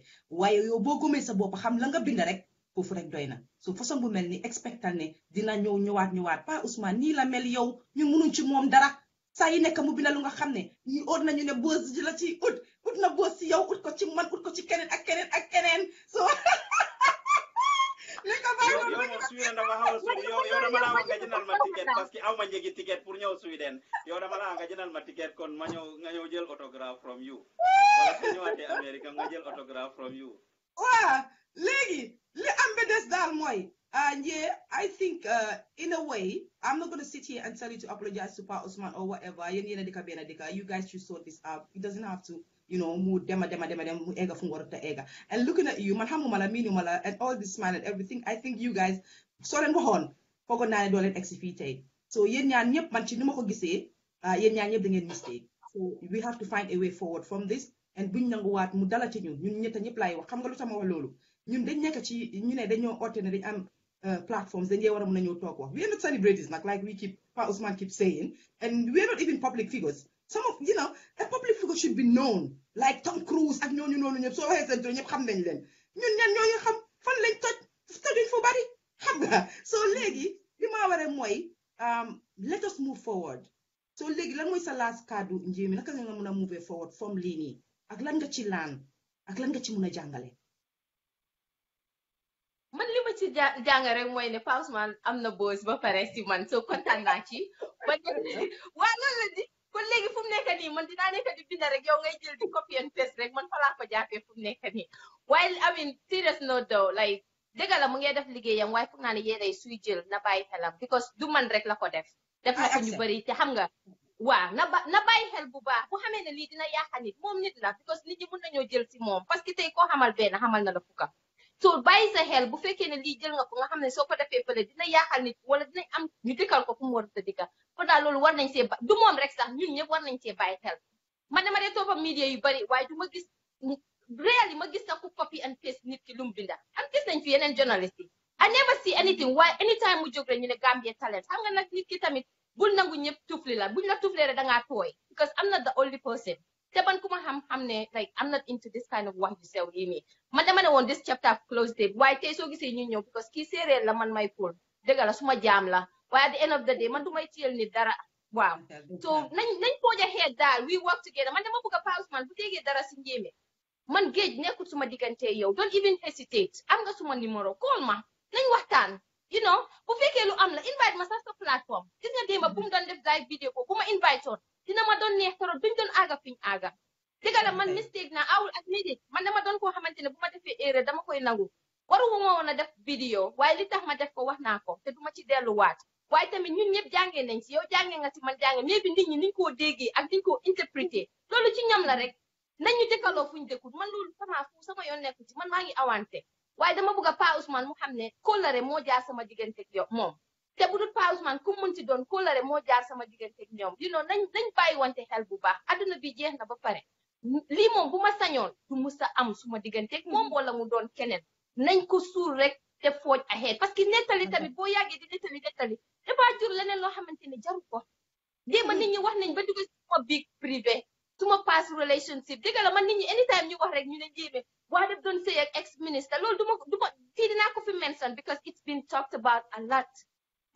yow boo gëmee sa bopp xam la nga bind rek foofu rek doy so façon bu mel ni expectal ne dina ñëw ñëwaat ñëwaat pas Ousmane nii la mel yow ñu munuñ ci moom dara sa yi nek mu bina lu nga xamne ne ñi ut nañu ne boss ji la ci ut ut na boss ci yow ut ko ci man ut ko ci keneen ak keneen ak keneen so li ko bàyyi woon yow Sweden dama xaw a yow yow dama laa wax ma ticket parce que aw ma ticket pour Sweden yow dama laa nga ma ticket kon ma ñëw nga jël from you wala su nga jël from you li am des dal moy. And uh, yeah, I think uh, in a way, I'm not gonna sit here and tell you to apologize to Pa Osman or whatever. You guys should sort this out. It doesn't have to, you know, mu dema dema dema dema ega from water ega. And looking at you, manhamu mala minu mala, and all this smile and everything, I think you guys, sorry mohon, fogo nine dollar exifite. So yen nyan yep manchi numo kogise, yen nyan yep dengan mistake. So we have to find a way forward from this. And buñ nanguwaat mu dala ci ñun ñun ñetta ñëpp laay wax xam nga lu sama wax loolu ñun dañ nekk am uh, platforms, then you want to talk. We are not celebrities, like like we keep Usman keeps saying, and we are not even public figures. Some of you know, a public figure should be known, like Tom Cruise ak ñooñu noonu ñëpp soo waxee seen tur ñëpp xam nañ leen um, let us move forward So léegi lan mooy sa last kàddu njiw mi naka nga mën move forward from Lini. nii ak lan nga ci laan ak lan nga ci ci jàng rek mooy ne Pa Ousmane am na boos ba pare si man so kontaan naa ci ba waa loolu la di kon léegi fu mu nekk nii man dinaa nekk di bind rek yow ngay jël di copy and paste rek man fa ko jàppee fu mu nekk nii waaye I mean serious no though like degal la mu ngi def liggéeyam waaye foog naa ne yéenay suy jël na bàyyi xelam because du man rek la ko def def na ko ñu bëri te xam nga waaw na ba na bàyyi xel bu baax bu xamee ne lii dina yaaxa nit moom nit la because nit ñi mën nañoo jël si moom parce que tey koo xamal benn xamal na la fukka so bàyyi sa xel bu fekkee ne lii jël nga ko nga xam ne soo ko defee fële dina yaaxal nit wala dinañ am ñu dëkkal ko fu mu war a dëkkal kon daal loolu war nañ see ba du moom rek sax ñun ñëpp war nañ see bàyyi xel man dama dee toppa media yu bari waaye du ma gis réel ma gis sax copy and paste nit ki lu mu binda am gis nañ fi yeneen journalist yi I never see anything Why anytime mu jóg rek ñu ne Gambia talent xam nga nag nit ki tamit bul nangu ñëpp tufli buñ la tuflee rek da ngaa tooy because I'm not the only person te man ku ma like I'm not into this kind of wax you sew yii me. man I want this chapter closed. close date waaye tey soo gisee because kii séeréer la man may pool dëgg la suma jaam la waaye at the end of the day man du may tiyel nit dara wow. so nañ nañ pooja xeet daal we work together man dama bëgg a pause man bu déggee dara si me. man géej nekkul suma diggante yow don't even hesitate i am nga suma numéro call ma nañ waxtaan you know bu fekkee lu invite masasa platform. sa dema gis nga def live vidéo ko bu invite on. dina ma doon neex torop duñ doon aaga fiñ aaga dëgg la man mistake na awul ak nit man dama doon koo xamante ne bu ma defee erreur dama koy nangu waruñu ma woon a def vidéo waaye li tax ma def ko wax naa ko te duma ci delluwaat waaye tamit ñun ñëpp jàngee nañ ci yow jàngee nga ci man jàngee mais bi nit ñi niñ koo déggee ak niñ koo interpréter loolu ci ñam la rek nañu dëkkaloo fuñ dëkkut man loolu sama fu sama yoon nekku man maa ngi awante waaye dama bëgg a Pa Ousmane mu xam ne kóllare moo jaar sama diggante yow moom te bu dul Pa ku mën ci doon kóllare moo jaar sama digganteeg ñoom di noonu nañ nañ bàyyi wante xel bu baax adduna bi jeex na ba pare lii moom bu sañoon du mus am suma digganteeg moom mm-hmm. wala mu doon keneen nañ ko suul rek te fooj axeet parce que nettali tamit mm-hmm. boo yàggee di nettali nettali dafa jur leneen loo xamante jaru ko déema mm-hmm. nit ñi wax nañ ba dugal suma biig privé suma pass relationship dëgg man nit ñi anytime ñu wax rek ñu ne njéeme waa def doon sëy ak ex ministre loolu duma duma fii dinaa ko fi mention because it's been talked about a lot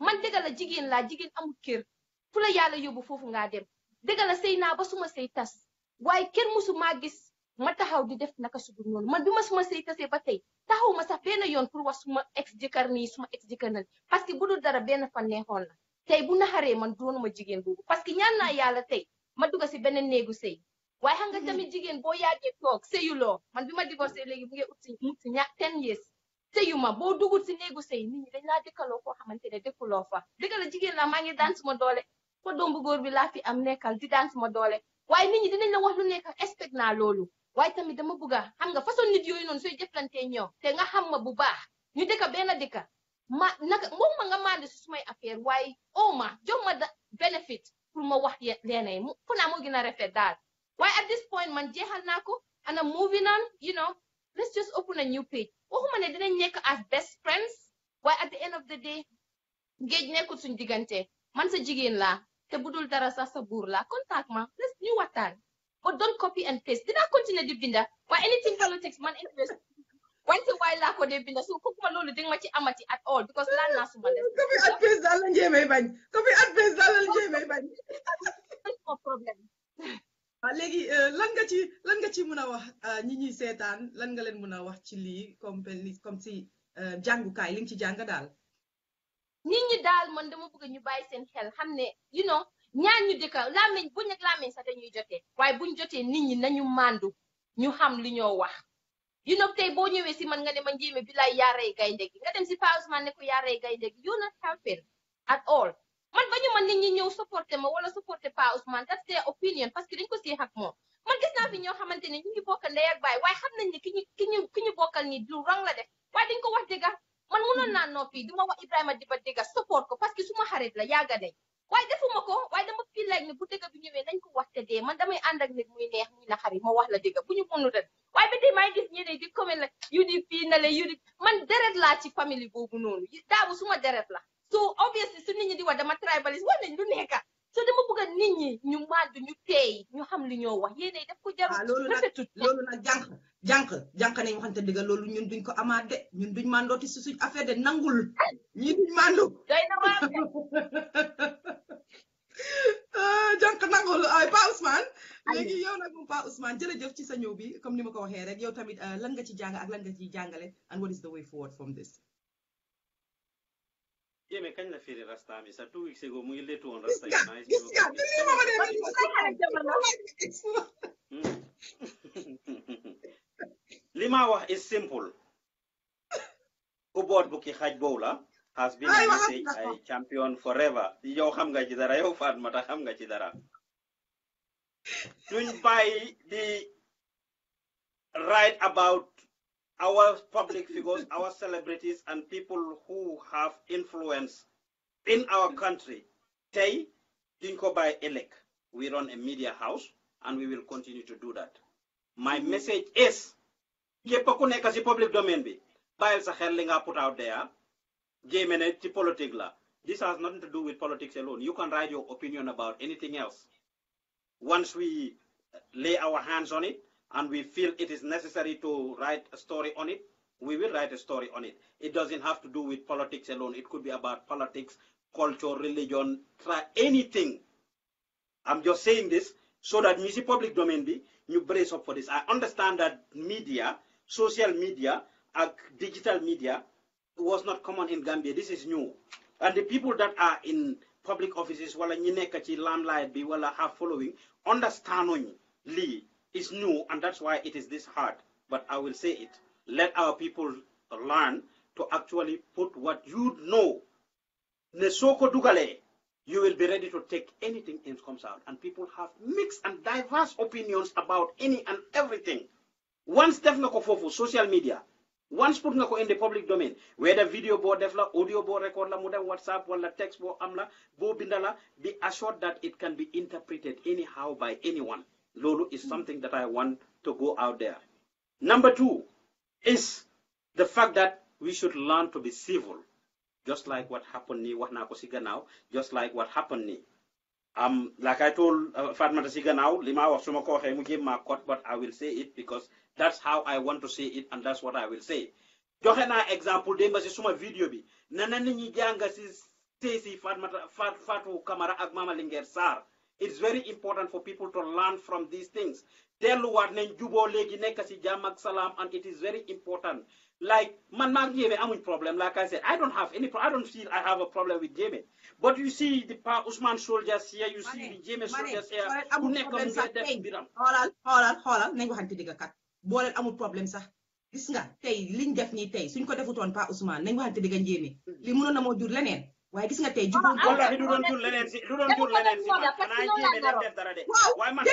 man dëgg la jigéen laa jigéen amul kër fu la yàlla yóbbu foofu ngaa dem dëgg la sëy naa ba suma sëy tas waaye kenn musu maa gis ma taxaw di def naka su dul noonu man bi ma suma sëy tasee ba tey taxaw ma sax benn yoon pour wax suma ex jëkkër nii suma ex jëkkër na parce que bu dul dara benn fan neexoon la tey bu naxaree man doonuma jigéen boobu parce que ñaan naa yàlla tey ma dugg si beneen néegu sëy waaye xam nga mm-hmm. tamit jigéen boo yàggee toog sëyuloo man bi ma divorcé léegi mu ngi ut si ña ten years sëyuma boo dugul si néegu sëy nit ñi dañ laa dëkkaloo foo xamante ne dëkkuloo fa dëgg la jigéen la maa ngi daan suma doole fa doom bu góor bi laa fi am nekkal di daan suma doole waaye nit ñi dinañ la wax lu nekk expect naa loolu waaye tamit dama bëgg xam nga façon nit yooyu noonu sooy jëflantee ñoom te nga xam ma bu baax ñu dëkka benn dëkka ma naka moom ma nga mande si sumay affaire waaye oo oh ma jox ma benefit pour ma wax leena mu fu na moo gën a rafet daal at this point man jeexal naa ko ana moving on you know let's just open a new page waxuma ne dinañ nekk as best friends waaye at the end of the day géej nekkul suñ diggante man sa jigéen laa te budul dara sax sa buur laa contact ma les ñu waxtaan but don't copy and paste dinaa continue di binda waaye anything text man interest wante waay laa ko dee binda su kooku ma loolu dinga ma ci amati at all because laal naa suma les copy and paste daal la njéemay bañ copy and paste daal la njéemay bañ problème waaw ah, léegi euh, lan nga ci lan nga ci mën a wax euh, ñi ñuy seetaan lan nga leen mën a wax ci lii comme comme si euh, jàngukaay li ci jàng daal. nit ñi daal man dama bëgg ñu bàyyi seen xel xam you know ñaan ñu dëkka làmmiñ buñ ak làmmiñ sax dañuy jotee waaye buñ jotee nit ñi nañu màndu ñu xam li ñoo wax. you know tey boo ñëwee si man nga ne ma njéeme bi laay yaaree gaynde gi nga dem si Pa Ousmane ne ko yaaree gaynde gi you not helping at all man bañu ma nit ñi ñëw supporter ma wala supporter Pa Ousmane that's their opinion parce que dañ ko see ak moom man gis naa fi ñoo xamante ne ñu ngi bokkal ndey ak baay waaye xam nañ ne ki ñu ki ñu bokkal ni du rang la def waaye dañ ko wax dëgga man mënoon naa noppi du wax Ibrahima di ba support ko parce que suma xarit la yàgga nañ waaye defuma ko waaye dama feel like ne bu dëgga bi ñëwee nañ ko wax te dee man damay ànd ak nit muy neex muy naxari ma wax la dëgga bu ñu mënu ren waaye ba tey maa gis ñeneen di commune la UDP na la UDP man deret la ci family boobu noonu daabu suma deret la so obviously so nit ñi di wax dama tribalist wax nañ lu nekka so dama bëgg a nit ñi ñu màddu ñu teey ñu xam li ñoo wax yéene daf ko jarul ah, loolu nag loolu nag jànq jànq jànq nañ waxante dëgg loolu ñun duñ ko amaat ñun duñ màndooti si suñ affaire de nangul ñi duñ màndu day na maam ah, jànq nangul ah, ay Pa Ousmane léegi yow nag moom Pa Ousmane jërëjëf ci sa ñëw bi comme ni ko waxee rek yow tamit lan nga ci jàng ak lan nga ci jàngale and what is the way forward from this ye me kañ la feere rasta mi sa two weeks ago mu ngi leetu woon rasta yi nice ñu li ma wax is simple ku boot bu ki xaj boobu la has been a message ay champion forever yow xam nga ci dara yow Fatmata xam nga ci dara duñ di write about our public figures, our celebrities, and people who have influence in our country, Tay, Dinko by Elek. We run a media house, and we will continue to do that. My message is, képp ku si public domain bi bàyyil sa xel are put out there jéeme ne ci politics. this has nothing to do with politics alone you can write your opinion about anything else once we lay our hands on it and we feel it is necessary to write a story on it, we will write a story on it. It doesn't have to do with politics alone. It could be about politics, culture, religion, try anything. I'm just saying this so that you see public domain be you brace up for this. I understand that media, social media, digital media was not common in Gambia. This is new. And the people that are in public offices, wala ñi nekk ci limelight have following, understand it's new, and that's why it is this hard. But I will say it. Let our people learn to actually put what you know. Nesoko Dugale, you will be ready to take anything that comes out. And people have mixed and diverse opinions about any and everything. Once step nga ko social media once put nga in the public domain whether video board, def audio board, record la modern WhatsApp whatsapp wala text bo amla, bo bindala, be assured that it can be interpreted anyhow by anyone Lulu is something that I want to go out there. Number two is the fact that we should learn to be civil, just like what happened ni What ko now, just like what happened ni. Um, like I told uh, Fatma Siga now, lima wa suma ko ma kot, but I will say it because that's how I want to say it and that's what I will say. Joxe example demba si suma video bi, nana ni janga si Stacy Fatma Fatou Kamara ak Linger it's very important for people to learn from these things Tell what, nañ juboo léegi nekk si jàmm ak salam, and it is very important like man maag Jammeh amuñ problem. like I said I don't have any I don't feel I have a problem with Jammeh but you see the Pa Ousmane soldiers here you see the Jammeh soldiers here ku nekk mu ngi def mbiram xoolal xoolal xoolal nañ waxante dëgg kat boo leen amul problème sax gis nga tey liñ def nii tey suñ ko defutoon Pa Ousmane nañ waxante dëgg Jammeh li mënoon na moo jur leneen waaye gis nga tey jubul wala du doon jur leneen si doon jur leneen si man xanaa jéem def dara de waaye man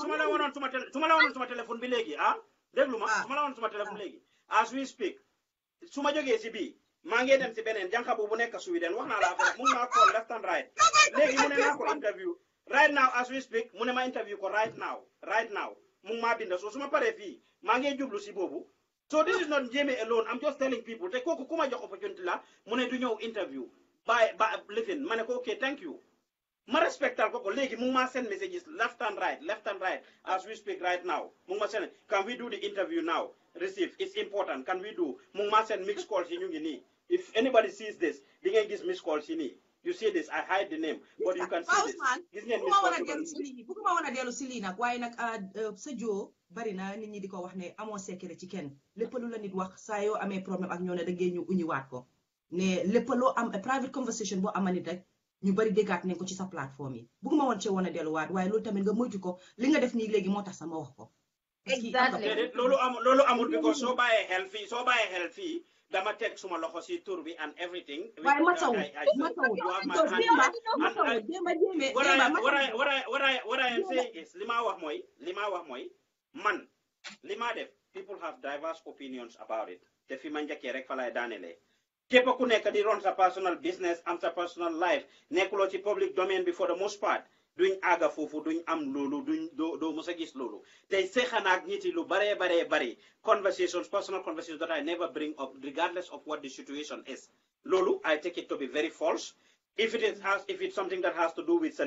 su la wonoon suma su la wonoon suma téléphone bi léegi ah déglu ma la wonoon suma téléphone léegi as we speak su ma jógee si bii ngi dem si beneen jànka bu bu nekk Sweden wax la affaire mun naa call left and right léegi mu ne naa ko interview right now as we speak mu ne ma interview ko right now right now mu ngi maa binda soo su ma ngi jublu si boobu so this is not Jamie alone. I'm just telling people. They come kuma jo opportunity la. Mune do your interview. By by listen. Mane okay. Thank you. Ma respect al koko. Legi mung send messages left and right, left and right as we speak right now. Mung send. Can we do the interview now? Receive. It's important. Can we do? Mung send mixed calls inyungi ni. If anybody sees this, they can give mixed calls ini you see this I hide the name but you can see this His name is. Ah, ah, sa bari na nit ñi wax ne secret ci kenn lépp lu la nit wax problème ak da ngeen ñu ko ne lépp am private conversation rek ñu bari nañ ko ci sa plateforme yi tamit nga moytu ko li nga def tax sama wax ko. amul because dama teg suma loxo si tur bi and everything. waaye matawul matawul what I am saying is lima ma wax mooy li ma wax mooy man lima def people have diverse opinions about it te fi ma njëkkee rek fa lay daanelee képp ku nekk di ron sa personal business am sa personal life nekkuloo ci public domain bi for the most part duñ aga foofu duñ am loolu duñ do doo mos a gis loolu tey seexanaak ñiti lu baree baree bari conversations personal conversations that I never bring up regardless of what the situation is Lulu, I take it to be very false if it is has uh, if it's something that has to do with sa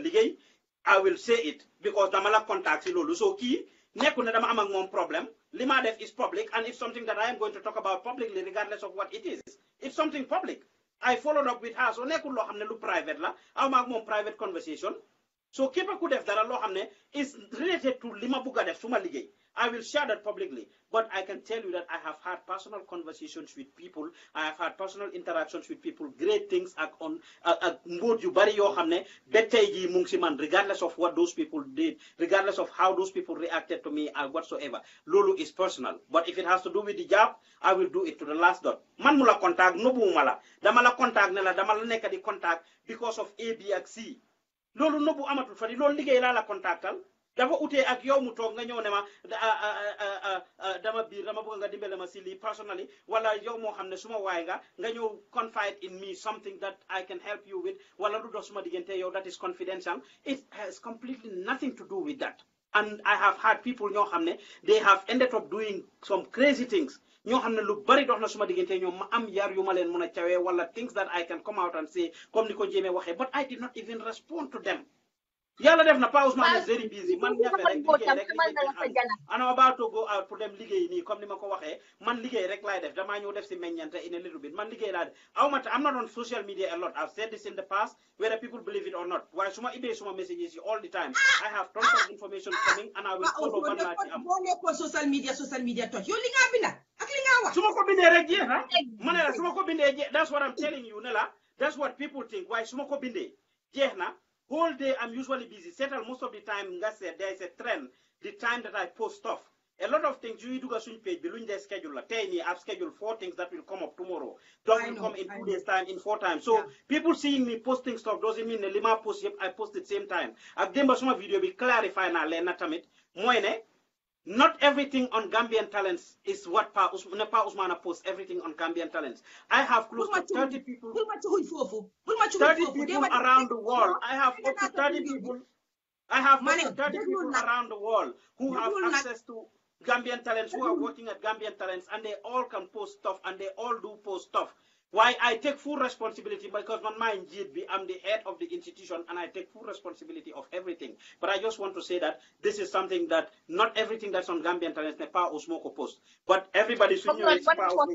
I will say it because dama la contact si loolu so kii nekku ne dama am ak moom problème li def is public and it's something that I am going to talk about publicly regardless of what it is it's something public I followed up with her so nekkul loo xam ne lu private la aw ak private conversation so képp ku def dara loo xam is related to lima ma bugg a I will share that publicly, but I can tell you that I have had personal conversations with people. I have had personal interactions with people. Great things are on mood you bury your hamne mungsiman, regardless of what those people did, regardless of how those people reacted to me or uh, whatsoever. Lulu is personal, but if it has to do with the job, I will do it to the last dot. Man mula contact no bumala. Damala contact nela damala neka di contact because of A, B, C loolu nobu amatul fari loolu liggéey laa la contactal dafa utee ak yow mu toog nga ñëw ne ma dama biir dama bëgg nga dimbale ma si lii personally wala yow moo xam ne suma waay nga nga ñëw confide in me something that I can help you with wala lu dox suma diggante yow that is confidential it has completely nothing to do with that and I have had people ñoo xam ne they have ended up doing some crazy things ñoo xam ne lu bari dox na suma diggante ñoo ma am yar yu ma leen mun a cawee wala things that I can come out and say comme ni ko jéemee waxee but I did not even respond to them yàlla def na Pa Ousmane is very busy man ñafe rek liggéey rek ana about to go out pour dem liggéey nii comme ni ma ko waxee man liggéey rek laay def damaa ñëw def si meññante in a little bit man liggéey laa def aw ma am not on social media a lot I've said this in the past whether people believe it or not waaye suma idée suma messages all the time I have tons of information coming and I will follow ban laa ci am boo social media social media toj yow li ngaa binda ak li ngaa wax su ko bindee rek jeex na ma la su ko bindee that's what I'm telling you ne that's what people think why su ma ko bindee jeex Whole day I'm usually busy. Settle most of the time, there is a trend, the time that I post stuff. A lot of things you do a soon page, below the schedule. Ten I've scheduled four things that will come up tomorrow. That will come in two days' time, in four times. So yeah. people seeing me posting stuff doesn't mean the lima post I post at the same time. I've done some video we clarify na learn that it. Moine, not everything on Gambian talents is what Pa, Nepa Usmana posts, everything on Gambian talents. I have close to 30 people, 30 people around the world. I have up to 30 people, I have up 30 people around the world who have access to Gambian talents, who are working at Gambian talents, and they all can post stuff, and they all do post stuff. Why I take full responsibility because my mind GDB, I'm the head of the institution and I take full responsibility of everything. But I just want to say that this is something that not everything that's on Gambian Talent Nepal or Smoko Post, but everybody should know it's power.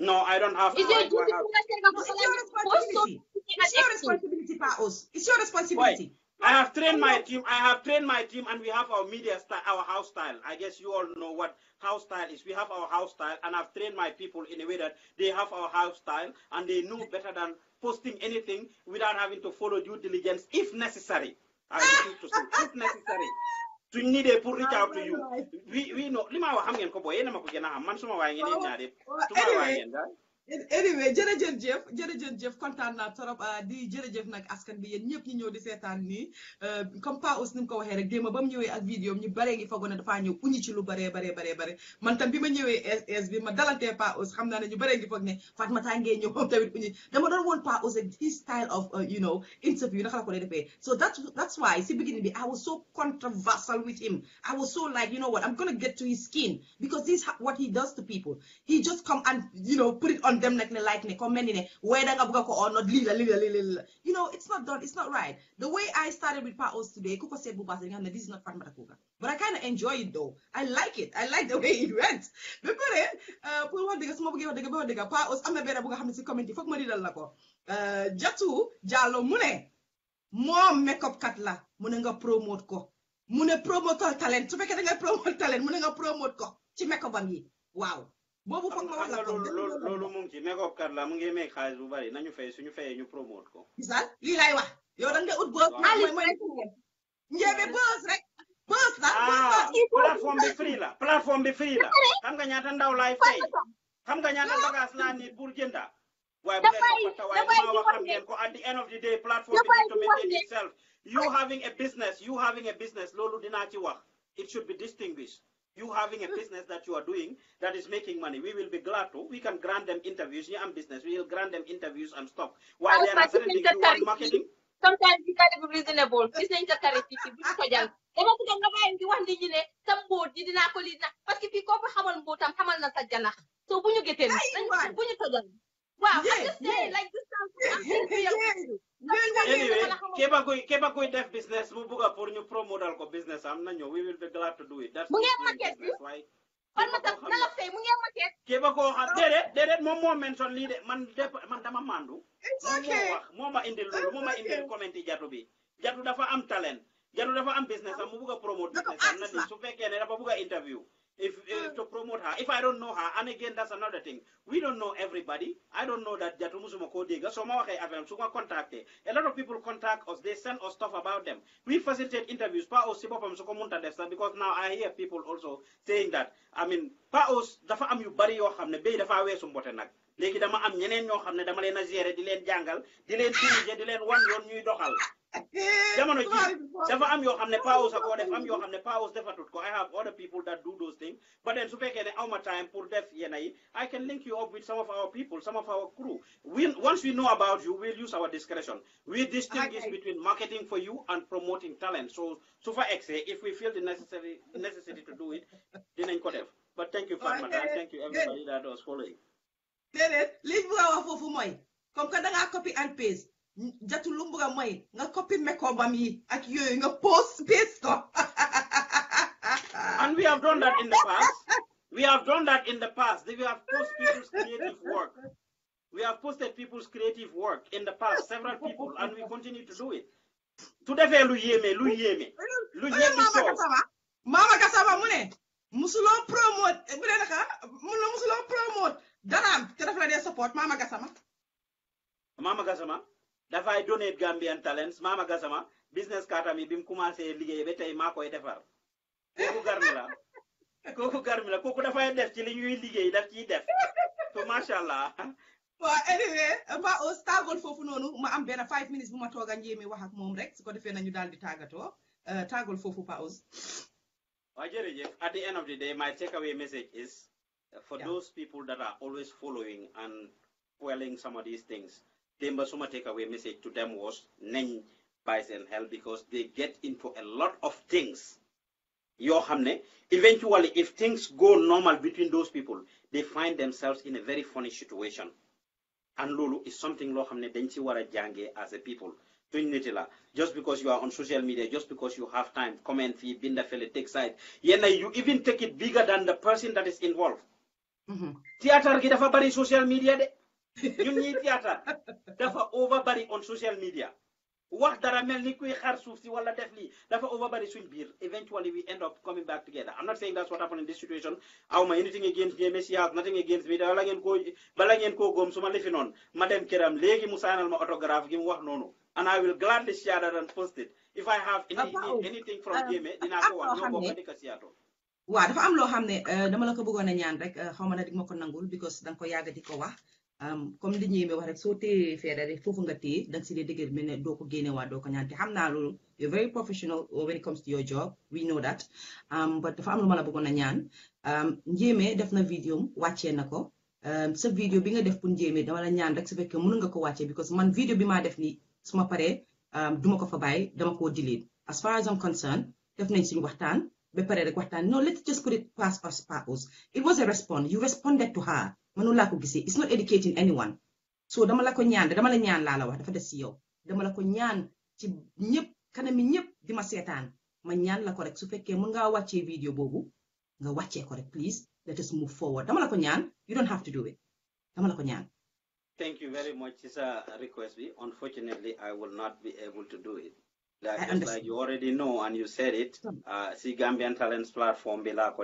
No, I don't have. Is your duty to It's your responsibility. It's your responsibility, Paos. It's your responsibility. I have trained my team. I have trained my team, and we have our media style, our house style. I guess you all know what house style is. We have our house style, and I've trained my people in a way that they have our house style, and they know better than posting anything without having to follow due diligence if necessary. I refuse to say if necessary. To need a pull reach out to you. We we know. Lima wa hamgen ko boy. Ena makuja na man suma wa ngene nyare. Oh, oh, suma wa ngene anyway jërëjën jëf jërëjën jëf kontaan naa torop ah, di jërëjëf nag askan bi yéen ñëpp ñi ñëw di seetaan nii eh, comme pas aussi ni mu ko waxee rek déema ba mu ñëwee ak vidéo ñu baree ngi foogoon ne dafaa ñëw uñi ci lu baree baree baree bare man tam bi ma ñëwee SS bi ma dalantee pas aussi xam naa ne ñu baree ngi foog ne Fatmata ngee ñëw moom tamit uñi dama doon woon pas aussi his style of eh, you know interview naka la ko dee defee so that's that's why si beginning bi I was so controversial with him I was so like you know what I'm gonna get to his skin because this what he does to people he just come and you know put it on them like nag ne like ne comment mel ni ne whether nga bëgg ko or oh, not lii la lii you know it's not done it's not right the way I started with Paos today ku ko seet ne this is not Fat Matakuga but I kind of enjoy it though I like it I like the way it went ba pare uh, pour wax dëgg su ma bëggee wax dëgg ba wax dëgg Pa Oz am na benn bu nga xam ne comment yi foog ma didal la Jatu Jallow mu ne makeup kat la mu nga promote ko Mune ne promote talent su fekkee da nga promote talent Mune ne nga promote ko ci makeup am yi waaw boobu foog ma wax la loolu loolu mu ngi ci kat la mu ngi may xaalis bu bari nañu fay suñu fayee ñu promote ko. lii lay wax yow da nga ut boos. mooy boos rek. boos la ah plateforme bi free la plateforme bi free la xam nga ñaata ndaw laay fay xam nga ñaata bagage laa nit pour jënda. waaye bu leen ko wax ngeen ko at the end of the day platform bi to maintain itself you having a business you having a business loolu dinaa ci wax it should be distinguished you having a business that you are doing that is making money. We will be glad to. We can grant them interviews. Yeah, I'm business. We will grant them interviews and stock. While there are certain you want marketing. Sometimes you can be reasonable. Gis nañ ko tari fii ci bis ko jàll. nga di wax nit ñi ne ko parce que ko xamal mbóotam xamal na sa janax. So tojal waaw I'm just saying like this anyway képp kuy képp kuy def business bu bugg a pour ñu promotal ko business am na ñëw we will be glad to do it. mu ngi market Why? fan ma tax na nga fay mu ngi market. képp koo xam déedéet déedéet moom moo mention lii de man man dama mandu. moom moo wax moo ma indil loolu moo ma indil comment yi jatu bi jatu dafa am talent jatu dafa am business am mu bugg a promote business am na ni su fekkee ne dafa bugg a interview if, if uh, uh. to promote her, if I don't know her, and again, that's another thing. We don't know everybody. I don't know that Jatumusumo Kodiga, so Suma contact. A lot of people contact us, they send us stuff about them. We facilitate interviews, Paos because now I hear people also saying that. I mean, Paos, dafa am yu bari yo xamne bay dafa wessu mbote nak legi dama am ñeneen ñoo xamne dama leena gérer di leen jangal di leen diriger di leen wan yoon ñuy doxal am am I have other people that do those things but then su fekkee eh, ne awma time pour deaf yenn eh? I can link you up with some of our people some of our crew we once we know about you we'll use our discretion we distinguish between marketing for you and promoting talent so so fa exe eh, if we feel the necessary necessity to do it dinañ ko def but thank you Fatma and thank you everybody that was following Leave liñ bu wax Come, mooy comme copy and paste jotul lu mbuga nga copy makeup am yi ak yooyu nga post paste ko and we have done that in the past we have done that in the past we have posted people's creative work we have posted people's creative work in the past several people and we continue to do it su defee lu yéeme lu yéeme lu ñetti soow maama kasaba mu ne musuloo promote bu ne naka mu ne promote Daram. te dafa la support Mama Kasama. Mama Kasama dafay donate Gambian Talents Mama Gassama business kaatam yi defar def ci daf def oh, ma am five minutes bu ma toog wax ak moom rek su ko defee nañu daal di tàggatoo euh, tàggoon foofu pause. waaw jërëjëf at the end of the day my takeaway message is. for those people that are always following and quelling some of these things. Demba Suma takeaway message to them was name, buy and hell, because they get into a lot of things yoo eventually if things go normal between those people they find themselves in a very funny situation and Lulu is something Lohamne xam ne dañ as a people just because you are on social media just because you have time comment fii binda fele take side yenn you even take it bigger than the person that is involved. Mm-hmm. théâtre get dafa bari social media de ñun ñuy théâtre dafa over on social media wax dara mel ni kuy xar suuf si wala def lii dafa over bari suñ biir eventually we end up coming back together I'm not saying that's what happened in this situation aw ma anything against James he has nothing against me bala ngeen koo bala ngeen koo góom su lifi noonu ma dem këram legi mu saanal ma autographe gi mu wax noonu and I will gladly share that and post it if I have any oh, anything from um, James dinaa ko wax ñoo oh, bokk dëkk Seattle waaw dafa am loo xam ne euh, dama la ko bëggoon a ñaan rek euh, xaw na dig ma nangul because danga ko yàgg di wax comme li ñuy wax rek soo téye feere rek nga téye danga si dee dëgër mel ne doo ko génnewaat doo ko ñaan te xam naa you're very professional when it comes to your job we know that but dafa am lu ma la bëggoon a ñaan njéeme def na vidéo wàccee Nako. Um, sa vidéo bi nga def pour njéeme dama la ñaan rek su fekkee mën nga ko because man vidéo bi maa def ni su ma paree duma ko fa bàyyi dama koo delete as far as I'm concerned def nañ suñu waxtaan no let's just put it past us purpose it was a response you responded to her manu la ko it's not educating anyone so dama la ko ñaan dama la ñaan laa la wax dafa des si yow la ko ñaan ci ñëpp vidéo boobu nga wàccee please let us move forward dama la you don't have to do it dama la thank you very much ci sa request unfortunately i will not be able to do it like, just like you already know and you said it, uh, see Gambian Talents platform Belako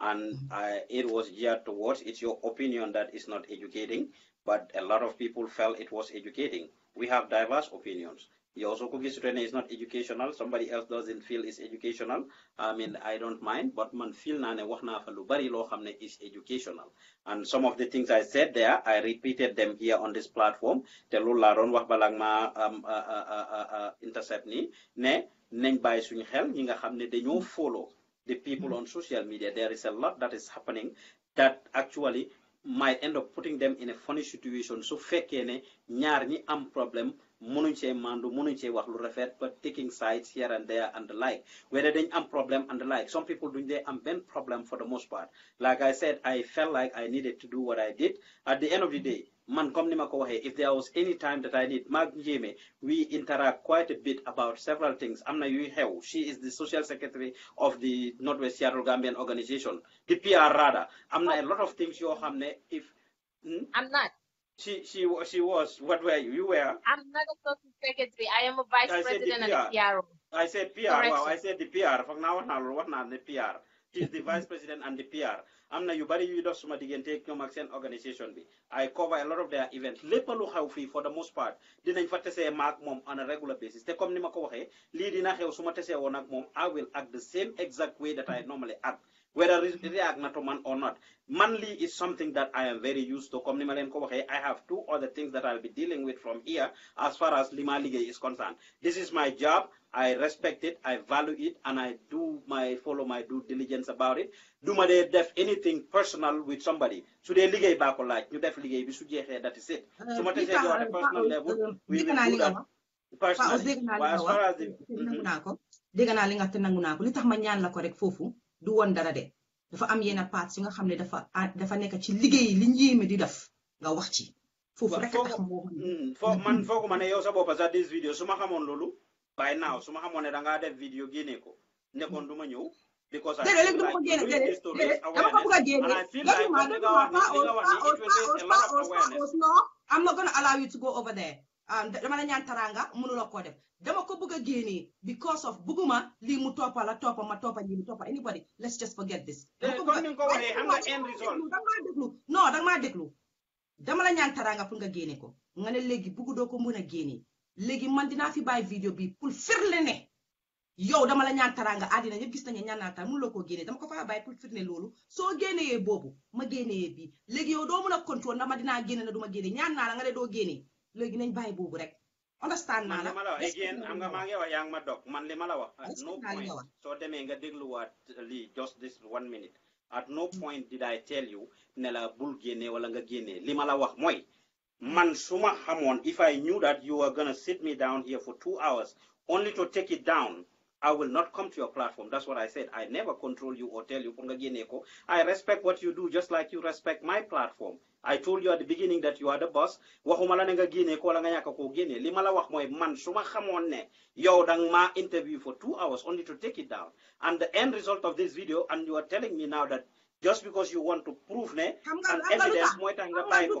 and mm-hmm. uh, it was geared towards, it's your opinion that it's not educating, but a lot of people felt it was educating. We have diverse opinions also cookies training is not educational somebody else doesn't feel it's educational I mean I don't mind but man feel naa ne wax naa fa bari loo xam is educational and some of the things I said there I repeated them here on this platform te loolu laa doon wax balaa ma um, uh, uh, uh, intercept ni ne neng bàyyi suñu xel ñi nga xam ne follow the people on social media there is a lot that is happening that actually might end up putting them in a funny situation So fekkee ne ñaar ñi am problème mënuñ cee mandu mënuñ cee wax lu rafet but taking sides here and there and the like whether dañ am problem and the like some people duñ dee am benn problem for the most part like I said I felt like I needed to do what I did at the end of the day man comme ni ma ko waxee if there was any time that I need Mag njéeme we interact quite a bit about several things am na yuy xew she is the social secretary of the Northwest Seattle Gambian Organization the PR am na a lot of things yoo xam ne if hmm? I'm not she she was she was what were you? You were. I'm not a social secretary. I am a vice I president and a PR. I said PR. I said the PR. From now on, what not the PR? She's the vice president and the PR. i am na you bari yuy dox suma digganteeg take your seen organisation be. I cover a lot of their events lépp lu how free for the most part dinañ fa say mark mom on a regular basis They come ni ma ko waxee lii dina xew so much tesee woon ak I will act the same exact way that I normally act whether react na to man or not manly is something that i am very used to comme ni ma ko waxee i have two other things that i'll be dealing with from here as far as lima liggéey is concerned this is my job i respect it i value it and i do my follow my due diligence about it Do ma dee def anything personal with somebody su dee liggéey baa ko laaj ñu def liggéey bi su jeexee that is it ah, su ma tesee on a personal level euh, we will do that personally as far as the dégg naa mm-hmm. li nga te nangu naa ko li tax ma ñaan la ko rek foofu du woon dara de dafa am yenn paat yu nga xam dafa dafa nekk ci liggéey li njéeme di def nga wax ci. foofu rek tax moo foo man foogu ma yow sa bopp sa des vidéo su ma xamoon loolu. bàyyi naaw su da ngaa def vidéo génne ko nekkoon du ma ñëw. because I feel like doing this to raise awareness. And I feel like what you are doing is a lot of awareness. I'm not going to allow you to go over there. Um, dama la ñaan taranga mënuloo koo def dama ko bëgg a génnee because of bëgguma lii mu toppa la toppa ma toppa lii mu toppa anybody let's just forget this. dama eh, am nga end result danga maa déglu non danga maa déglu dama la ñaan taranga pour nga génne ko nga ne léegi bëgg doo ko mën a génne léegi man dinaa fi bàyyi vidéo bi pour firle ne yow dama la ñaan taranga àddina ñëpp gis nañu ñaan naa tar mënuloo koo génne dama ko faa bàyyi pour firne loolu soo génneyee boobu ma génneyee bii léegi yow doo mën a contrôle ndax dinaa génne na du ma génne ñaan naa la nga ne doo génne léegi nañ bàyyi boobu rek understand man li la wax again am nga maa ngi wax yaa ma dog man li ma la wax at no point soo demee nga dégluwaat lii just this one minute at no hmm. point did I tell you ne la bul génnee wala nga génnee li la wax mooy man su ma if I knew that you were gonna sit me down here for two hours only to take it down I will not come to your platform. That's what I said. I never control you or tell you. I respect what you do just like you respect my platform. I told you at the beginning that you are the boss waxuma la ne nga génnee ko la nga ñàkk koo génnee li la wax mooy man su ma xamoon ne yow dang ma interview for two hours only to take it down and the end result of this video and you are telling me now that just because you want to prove ne an evidence mooy tax nga bàyyi ko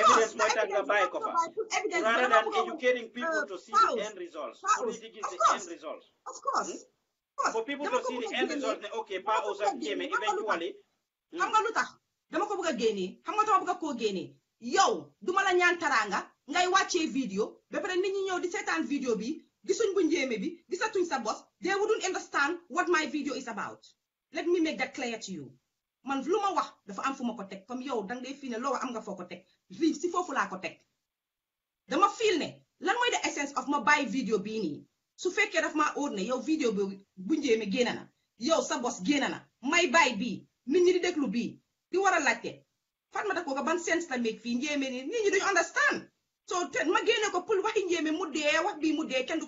evidence mooy tax nga bàyyi ko rather than educating people uh, to see the end results politics is the end result of course hmm? for people to see the end result ne ok Pa Ozang Jammeh eventually xam nga lu tax dama ko bëgg a xam nga dama bëgg ko génnee yow duma la ñaan taranga ngay wacce video ba pare nit ñi ñëw di sétane video bi gisuñ bu njéeme bi gisatuñ sa bos they wouldn't understand what my video is about let me make that clear to you man vlu ma wax dafa am fuma ko tek comme yow dang day fini lo am nga foko tek li si foofu ko tek dama feel ne lan moy the essence of my buy video bi ni su fekke daf ma yo video yow video bi bu njéeme gënana yow sa boss gënana may buy bi nit ñi di déglu bi. di war a laajte da ko ban sense la make fii njéeme nii ñi duñu understand so te ma génne ko pour waxi njéeme mu dee wax bii mu dee kenn du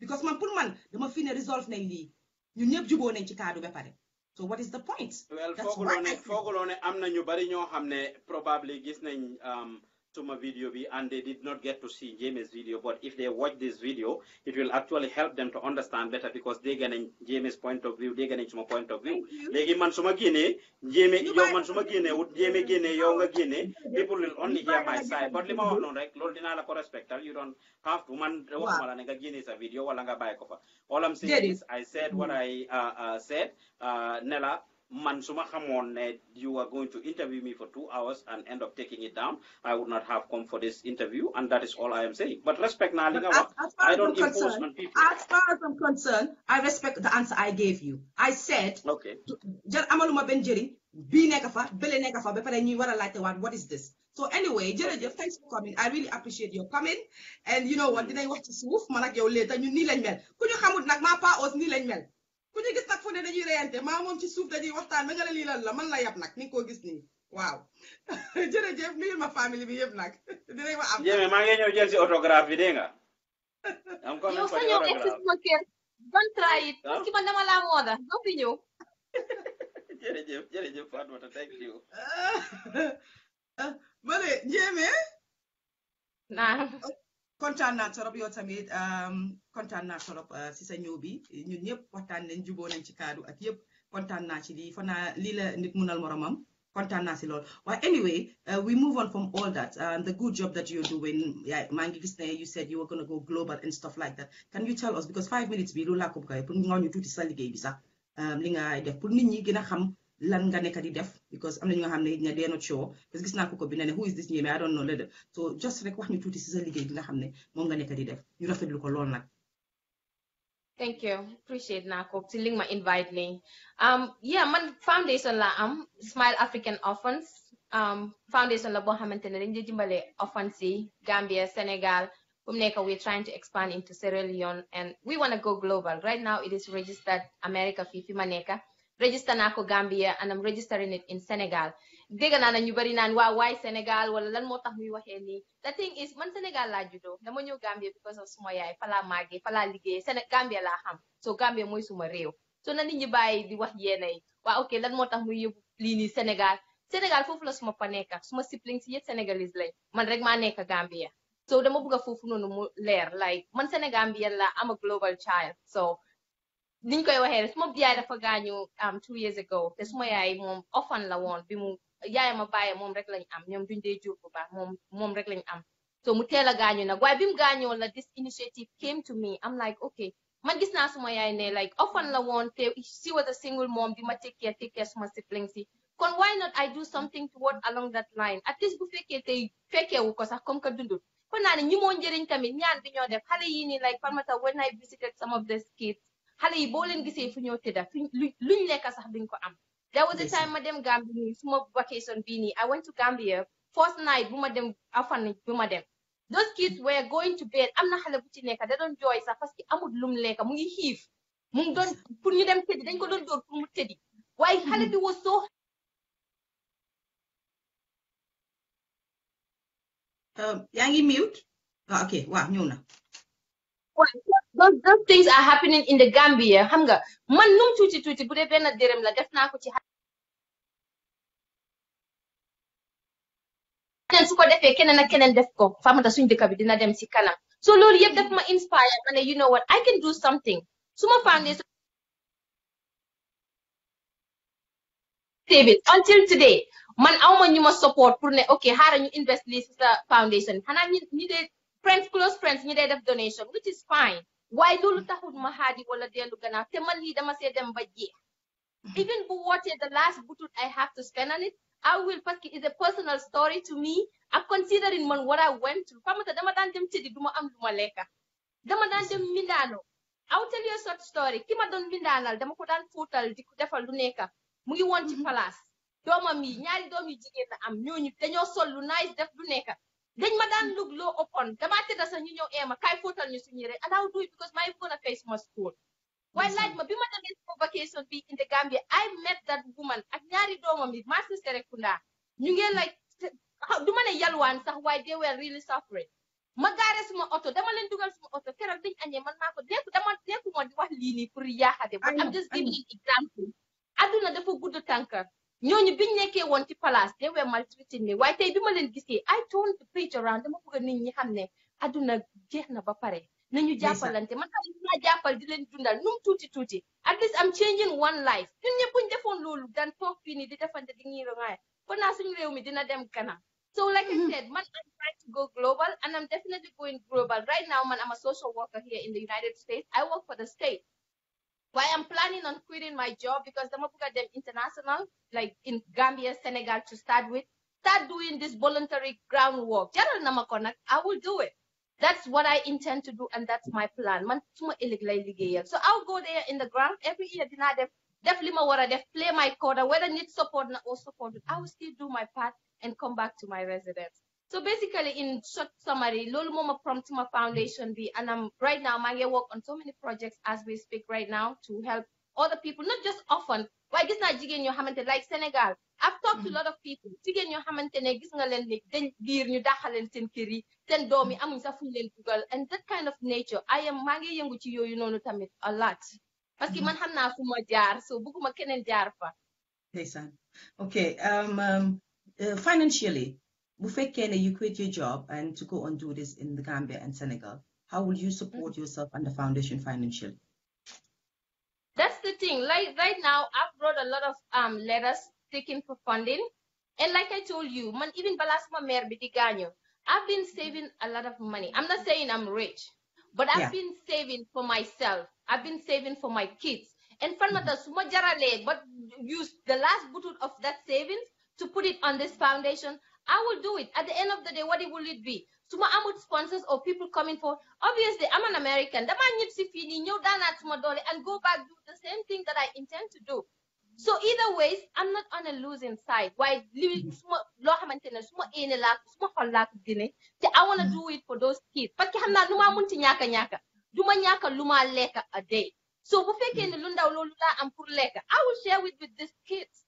because man pour man dama fi ne resolve nañ lii ñun ñëpp juboo nañ ci kaadu ba pare so what is the point. that's why well fogolone, ne am na ñu bari ñoo xam probably gis nañ. Um, to my video be and they did not get to see James' video, but if they watch this video, it will actually help them to understand better because they're getting James' point of view, they're getting my point of view. Legi man suma gine, James, yo man suma gine, James gine, yo nga gine, people will only hear my side. But lima wano rek, lol dinala ko respect, you don't have to man wala mala nga gine sa video wala nga bay ko All I'm saying is I said what I uh, uh, said, uh, Nella, man suma xamone you are going to interview me for 2 hours and end up taking it down i would not have come for this interview and that is all i am saying but respect na linga as, as i don't am impose concerned, on people as far as i'm concerned i respect the answer i gave you i said okay jar amaluma ben jeriñ bi nekk fa bële nekk fa ba pare ñuy war a laajte what is this so anyway jërëjëf thanks for coming I really appreciate your coming and you know what mm-hmm. dinañ wax ci suuf man ak yow later ñu nii lañ mel ku ñu xamul nag maa Paa nii lañ mel ku ñu gis nak fu ne dañuy reyante ma mom ci souf dañuy waxtaan nga la li lan la man la yab nak. ni ko gis ni waaw jërëjëf nuyul ma family bi yëpp nak dinañ ma am. jéeme ma ngi ñëw jël ci autographe bi dégg nga. am ko yow sa ñëw ma si sama kër ban try it ci man dama la moda do fi ñëw. jërëjëf jërëjëf Fatoumata thank you. Ah, ah, ma ne jéeme. naam. Oh, kontaan na torop yow tamit um, kontaan naa torop uh, si sa ñëw bi ñun ñëpp waxtaan nañ juboo nañ ci kaadu ak yëpp kontaan naa ci lii fa naa la nit munal moromam kontaan naa si lool waaye anyway uh, we move on from all that and uh, the good job that you're doing yaa maa gis ne you said you were gonna go global and stuff like that can you tell us because five minutes bi loolu laa ko bëgg pour nga ñu tuuti sa liggéey bi sax um, li nga def pour nit ñi gën xam lan nga nekk di def because am na ñu nga xam ne ne dee not sure parce que gis naa ko ko bi ne who is this ñeeme I don't know la so just rek wax ñu tuuti si sa liggéey bi nga xam ne moom nga nekk di def ñu rafetlu ko lool nag thank you appreciate naa ko ci li ma invite nii um, yeah man foundation la am Smile African Orphans um, foundation la boo xamante ne dañ dee jimbalé orphans yi Gambia Sénégal Umneka, we're trying to expand into Sierra Leone and we want to go global. Right now, it is registered America Fifi Maneka register naa Gambia and I'm registering it in Sénégal dégg naa na ñu bari naan waaw why Sénégal wala lan moo tax muy waxee nii the thing is man Sénégal la judo. dama ñëw Gambia because of suma yaay fa laa màggee fa Sénégal Gambia laa xam so Gambia mooy suma réew so na nit ñi bàyyi di wax yéena yi ok lan mo tax muy yóbbu lii nii Sénégal Sénégal foofu la suma pa nekka suma siblings yëpp Sénégalese lañ man rek maa nekk Gambia so dama bëgg a foofu noonu mu leer like man Senegal Gambia la am a global child so niñ koy waxee suma yaay dafa gaañu am um, two years ago te suma yaay moom ofan la woon bi mu yaayam a bàyyee moom rek lañ am ñoom duñ dee jur bu baax moom moom rek lañ am so mu teel a gaañu nag waaye bi mu gaañoo la this initiative came to me am like okay man gis naa suma yaay ne like ofan la woon te she was a single mom di ma take care take care suma siblings yi kon why not I do something toward along that line at least bu fekkee tey fekkeewu ko sax comme que dundul kon naa ne ñi moo njëriñ tamit ñaan bi ñoo def xale yii nii like Fatoumata when I visited some of these kids xale yi leen fu tëdda luñ sax duñ ko am there was a time ma dem Gambie suma vacation Bini. I went to Gambia first night bu dem afan bu dem those kids were going to bed am not xale bu ci nekka da doon jooy sax parce que amul lum lekka mu ngi xiif mu ngi doon pour ñu dem tëddi dañ ko doon dóor pour mu tëddi Why mm-hmm. xale bi was so um, yaa ngi mute ah, waaw ok Wah, ñëw those those things are happening in the Gambia xam man num tuuti tuuti bu dee dërëm la def ko ci keneen su ko defee keneen ak keneen def ko famata suñ dëkk bi dina dem si kanam so loolu yëpp daf ma inspire ma you know what I can do something su ma save it until today man awma ñu support pour ne ok xaaral ñu invest lii sa foundation xanaa ñi ñi friends close friends ñu day def donation which is fine waaye loolu taxul ma xaadi wala dellu gannaaw te man lii dama see dem ba jeex mm-hmm. even bu wootee the last butut I have to spend on it I will parce it's a personal story to me I'm considering man what I went through Pamata dama daan dem tëddi du ma am lu ma dama daan dem mindaano I'll tell you a short story ki ma doon mindaanal dama ko daan fuutal di ko defal lu nekka mu ngi woon ci mm-hmm. place doomam yi ñaari doom jigéen la am ñooñu dañoo sol lu nice def lu nekka dañ ma daan look low upon damaa tëdda sax ñu ñëw eema kaay fóotal ñu suñu yére and I would do it because my gonna face my school waaye laaj ma bi ma demee sama vacation bi in the Gambia I met that woman ak ñaari doomam yi maa si sere kunda ñu ngeen like du ma ne yalwaan sax waaye they were really suffering ma gaare suma oto dama leen dugal suma oto keroog dañ añee man maa ko deeku dama deeku moo di wax lii nii pour yaaxate but I'm just giving an example adduna dafa gudd tànkar ñooñu biñ nekkee woon ci palace they were maltreating me waaye tey bi ma leen gisee I turned the page around dama bëgg nit ñi xam ne adduna jeex na ba pare nañu jàppalante man xam naa jàppal di leen dundal num tuuti tuuti at least am changing one life ñun ñëpp buñ defoon loolu daan toog fii nii di defante di ñuy rëngaay ba naa suñu réew mi dina dem kanam So like I mm-hmm. said, man, I'm trying to go global and I'm definitely going global. Right now, man, I'm a social worker here in the United States. I work for the state. Why I'm planning on quitting my job because the Mapuka Dem International, like in Gambia, Senegal to start with, start doing this voluntary groundwork. General Namakonak, I will do it. That's what I intend to do, and that's my plan. So I'll go there in the ground every year. Definitely, they play my quarter, whether need support or support, I will still do my part and come back to my residence. So basically, in short summary, Lulmoma My Foundation B, and I'm right now my year work on so many projects as we speak right now to help other people, not just often. Why gis na jigen ñoo xamante like Senegal. I've talked to a mm-hmm. lot of people. Jigen ñoo xamante ne gis nga then ni dañ biir ñu daxaleen seen kër yi, and that kind of nature. I am Mangi ngi you know, yooyu a lot. Parce que mm-hmm. man xam naa fu ma jaar, so bëgguma keneen Okay, um, um, uh, financially Mufekele, you quit your job and to go and do this in the Gambia and Senegal. How will you support mm-hmm. yourself and the foundation financially? That's the thing. Like right now, I've brought a lot of um, letters taken for funding, and like I told you, man, even Balasma Mer Bitiganyo, I've been saving a lot of money. I'm not saying I'm rich, but I've yeah. been saving for myself. I've been saving for my kids. And Fanmata mm-hmm. Sumajarale, but use the last boot of that savings to put it on this foundation I will do it. At the end of the day, what will it be? Tuma amut sponsors or people coming for. Obviously, I'm an American. man needs to Dama nyipsifini nyodana tumadole and go back do the same thing that I intend to do. So either ways, I'm not on a losing side. Why law maintenance, suma ene lak, suma hol lak dine. So I want to do it for those kids. But ki hamna numa munti nyaka nyaka. Duma nyaka luma leka a day. So bu fekkee can learn, ndaw loolu laa am pour I will share with with these kids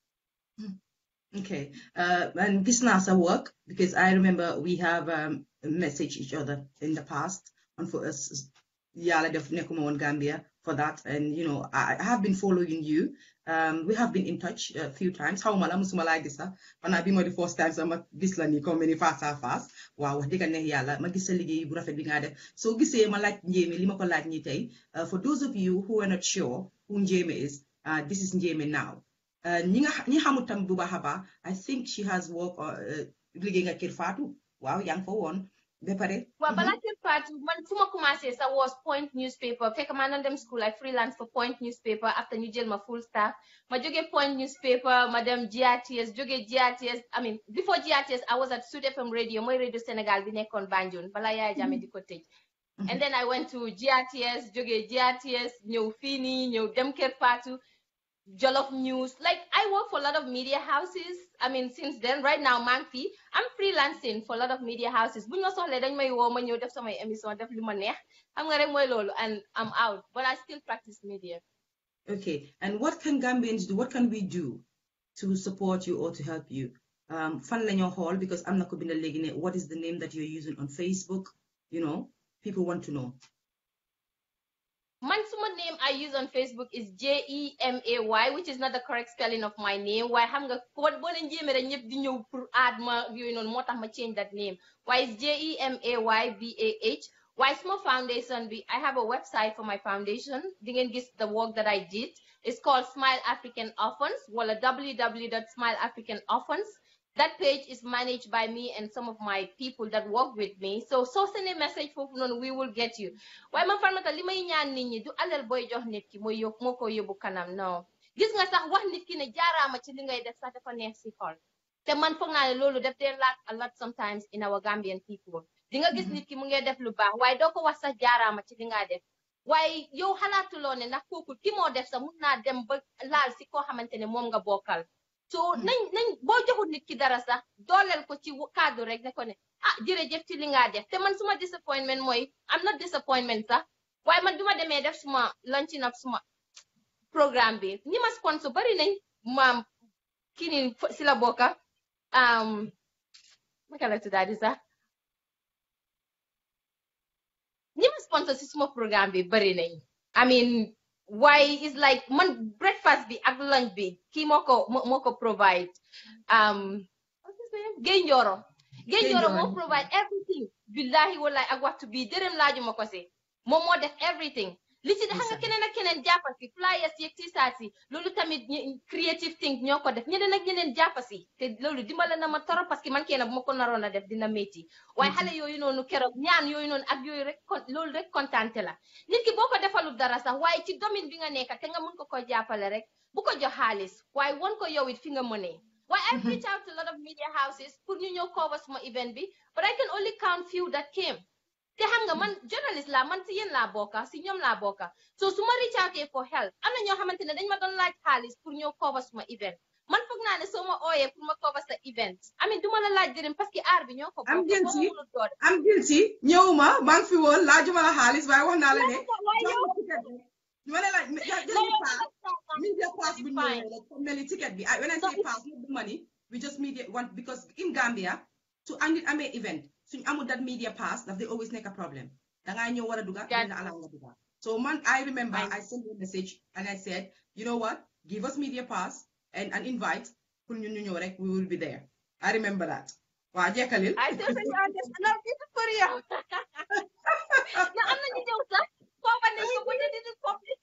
Okay, uh, and this NASA work because I remember we have um, messaged each other in the past and for us, Yala of Nekomo and Gambia for that. And you know, I, I have been following you. Um, we have been in touch a few times. How am I? like this? I've been the first time. So I'm this lani come many fast fast. Wow, they can hear Yala. Magisa ligi burafe So gise ma like Njeme lima ko like uh, For those of you who are not sure who Njeme is, uh, this is Njeme now ñi nga ñi xamul I think she has work uh, liggéey nga Wow, young for one. Be pare. waaw mhm. balaa Kër Fatou man fu ma commencé sa was Point newspaper fekk maa doon dem school like freelance for Point newspaper after New jël ma full staff ma jóge Point newspaper Madam dem GRTS jóge GRTS I mean before GRTS I was at Sud FM radio mooy radio Sénégal bi nekkoon Banjul balaa Yaya Jammeh mhm. di ko tëj. Mhm. and then I went to GRTS jóge GRTS ñëw fii ñëw dem Kër Jollof News. Like I work for a lot of media houses. I mean, since then, right now, maa I'm freelancing for a lot of media houses. bu ñu ma soxlee dañ may woo ma ñëw def samay émission def lu ma neex and I'm out but I still practice media. Okay, and what can Gambians do? What can we do to support you or to help you? Um, fan la ñoo xool because am not going to léegi what is the name that you're using on Facebook? You know, people want to know. My name I use on Facebook is J E M A Y, which is not the correct spelling of my name. Why i nga ko bo len jeme rek ñep di ñew pour add change that name. Why is J E M A Y B A H? Why Small Foundation? I have a website for my foundation. doing this the work that I did. It's called Smile African Orphans, African Orphans that page is managed by me and some of my people that work with me so send a message for noonu we will get you Why man Fatoumata li may ñaan nit ñi du alal booy jox nit ki mooy yokk moo ko yóbbu kanam non gis nga sax wax nit ki ne jaaraama ci li ngay def sax dafa neex si xol te man foog naa ne loolu def dee lack a lot sometimes in our Gambian people Dinga nga gis mm-hmm. nit mo mu ngay def lu baax waaye ko wasa sax ma ci li ngaa def waaye yow xalaatuloo ne ndax kooku ki moo def sax mun dem ba laal si koo xamante ne moom nga bokkal so hmm. nañ nañ boo joxul nit ki dara sax dooleel ko ci kaddu rek ne ko ne ah jërëjëf ci li ngaa def te man suma disappointment mooy am na disappointment sax waaye man duma demee def suma launching of suma programme bi ñi ma sponsor bari nañ maam kini nii si la bokka um, naka la tuddaadi sax ñi ma sponsor si suma programme bi bari nañ I mean why? is like man breakfast be, at lunch be. kii moko ko provide um provide Gaye Njoro Gaye Njoro moo provide everything billahi wallahi want to be dërëm laajuma ko si mo mo def everything li ci xam nga keneen ak keneen jàppa flyers yeeg ci saa si loolu tamit creative think ñoo ko def ñeneen ak ñeneen jàppa si te loolu dimbale na ma torop parce que man kenn bu ma ko naroon a def dina métti waaye mm-hmm. xale yooyu noonu keroog ñaan yooyu noonu ak yooyu rek loolu rek kontaante la nit ki boo ko defalul dara sax waaye ci domaine bi nga nekk te nga mun ko ko jàppale rek bu ko jox xaalis waaye won ko yow it fi nga mënee Well, i mm-hmm. reach out to a lot of media houses, put in your cover my event be, but I can only count few that came te xam nga man journaliste la man si yéen laa bokka si bokka so su ma for help am na ñoo xamante ne dañ ma doon laaj xaalis pour ñëw cover suma event man foog naa ne soo ma ooyee pour ma cover sa event amin duma la laaj dërëm parce que aar bi ñoo ko am guilty am guilty ñëwuma maa ngi fi woon laajuma la xaalis waaye wax naa la ne ma ne la pass bu ñëwee rek comme mel ticket bi when I say pass the money we just media one because in Gambia to andit event suñ that media pass always a problem ñëw duga ala duga so man I remember I sent you a message and I said you know what give us media pass and an invite pour ñu ñëw rek we will be there I remember that I understand for you na am na ñu sax ne ko bu ñu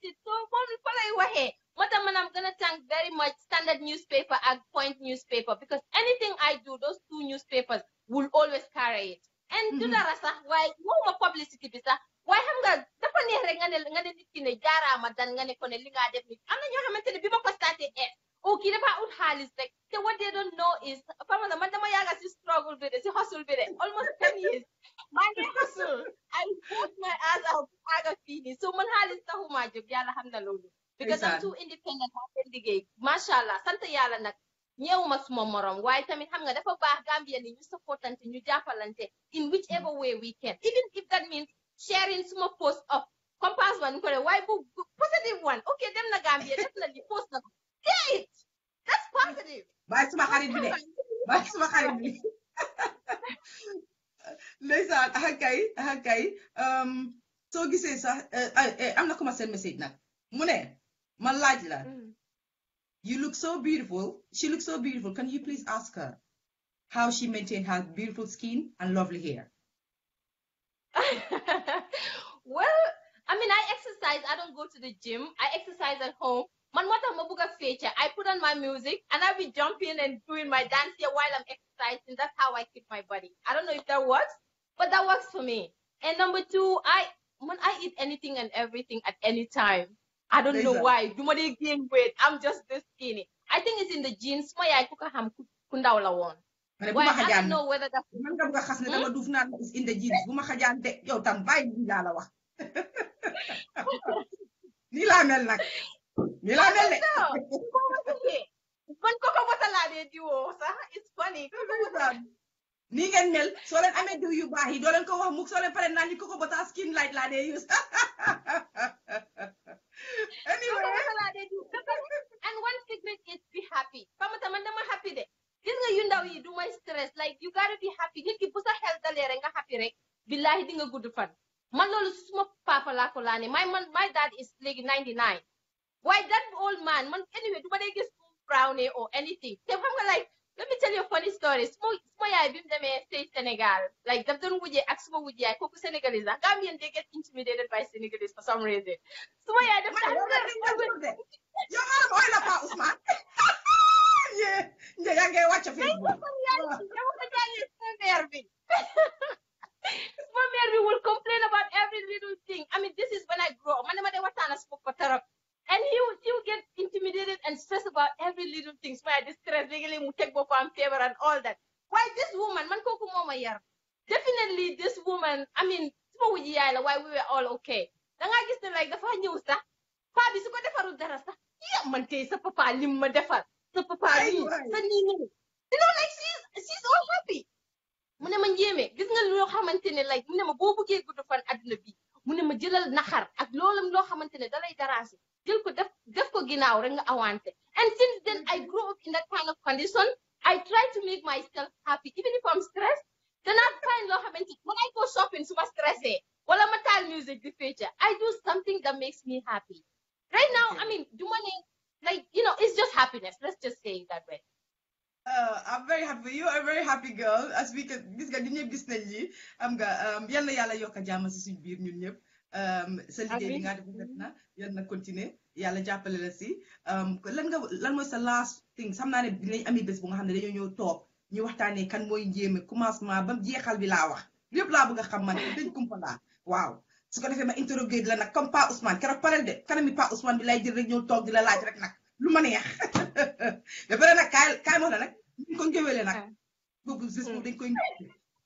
di so fa lay Waterman, I'm going to thank very much Standard Newspaper and Point Newspaper because anything I do, those two newspapers will always carry it. And do mm-hmm. that, sir. Why? More publicity, sir. Why xam nga dafa neex rek nga ne nga ne nit ki ne jaaraama dan nga ne ko ne li ngaa def nit am na ñoo xamante ne bi ma ko starté e eh, o oh, kii dafa ut xaalis rek te what they don't know is fama man dama yàgga si struggle bi de si hustle bi de almost ten years maa hustle I put my ass out aaga fii nii so man xaalis taxuma jóg yàlla xam na loolu because I'm too independent maa seen liggéey macha allah sant yàlla nag suma morom waaye tamit xam nga dafa baax Gambia ni ñu supportante ñu jàppalante in whichever way we can even if that means sharing suma post of positive compass one ko bu positive one ok dem na Gambia def na li post na great that's positive. bàyyi suma xarit bi de bàyyi suma xarit bi ndeysaan akay akay um, soo gisee sax eh, eh, eh, am na commencé message nag mu ne ma mm. you look so beautiful she looks so beautiful can you please ask her how she maintained her beautiful skin and lovely hair well I mean I exercise I don't go to the gym I exercise at home man what I'm feature I put on my music and I'll be jumping and doing my dance here while I'm exercising that's how I keep my body I don't know if that works but that works for me and number two I when I eat anything and everything at any time I don't know why. You might gain weight. I'm just this skinny. I think it's in the genes. My I cook ham kundaw la one. Why I don't know whether that's. Man nga xass ne dama duf is in the genes. Buma xajaan de yow tam bay ni la la wax. Ni la mel It's funny nii ngeen mel soo leen amee diw yu baax yi doo leen ko wax mukk soo leen pare naa ñu koko ba taa skin light laa dee use and one secret is be happy famata man dama happy de gis nga yu ndaw yi du may stress like you gotta be happy nit ki bu sa xel dalee rek nga happy rek billahi di nga gudd fan man loolu suma papa laa ko laa ne my man my dad is léegi 99 Why that old man man anyway du ma dee gis brownie or anything te xam nga like let me tell you a funny story su ma su ma yaay Senegal. Like they don't like daf doon wujjee would suma I yaay kooku Sénégalais la Gambian they get intimidated by Sénégalais for some reason su ma yaay daf sax You're booy la Pa Ousmane nje yaa ngi wàcc fi yow ko jàngee suma mère bi suma mère bi will complain about every little thing I mean this is when I grow up man dama dee waxtaan ak suma ko trop and he would, he would get intimidated and stressed about every little thing. Why this distress, legally, mu take both and favor and all that. Why this woman, man koku mama yar. Definitely this woman, I mean, suma wuji yala, why we were all okay. Danga gis ne like the ñew sax. Pa bi su ko defarul dara sax. Yeah, man tay sa papa lim ma defar. Sa papa li, sa You know like she's she's all happy. Muna ne ma ñëme, gis nga lo xamantene like muna ne ma bo bëggee gudd fan aduna bi. Mu ne ma jëlal naxar ak loolam loo xamantene dalay darasi awante and since then I mm-hmm. grew up in that kind of condition I try to make myself happy even if I'm stressed danaa find love. when I go shopping su ma stressé wala ma taal music the future. I do something that makes me happy right now I mean the money, like you know it's just happiness let's just say it that way. Uh, I'm very happy you are a very happy girl as we can this nga ñun ñëpp business nañ lii am gonna um. yàlla yokk yoka jàmm si suñ biir ñun ñëpp. Um, sa liggéey bi nga def def na yal na continuer yàlla jàppale la si um, lan nga lan mooy sa last thing xam naa ne dinañ ami bés bu nga xam ne dañoo ñëw toog ñu waxtaanee kan mooy njéeme commencement ba jeexal bi laa wax lépp laa bëgg a xam man dañ kumpa laa waaw su ko defee ma interrogué la nag comme Pa Ousmane keroog parel de kanami Pa Ousmane bi lay jël rek ñëw toog di la laaj rek nag lu ma neex ba pare nag kaay kaay ma la nag ñu ko ngéwéle nag ah. boobu bés boobu dañ koy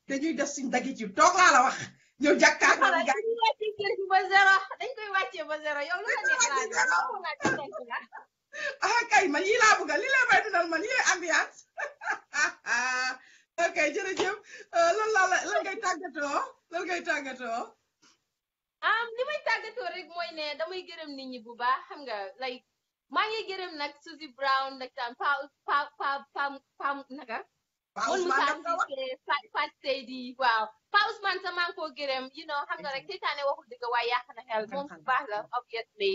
dañuy def suñ dagit yu toog laa la wax ñëw tënk ba zéro dañ koy wàccee ba zéro yow lu la neex laa ah kay man yii laa bëgg li lay may dundal man yii ambiance ok jërëjëf euh, lan laa la lan ngay tàggatoo lan ngay tàggatoo. ah li may tàggatoo rek mooy damay gërëm nit ñi bu baax xam nga like maa ngi gërëm nag Suzy Brown nag tam pa pa pa pa naka. Ousmane Fatou Seydi waaw. Ousmane sa maa ngi koo you know xam nga rek seytaane waxul dëgg waaye yàq na xel moom bu baax la obviously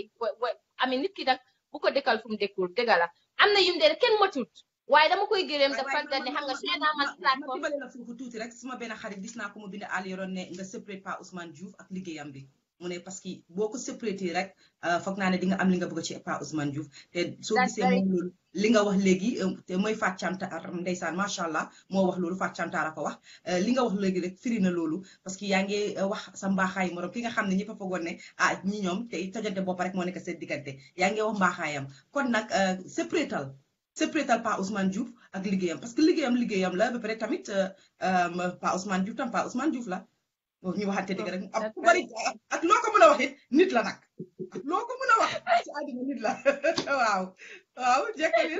I mean, nit ki nag bu ko dëkkal fu mu dëkkul dëgg la am na yum dee matut waaye dama koy gërëm da fanta ne xam nga su naa platform ma dimbale la foofu tuuti rek suma benn xarit gis naa ko mu bind àll yoroon ne nga séparé pas Ousmane Diouf ak liggéeyam bi mu ne parce que boo ko séparé rek euh, foog naa ne di nga am li nga bëgg ci Pa Ousmane Diouf te soo gisee moom loolu li nga wax léegi euh, te mooy Fatou Chantar ndeysaan macha allah moo wax loolu Fatou ko wax euh, li nga wax léegi rek firi na loolu parce que yaa ngi wax sa mbaaxaayu morom ki nga xam ne ñëpp a foogoon ne ah ñi ñoom te tojante bopp rek moo nekk seen diggante yaa ngi wax mbaaxaayam kon nag séparétal séparétal Pa Ousmane Diouf ak liggéeyam parce que liggéeyam liggéeyam la ba pare tamit Pa Ousmane Diouf tam Pa Ousmane Diouf la. ñu waxante loo ko mën a wax it nit la nag ak loo a wax ci nit la waaw waaw jëkkëri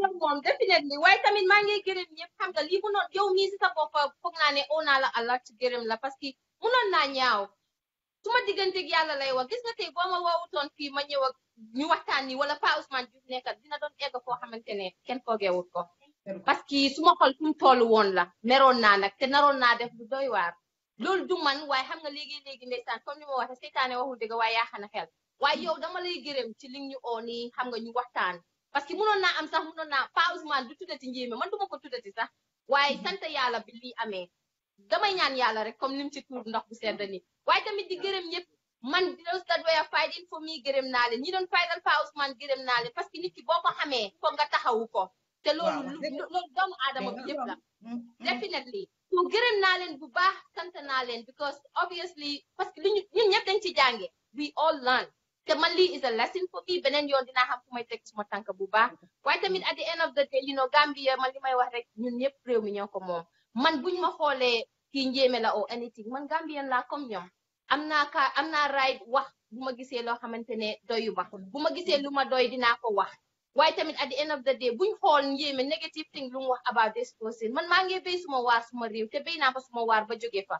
la moom definitely waaye tamit maa ngi gërëm ñëpp xam nga lii munoon yow mii si sa bopp foog naa ne naa la allah gërëm la parce que munoon naa ñaaw yàlla lay wax gis ma woowutoon fii ma ñëw ñu waxtaani wala Pa Ousmane Diouf nekkat dina doon egg koo xamante ne kenn foogewut ko parce que su ma xol fu toll woon la meroon naa nag te naroon naa def lu doy waar loolu du man waaye xam nga léegi-léegi ndeysaan comme ni ma waxee seytaane waxul dëgg waaye yaaxana xel waaye yow dama lay gërëm ci li ñu oo nii xam nga ñu waxtaan parce que mënoon naa am sax mënoon naa Pa Ousmane du tuddati njéeme man duma ko tuddati sax waaye sant yàlla bi lii amee damay ñaan yàlla rek comme nim ci tuur ndox bu sedd nii waaye tamit di gërëm ñëpp man those that were fighting for me gërëm naa leen ñi doon fightal Pa Ousmane gërëm naa leen parce que nit ki boo ko xamee foog taxawu ko te loolu loolu doomu aadama bi yëpp la mm-hmm. so gërëm naa leen bu baax sant naa leen because obviously parce que li ñu ñun ñëpp dañ ci jànge we all learn te man lii is a lesson for me beneen yoon dinaa xam fu may teg suma tànk bu baax waaye tamit at the end of the day you know Gambia man li may wax rek ñun ñëpp réew mi ñoo ko moom man buñ ma xoolee kii njéeme la o anything man Gambien laa comme ñoom am naa ka am naa right wax bu ma gisee loo xamante ne doyu ba bu ma gisee lu ma doy dinaa ko wax waaye tamit at the end of the day buñ xool njéeme negative thing about this person man Mangi ngi béy suma waar suma réew te béy naa fa suma waar ba jóge fa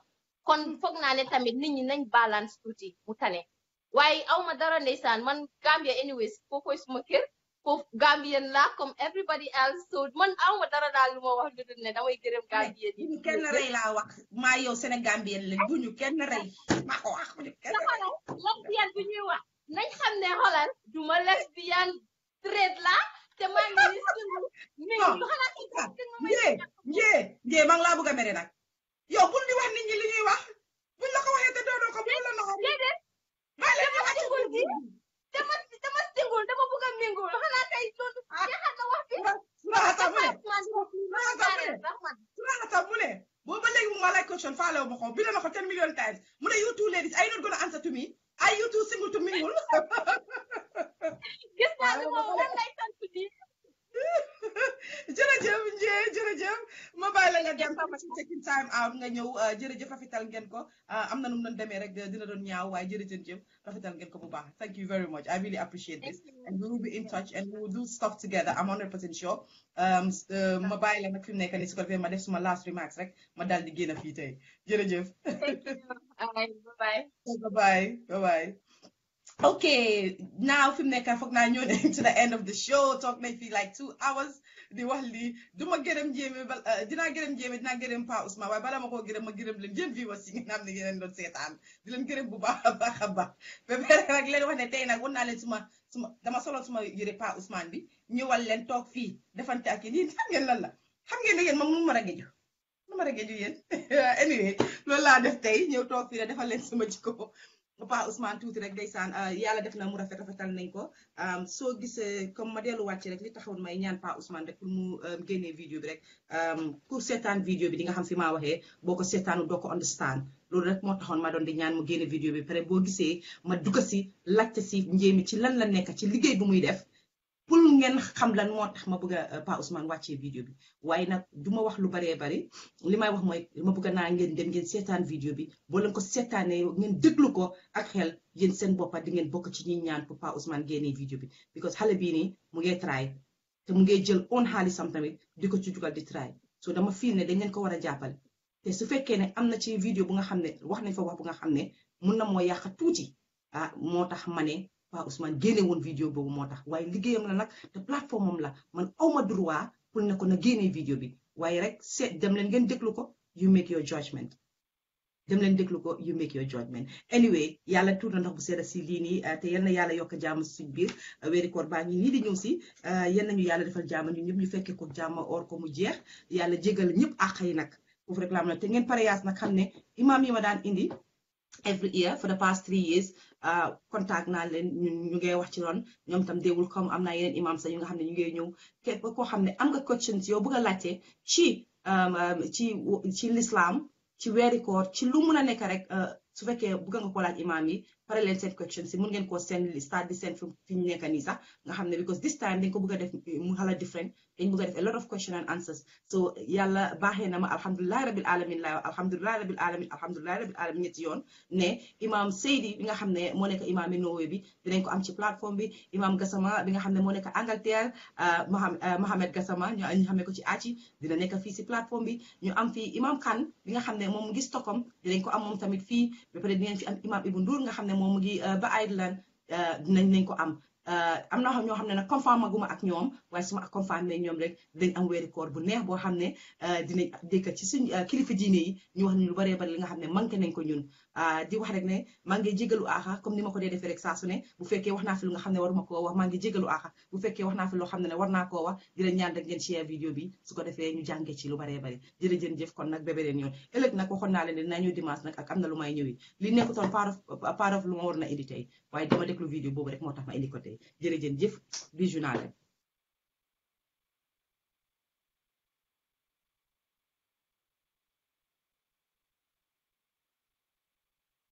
kon foog naa ne tamit nit ñi nañ balance tuuti mu tane waaye aw ma dara ndeysaan man Gambia anyways kookoy suma kër foofu Gambian, laa comme everybody else so man aw ma dara daal lu ma wax lu dul ne damay gërëm Gambien yi ñu kenn rey laa wax maa yow Sénégambien lañ bu ñu kenn rey maa ko wax bu ñu kenn rey lesbian bu ñuy wax nañ xam ne xolal du ma lesbian traite là te maa ngi nii suñu. non njee njee njee man laa bëgg a mere yow bul di wax nit ñi li ñuy wax buñ la ko waxee te doodoo ko bul la noxo. déedéet dama singul bi dama dama singul dama bëgg a mingul xanaa tey loolu yaxal na wax bi. surahata mu ne surahata mu ne ko bi la million times mu ne you two ladies are you not gonna answer to me Ai, eu tô single to mingle? Guess not the jërëjëf Ndié jërëjëf ma bàyyi la nga dem taking time out nga ñëw euh, jërëjëf rafetal ngeen ko euh, am na num mu doon demee rek dina doon ñaaw waaye jërëjëf rafetal ngeen ko bu baax thank you very much I really appreciate this and we will be in touch and we will do stuff together I'm 100% sure um, uh, ma bàyyi la nag fi nekk nii ko defee ma def suma last remarks rek ma daal di génn fii tey jërëjëf. thank you Bye. bye bye. bye bye. Okay, now filmmaker foog naa ñëw nañ to the end of the show talk maybe like two hours The di wax lii du ma gërëm jéeme ba euh, dinaa gërëm jéeme dinaa gërëm Pa Ousmane waaye bala ma koo gërëm ma gërëm leen yéen viewers him. nga xam ne ngeen doon the di leen gërëm bu baax a baax a baax ba pare nag leen wax ne tey nag wan naa to suma suma dama solo suma yëre Pa Ousmane bi ñëwal leen toog fii defante ak yéen yéen xam ngeen lan la xam ngeen ne yéen moom mu ma rageju going to rageju yéen anyway loolu laa def tey ñëw toog fii la defal leen suma jikko papa Ousmane tuuti rek day ndeysaan euh, yàlla def na mu rafet rafetal nañ ko euh, soo gisee comme ma delluwaat ci rek li taxawoon may ñaan pa Ousmane rek pour mu euh, génnee vidéo bi rek pour seetaan vidéo bi di nga xam fi maa waxee boo ko seetaanu doo ko understand loolu rek moo taxoon ma doon di ñaan mu génne vidéo bi pare boo gisee ma dugg si laajte si njéemi ci lan la nekk ci liggéey bu muy def pour ngeen xam lan motax ma bëgg euh, pa Ousmane waccé vidéo bi waaye nak duma wax lu bari bari limay wax moy ma bëgg na ngeen dem ngeen sétane vidéo bi bo leen ko seetaanee ngeen dégglu ko ak xel yeen seen boppa di ngeen bok ci ñi ñaan pour pa Ousmane gëné vidéo bi because xalé bi ni mu ngey try té mu ngey jël on xaalisam tamit diko ci jugal di try so dama fi né dañ leen ko wara jappal té te su fekkee né amna ci vidéo bu nga xamné wax nañ fa wax bu nga xamné na tuuti ah motax mané Pa Ousmane génne won vidéo boobu motax tax waaye la nak te plateforme am la man awma droit pour ne ko na vidéo bi waaye rek set dem len ngeen ko you make your judgment dem len déglu ko you make your judgment anyway yalla tuur na ndox bu seeda ci li ni eh, te yalla yalla yok jamm ci si biir eh, weeri koor baa ngi di ñëw ci eh, yal nañu yalla defal jamm ñun ñëpp ñu fekkee ko jamm or ko mu jeex yalla jégal ñëpp akay nak nag rek am na te ngeen pare yi ma daan indi every year for the past three years ah, contact naa leen ñun ñu ngey wax ci ron ñoom tam they will come am naa yeneen imam sax yu nga xam ne ñu ngey ñëw képp koo xam ne am nga questions yow bëgg a laajte ci um, um, ci ci l'islam ci weeri koor ci lu mun a nekk rek ah, su fekkee bëgg nga ko laaj imaam yi pare leen seen question si mun ngeen koo seen start di seen fi ñu nekk nii sax nga xam ne because this time dañ ko bëgg a def mu xala different dañ bëgg a def a lot of question and answers so yàlla baaxee na ma alhamdulilahi rabil alamin laa alhamdulilahi rabil alamin alhamdulilahi rabil alamin ñetti yoon ne imam Seydi bi nga xam ne moo nekk imaam i Norway bi dinañ ko am ci plateforme bi imam Gassama bi nga xam ne moo nekk Angleterre ah, ah, Mohamed Gassama ñu ñu xamee ko ci aci dina nekk fii si plateforme bi ñu am fii imam Kan. bi nga xam ne moom mu ngi Stockholm dinañ ko am moom tamit fii ba pare dinañ fi am imam Ibu Ndour nga xam ne moom mu ngi euh, ba Ireland euh, dinañ nañ ko am Euh, am na ñoo xam ne nag confirmé ak ñoom waaye su ma confirmé ñoom rek dañ am bu neex boo xam ne euh, dinañ dëkkat suñ euh, kilifa diine yi ñu wax ne lu baree bari li nga xam ne manqué nañ ngi jégalu aaxa comme ko dee defee rek wax naa fi xam ne waruma koo wax maa ngi jégalu aaxa bu fekkee wax xam ne ne war naa koo wax leen ko defee ñu jàngee ci lu baree bari jërëjën jëf kon nag bébé leen yoon naa ñëw dimanche nag am na lu may ñëwi li nekkutoon part of part of lu ma war indi tey waaye dama déglu vidéo boobu rek moo tax ma indi ko tey jërëjëf jëf bi journal